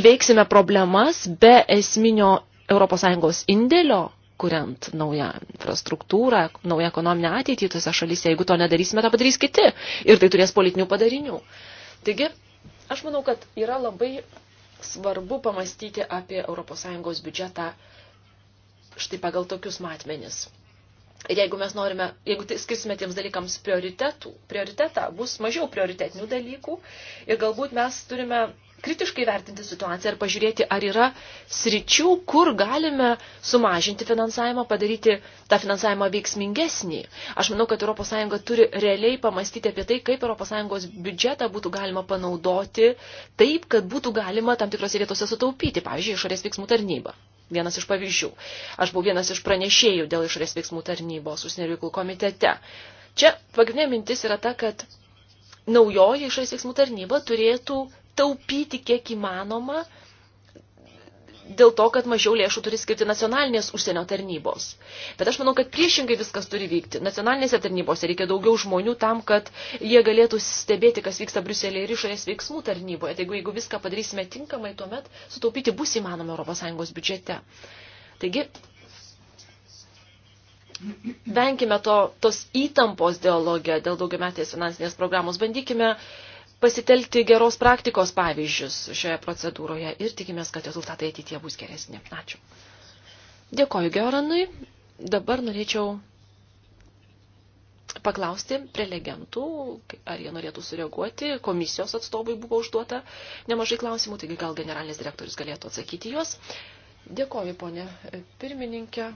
įveiksime problemas be esminio ES indėlio, kuriant naują infrastruktūrą, naują ekonominę ateitį tose šalyse. Jeigu to nedarysime, tą padarys kiti. Ir tai turės politinių padarinių. Taigi, aš manau, kad yra labai svarbu pamastyti apie ES biudžetą štai pagal tokius matmenis. Ir jeigu mes norime, jeigu tai skirsime tiems dalykams prioritetų, prioritetą, bus mažiau prioritetinių dalykų ir galbūt mes turime kritiškai vertinti situaciją ir pažiūrėti, ar yra sričių, kur galime sumažinti finansavimą, padaryti tą finansavimą veiksmingesnį. Aš manau, kad ES turi realiai pamastyti apie tai, kaip ES biudžetą būtų galima panaudoti taip, kad būtų galima tam tikrose vietose sutaupyti, pavyzdžiui, išorės veiksmų tarnybą. Vienas iš pavyzdžių. Aš buvau vienas iš pranešėjų dėl išorės veiksmų tarnybos užsienio reikalų komitete. Čia pagrindinė mintis yra ta, kad naujoji išorės veiksmų tarnyba turėtų taupyti kiek įmanoma dėl to, kad mažiau lėšų turi skirti nacionalinės užsienio tarnybos. Bet aš manau, kad priešingai viskas turi vykti. Nacionalinėse tarnybose reikia daugiau žmonių tam, kad jie galėtų stebėti, kas vyksta Briuselėje ir išorės veiksmų tarnyboje. Tai jeigu, jeigu viską padarysime tinkamai, tuomet sutaupyti bus įmanoma ES biudžete. Taigi, venkime to, tos įtampos dialogę dėl daugiametės finansinės programos. Bandykime uh, pasitelkti geros praktikos pavyzdžius šioje procedūroje ir tikimės, kad rezultatai ateitie bus geresni. Ačiū. Dėkoju Georanui. Dabar norėčiau paklausti prelegentų, ar jie norėtų sureaguoti. Komisijos atstovui buvo užduota nemažai klausimų, taigi gal generalinis direktorius galėtų atsakyti juos. Dėkoju, ponė pirmininkė.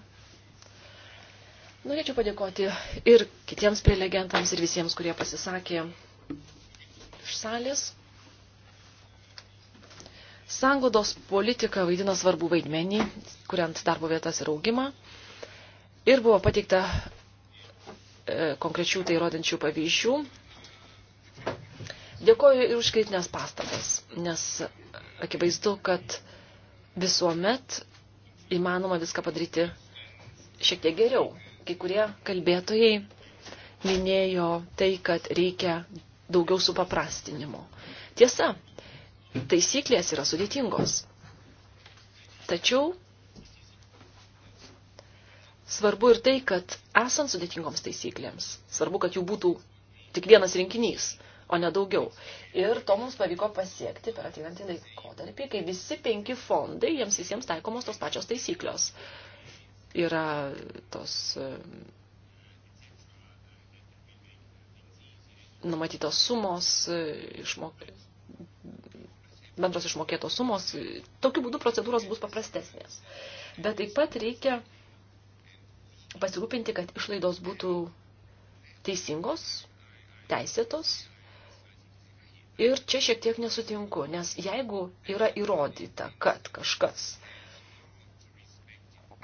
Norėčiau padėkoti ir kitiems prelegentams, ir visiems, kurie pasisakė iš salės. Sangodos politika vaidina svarbų vaidmenį, kuriant darbo vietas ir augimą. Ir buvo pateikta e, konkrečių tai rodančių pavyzdžių. Dėkoju ir už kritinės pastabas, nes akivaizdu, kad visuomet įmanoma viską padaryti šiek tiek geriau. Kai kurie kalbėtojai minėjo tai, kad reikia daugiau supaprastinimo. Tiesa, taisyklės yra sudėtingos. Tačiau svarbu ir tai, kad esant sudėtingoms taisyklėms, svarbu, kad jų būtų tik vienas rinkinys, o ne daugiau. Ir to mums pavyko pasiekti per ateinantį laikotarpį, kai visi penki fondai, jiems visiems taikomos tos pačios taisyklios. Yra tos numatytos sumos, e, išmok... bendros išmokėtos sumos. E, tokiu būdu procedūros bus paprastesnės. Bet taip pat reikia pasirūpinti, kad išlaidos būtų teisingos, teisėtos. Ir čia šiek tiek nesutinku, nes jeigu yra įrodyta, kad kažkas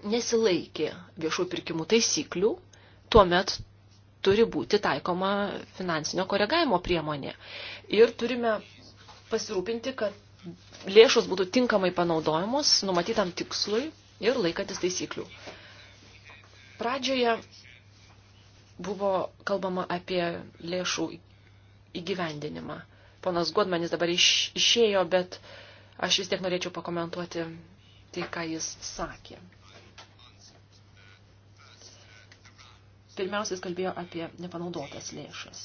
nesilaikė viešų pirkimų taisyklių, tuomet turi būti taikoma finansinio koregavimo priemonė. Ir turime pasirūpinti, kad lėšos būtų tinkamai panaudojamos numatytam tikslui ir laikantis taisyklių. Pradžioje buvo kalbama apie lėšų įgyvendinimą. Ponas Godmanis dabar iš, išėjo, bet aš vis tiek norėčiau pakomentuoti tai, ką jis sakė. pirmiausiais kalbėjo apie nepanaudotas lėšas,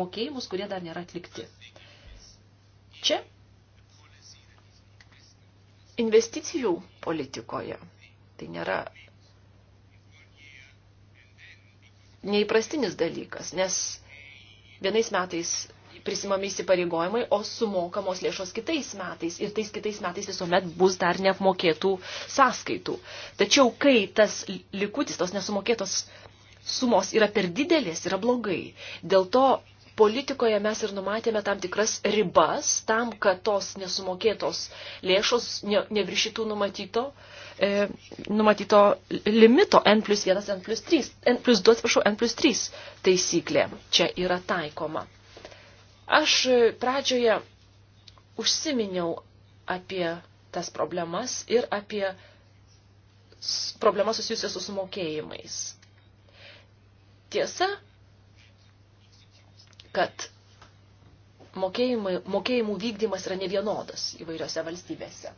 mokėjimus, kurie dar nėra atlikti. Čia investicijų politikoje tai nėra neįprastinis dalykas, nes vienais metais prisimami įsipareigojimai, o sumokamos lėšos kitais metais. Ir tais kitais metais visuomet bus dar neapmokėtų sąskaitų. Tačiau, kai tas likutis, tos nesumokėtos sumos yra per didelės, yra blogai. Dėl to politikoje mes ir numatėme tam tikras ribas tam, kad tos nesumokėtos lėšos ne, neviršytų numatyto, e, numatyto limito N plus 1, N plus 3, N plus 2, atsiprašau, N plus 3 taisyklė čia yra taikoma. Aš pradžioje užsiminiau apie tas problemas ir apie problemas susijusias su sumokėjimais. Tiesa, kad mokėjimų vykdymas yra nevienodas įvairiose valstybėse.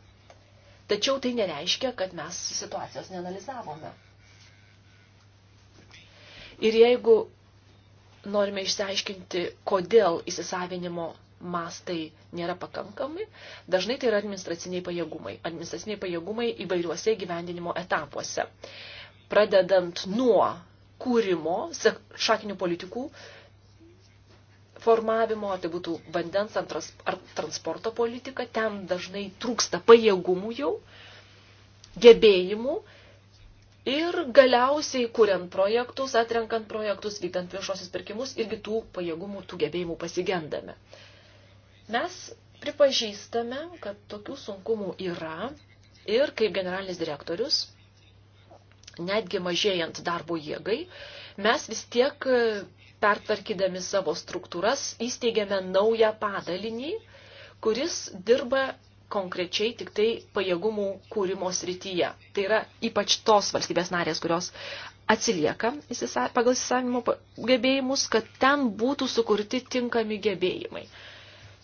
Tačiau tai nereiškia, kad mes situacijos neanalizavome. Ir jeigu norime išsiaiškinti, kodėl įsisavinimo mastai nėra pakankami, dažnai tai yra administraciniai pajėgumai. Administraciniai pajėgumai įvairiuose gyvendinimo etapuose. Pradedant nuo kūrimo, šakinių politikų formavimo, tai būtų vandens ar transporto politika, ten dažnai trūksta pajėgumų jau, gebėjimų ir galiausiai, kuriant projektus, atrenkant projektus, vykdant viešosius pirkimus, irgi tų pajėgumų, tų gebėjimų pasigendame. Mes pripažįstame, kad tokių sunkumų yra ir kaip generalinis direktorius netgi mažėjant darbo jėgai, mes vis tiek e, pertvarkydami savo struktūras įsteigėme naują padalinį, kuris dirba konkrečiai tik tai pajėgumų kūrimo srityje. Tai yra ypač tos valstybės narės, kurios atsilieka pagal įsisavinimo gebėjimus, kad ten būtų sukurti tinkami gebėjimai.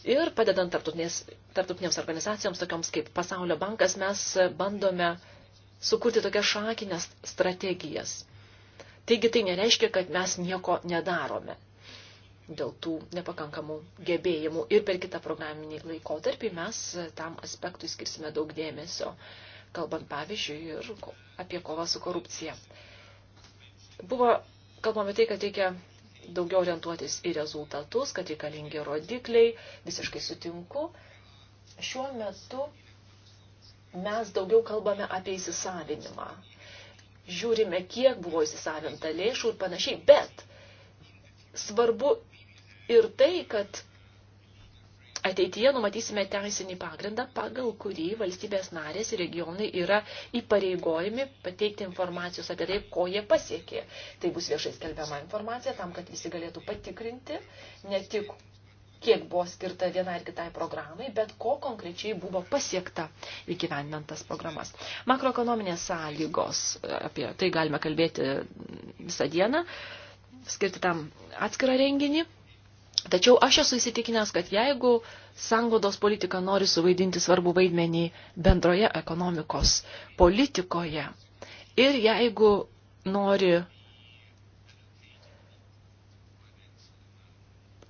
Ir padedant tarptautinėms organizacijoms, tokioms kaip Pasaulio bankas, mes bandome sukurti tokias šakinės strategijas. Taigi tai nereiškia, kad mes nieko nedarome dėl tų nepakankamų gebėjimų ir per kitą programinį laikotarpį mes tam aspektui skirsime daug dėmesio, kalbant pavyzdžiui ir apie kovą su korupcija. Buvo kalbame tai, kad reikia daugiau orientuotis į rezultatus, kad reikalingi rodikliai, visiškai sutinku. Šiuo metu mes daugiau kalbame apie įsisavinimą. Žiūrime, kiek buvo įsisavinta lėšų ir panašiai, bet svarbu ir tai, kad ateityje numatysime teisinį pagrindą, pagal kurį valstybės narės ir regionai yra įpareigojami pateikti informacijos apie tai, ko jie pasiekė. Tai bus viešai skelbiama informacija tam, kad visi galėtų patikrinti ne tik kiek buvo skirta vienai ir kitai programai, bet ko konkrečiai buvo pasiekta įgyvendinant tas programas. Makroekonominės sąlygos, apie tai galime kalbėti visą dieną, skirti tam atskirą renginį. Tačiau aš esu įsitikinęs, kad jeigu sangodos politika nori suvaidinti svarbų vaidmenį bendroje ekonomikos politikoje ir jeigu nori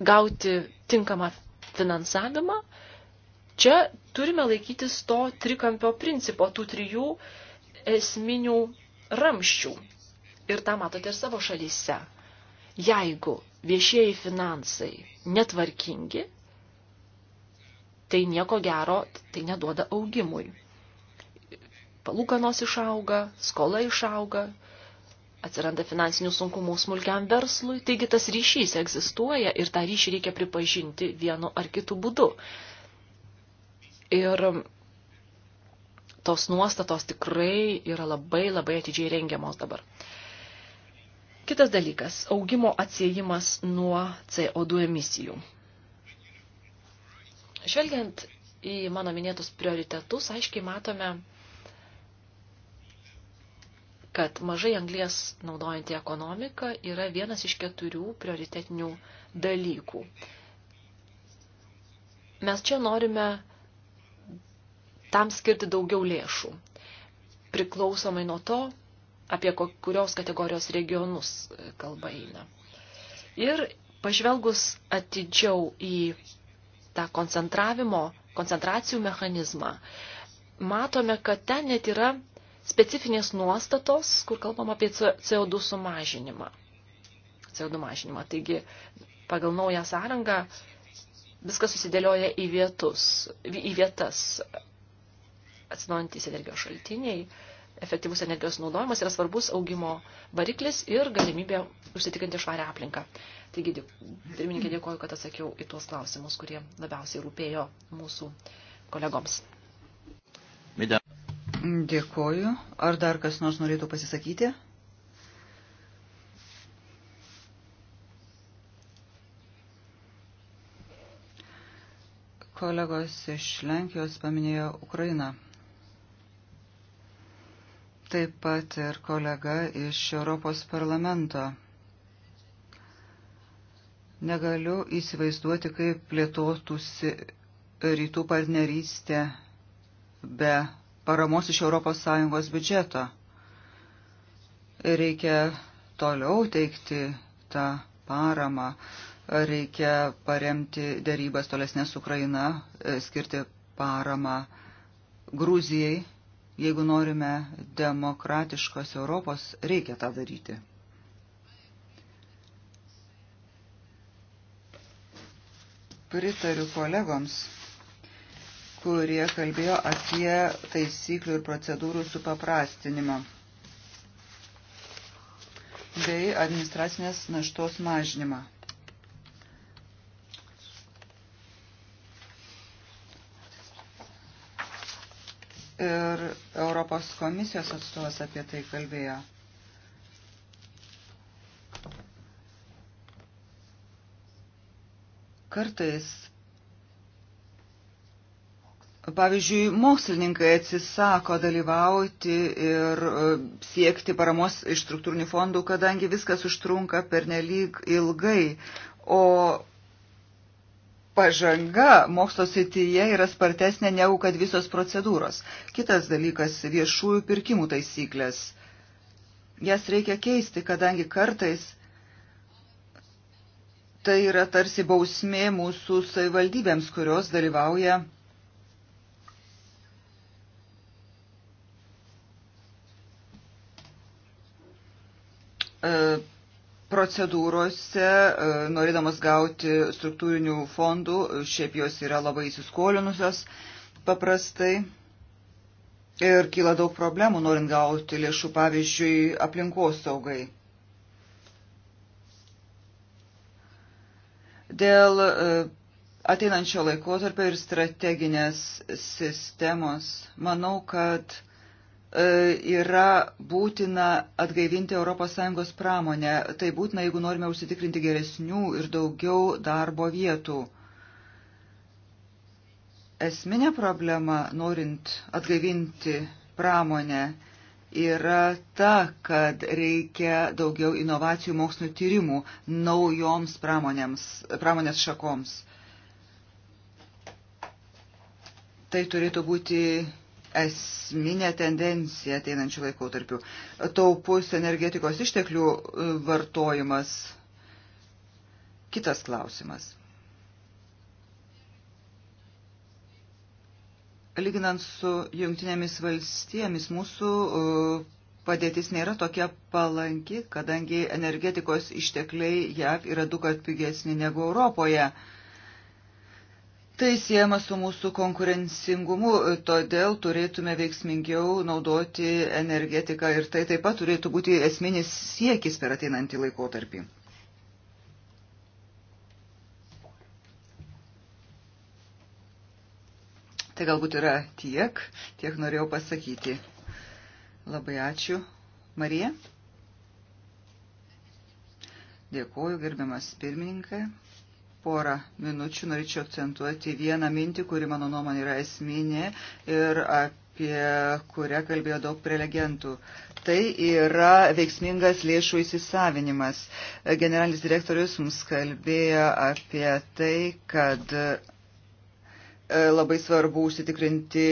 gauti tinkamą finansavimą, čia turime laikytis to trikampio principo, tų trijų esminių ramščių. Ir tą matote ir savo šalyse. Jeigu viešieji finansai netvarkingi, tai nieko gero tai neduoda augimui. Palūkanos išauga, skola išauga, atsiranda finansinių sunkumų smulkiam verslui, taigi tas ryšys egzistuoja ir tą ryšį reikia pripažinti vienu ar kitu būdu. Ir tos nuostatos tikrai yra labai labai atidžiai rengiamos dabar. Kitas dalykas – augimo atsiejimas nuo CO2 emisijų. Žvelgiant į mano minėtus prioritetus, aiškiai matome, kad mažai anglės naudojantį ekonomiką yra vienas iš keturių prioritetinių dalykų. Mes čia norime tam skirti daugiau lėšų, priklausomai nuo to, apie kurios kategorijos regionus e, kalba eina. Ir pažvelgus atidžiau į tą koncentravimo, koncentracijų mechanizmą, matome, kad ten net yra specifinės nuostatos, kur kalbam apie CO2 sumažinimą. CO2 mažinimą. Taigi, pagal naują sąrangą viskas susidėlioja į, vietus, į vietas atsinaujantis energijos šaltiniai, efektyvus energijos naudojimas yra svarbus augimo variklis ir galimybė užsitikrinti švarę aplinką. Taigi, pirmininkė, dėkoju, kad atsakiau į tuos klausimus, kurie labiausiai rūpėjo mūsų kolegoms. Dėkoju. Ar dar kas nors norėtų pasisakyti? Kolegos iš Lenkijos paminėjo Ukrainą. Taip pat ir kolega iš Europos parlamento. Negaliu įsivaizduoti, kaip plėtotųsi rytų partnerystė be paramos iš ES biudžeto. Reikia toliau teikti tą paramą, reikia paremti dėrybas tolesnės Ukraina, e, skirti paramą Gruzijai. Jeigu norime demokratiškos Europos, reikia tą daryti. Pritariu kolegoms kurie kalbėjo apie taisyklių ir procedūrų supaprastinimą bei administracinės naštos mažinimą. Ir Europos komisijos atstovas apie tai kalbėjo. Kartais Pavyzdžiui, mokslininkai atsisako dalyvauti ir e, siekti paramos iš struktūrinių fondų, kadangi viskas užtrunka per nelyg ilgai, o pažanga mokslo srityje yra spartesnė negu kad visos procedūros. Kitas dalykas - viešųjų pirkimų taisyklės. Jas reikia keisti, kadangi kartais tai yra tarsi bausmė mūsų savivaldybėms, kurios dalyvauja E, procedūrose, e, norėdamas gauti struktūrinių fondų, e, šiaip jos yra labai įsiskolinusios paprastai. Ir kyla daug problemų, norint gauti lėšų, pavyzdžiui, aplinkos saugai. Dėl ateinančio laikotarpio ir strateginės sistemos, manau, kad E, yra būtina atgaivinti ES pramonę. Tai būtina, jeigu norime užsitikrinti geresnių ir daugiau darbo vietų. Esminė problema, norint atgaivinti pramonę, yra ta, kad reikia daugiau inovacijų mokslinio tyrimų naujoms pramonės šakoms. Tai turėtų būti esminę tendenciją ateinančių laikotarpių. Taupus energetikos išteklių e, vartojimas. Kitas klausimas. Lyginant su jungtinėmis valstijomis, mūsų e, padėtis nėra tokia palanki, kadangi energetikos ištekliai JAV yra du kart pigesni negu Europoje. Uh, Tai siejama su mūsų konkurencingumu, todėl turėtume veiksmingiau naudoti energetiką ir tai taip pat turėtų būti esminis siekis per ateinantį laikotarpį. Tai galbūt yra tiek, tiek norėjau pasakyti. Labai ačiū. Marija? Dėkuoju, gerbiamas pirmininkai porą minučių norėčiau akcentuoti vieną mintį, kuri mano nuomonė yra esminė ir apie kurią kalbėjo daug prelegentų. Tai yra veiksmingas lėšų įsisavinimas. Generalinis direktorius mums kalbėjo apie tai, kad e, labai svarbu užsitikrinti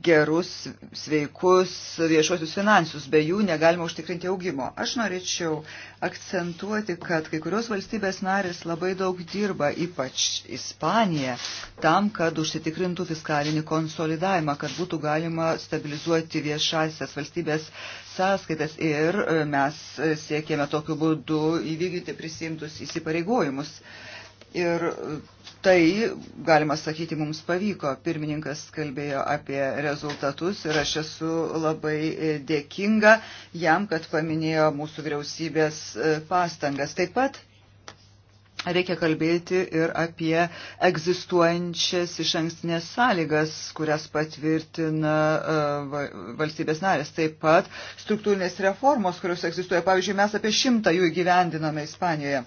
gerus, sveikus viešuosius finansus, be jų negalima užtikrinti augimo. Aš norėčiau akcentuoti, kad kai kurios valstybės narės labai daug dirba, ypač Ispanija, tam, kad užsitikrintų fiskalinį konsolidavimą, kad būtų galima stabilizuoti viešasias valstybės sąskaitas ir mes siekėme tokiu būdu įvykdyti prisimtus įsipareigojimus. Ir tai, galima sakyti, mums pavyko. Pirmininkas kalbėjo apie rezultatus ir aš esu labai dėkinga jam, kad paminėjo mūsų vyriausybės e, pastangas. Taip pat reikia kalbėti ir apie egzistuojančias iš ankstinės sąlygas, kurias patvirtina e, valstybės narės. Taip pat struktūrinės reformos, kurios egzistuoja. Pavyzdžiui, mes apie šimtą jų įgyvendiname Ispanijoje.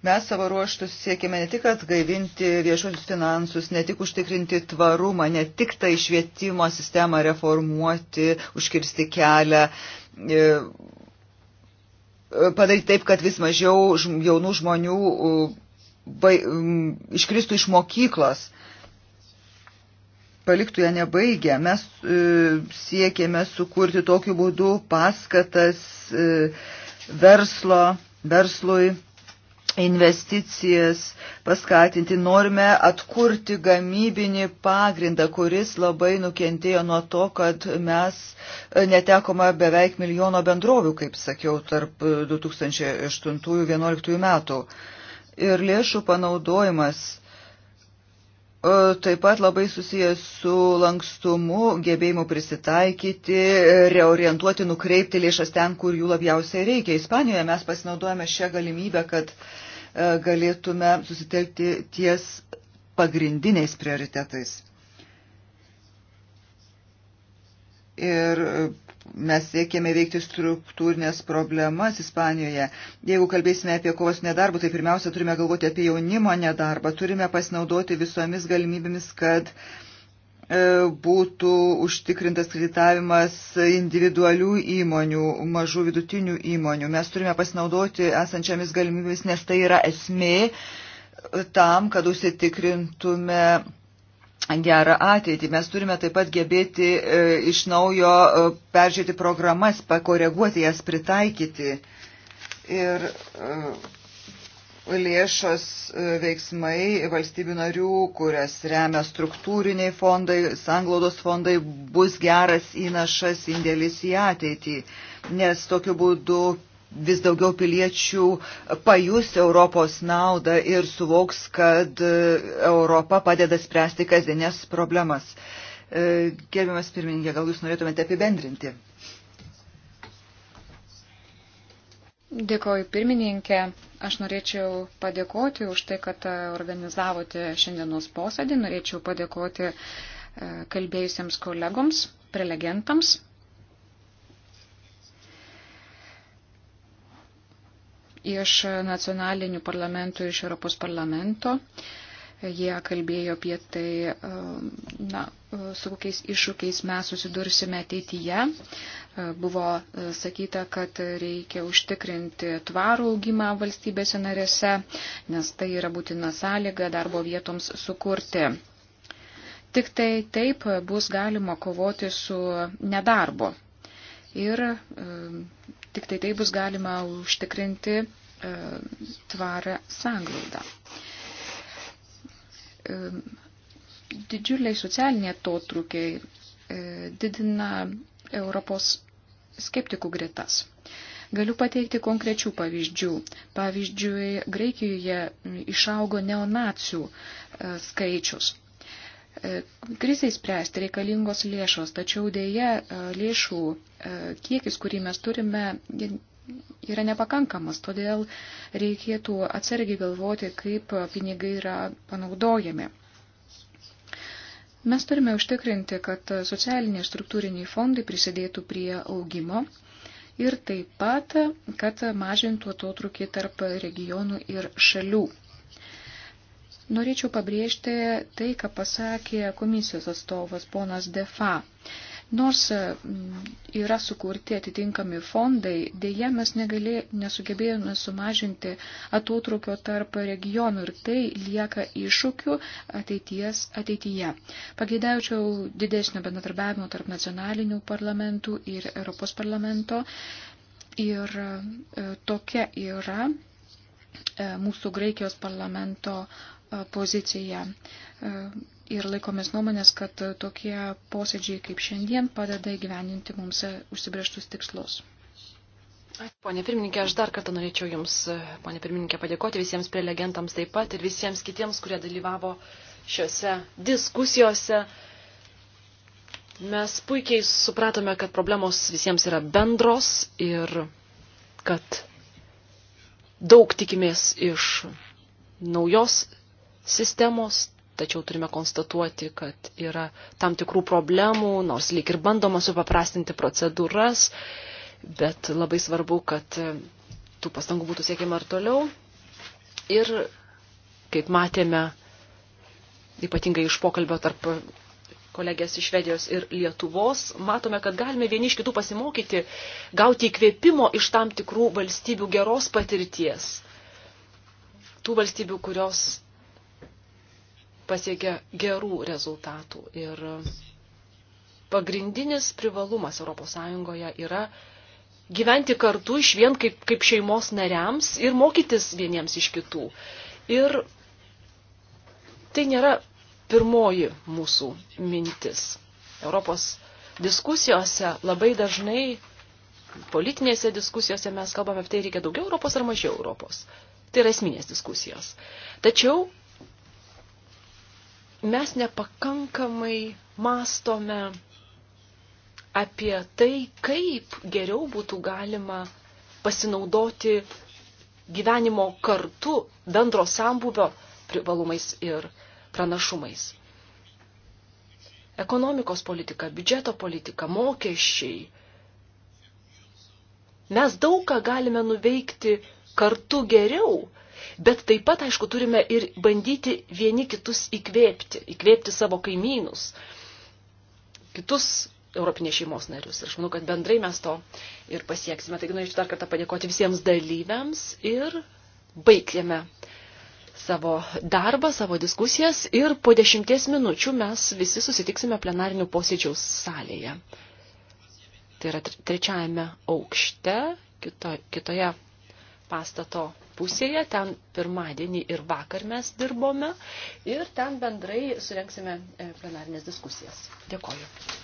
Mes savo ruoštus siekime ne tik atgaivinti viešuosius finansus, ne tik užtikrinti tvarumą, ne tik tai švietimo sistemą reformuoti, užkirsti kelią, e, padaryti taip, kad vis mažiau jaunų žmonių iškristų iš mokyklos paliktų ją nebaigę. Mes e, siekėme sukurti tokiu būdu paskatas e, verslo, verslui investicijas paskatinti, norime atkurti gamybinį pagrindą, kuris labai nukentėjo nuo to, kad mes e, netekome beveik milijono bendrovių, kaip sakiau, tarp 2008-2011 e, metų. Ir lėšų panaudojimas e, taip pat labai susijęs su lankstumu, gebėjimu prisitaikyti, reorientuoti, nukreipti lėšas ten, kur jų labiausiai reikia. Ispanijoje mes pasinaudojame šią galimybę, kad uh, E, galėtume susitelkti ties pagrindiniais prioritetais. Ir mes siekėme veikti struktūrinės problemas Ispanijoje. Jeigu kalbėsime apie kovos nedarbą, tai pirmiausia turime galvoti apie jaunimo nedarbą, turime pasinaudoti visomis galimybėmis, kad uh, E, būtų užtikrintas kreditavimas individualių įmonių, mažų vidutinių įmonių. Mes turime pasinaudoti esančiamis galimybėmis, nes tai yra esmė tam, kad užsitikrintume gerą ateitį. Mes turime taip pat gebėti e, iš naujo e, peržiūrėti programas, pakoreguoti jas, pritaikyti. Ir lėšos e, veiksmai valstybių narių, kurias remia struktūriniai fondai, sanglaudos fondai, bus geras įnašas indėlis į ateitį, nes tokiu būdu vis daugiau piliečių pajus Europos naudą ir suvoks, kad e, Europa padeda spręsti kasdienės problemas. E, gerbiamas pirmininkė, gal jūs norėtumėte apibendrinti? Dėkoju pirmininkė. Aš norėčiau padėkoti už tai, kad e, organizavote šiandienos posėdį. Norėčiau padėkoti e, kalbėjusiems kolegoms, prelegentams. Iš nacionalinių parlamentų, iš Europos parlamento. Jie kalbėjo apie tai, e, na, su kokiais iššūkiais mes susidursime ateityje. E, Buvo e, sakyta, kad reikia užtikrinti tvarų augimą valstybėse narėse, nes tai yra būtina sąlyga darbo vietoms sukurti. Tik tai taip bus galima kovoti su nedarbu. Ir e, tik tai taip bus galima užtikrinti e, tvarę sanglaudą. E, didžiuliai socialiniai atotrukiai e, didina Europos skeptikų gretas. Galiu pateikti konkrečių pavyzdžių. Pavyzdžiui, Graikijoje išaugo neonacijų e, skaičius. E, Krizai spręsti reikalingos lėšos, tačiau dėja lėšų kiekis, kurį mes turime, yra nepakankamas, todėl reikėtų atsargiai galvoti, kaip pinigai yra panaudojami. Mes turime užtikrinti, kad socialiniai struktūriniai fondai prisidėtų prie augimo ir taip pat, kad mažintų atotrukį tarp regionų ir šalių. Norėčiau pabrėžti tai, ką pasakė komisijos atstovas ponas Defa. Nors mm, yra sukurti atitinkami fondai, dėje mes negalė, nesugebėjome sumažinti atotrukio tarp regionų ir tai lieka iššūkių ateities, ateityje. Pageidaučiau didesnio bendradarbiavimo tarp nacionalinių parlamentų ir Europos parlamento. Ir e, tokia yra e, mūsų Graikijos parlamento e, pozicija ir laikomės nuomonės, kad tokie posėdžiai kaip šiandien padeda įgyveninti mums užsibrieštus tikslus. Pone pirmininkė, aš dar kartą norėčiau Jums, pone pirmininkė, padėkoti visiems prelegentams taip pat ir visiems kitiems, kurie dalyvavo šiuose diskusijose. Mes puikiai supratome, kad problemos visiems yra bendros ir kad daug tikimės iš naujos sistemos, tačiau turime konstatuoti, kad yra tam tikrų problemų, nors lyg ir bandoma supaprastinti procedūras, bet labai svarbu, kad e, tų pastangų būtų siekiama ir toliau. Ir kaip matėme, ypatingai iš pokalbio tarp kolegės iš Švedijos ir Lietuvos, matome, kad galime vieni iš kitų pasimokyti, gauti įkvėpimo iš tam tikrų valstybių geros patirties. Tų valstybių, kurios pasiekia gerų rezultatų. Ir pagrindinis privalumas ES yra gyventi kartu iš vien kaip, kaip šeimos nariams ir mokytis vieniems iš kitų. Ir tai nėra pirmoji mūsų mintis. Europos diskusijose labai dažnai, politinėse diskusijose mes kalbame apie tai, reikia daugiau Europos ar mažiau Europos. Tai yra esminės diskusijos. Tačiau mes nepakankamai mastome apie tai, kaip geriau būtų galima pasinaudoti gyvenimo kartu bendro sambuvio privalumais ir pranašumais. Ekonomikos politika, biudžeto politika, mokesčiai. Mes daug ką galime nuveikti kartu geriau, bet taip pat, aišku, turime ir bandyti vieni kitus įkvėpti, įkvėpti savo kaimynus, kitus Europinės šeimos narius. Ir aš manau, kad bendrai mes to ir pasieksime. Taigi norėčiau dar kartą padėkoti visiems dalyviams ir baigėme savo darbą, savo diskusijas ir po dešimties minučių mes visi susitiksime plenarinių posėdžiaus salėje. Tai yra trečiajame aukšte, kito, kitoje pastato pusėje, ten pirmadienį ir vakar mes dirbome ir ten bendrai surenksime e, plenarinės diskusijas. Dėkoju.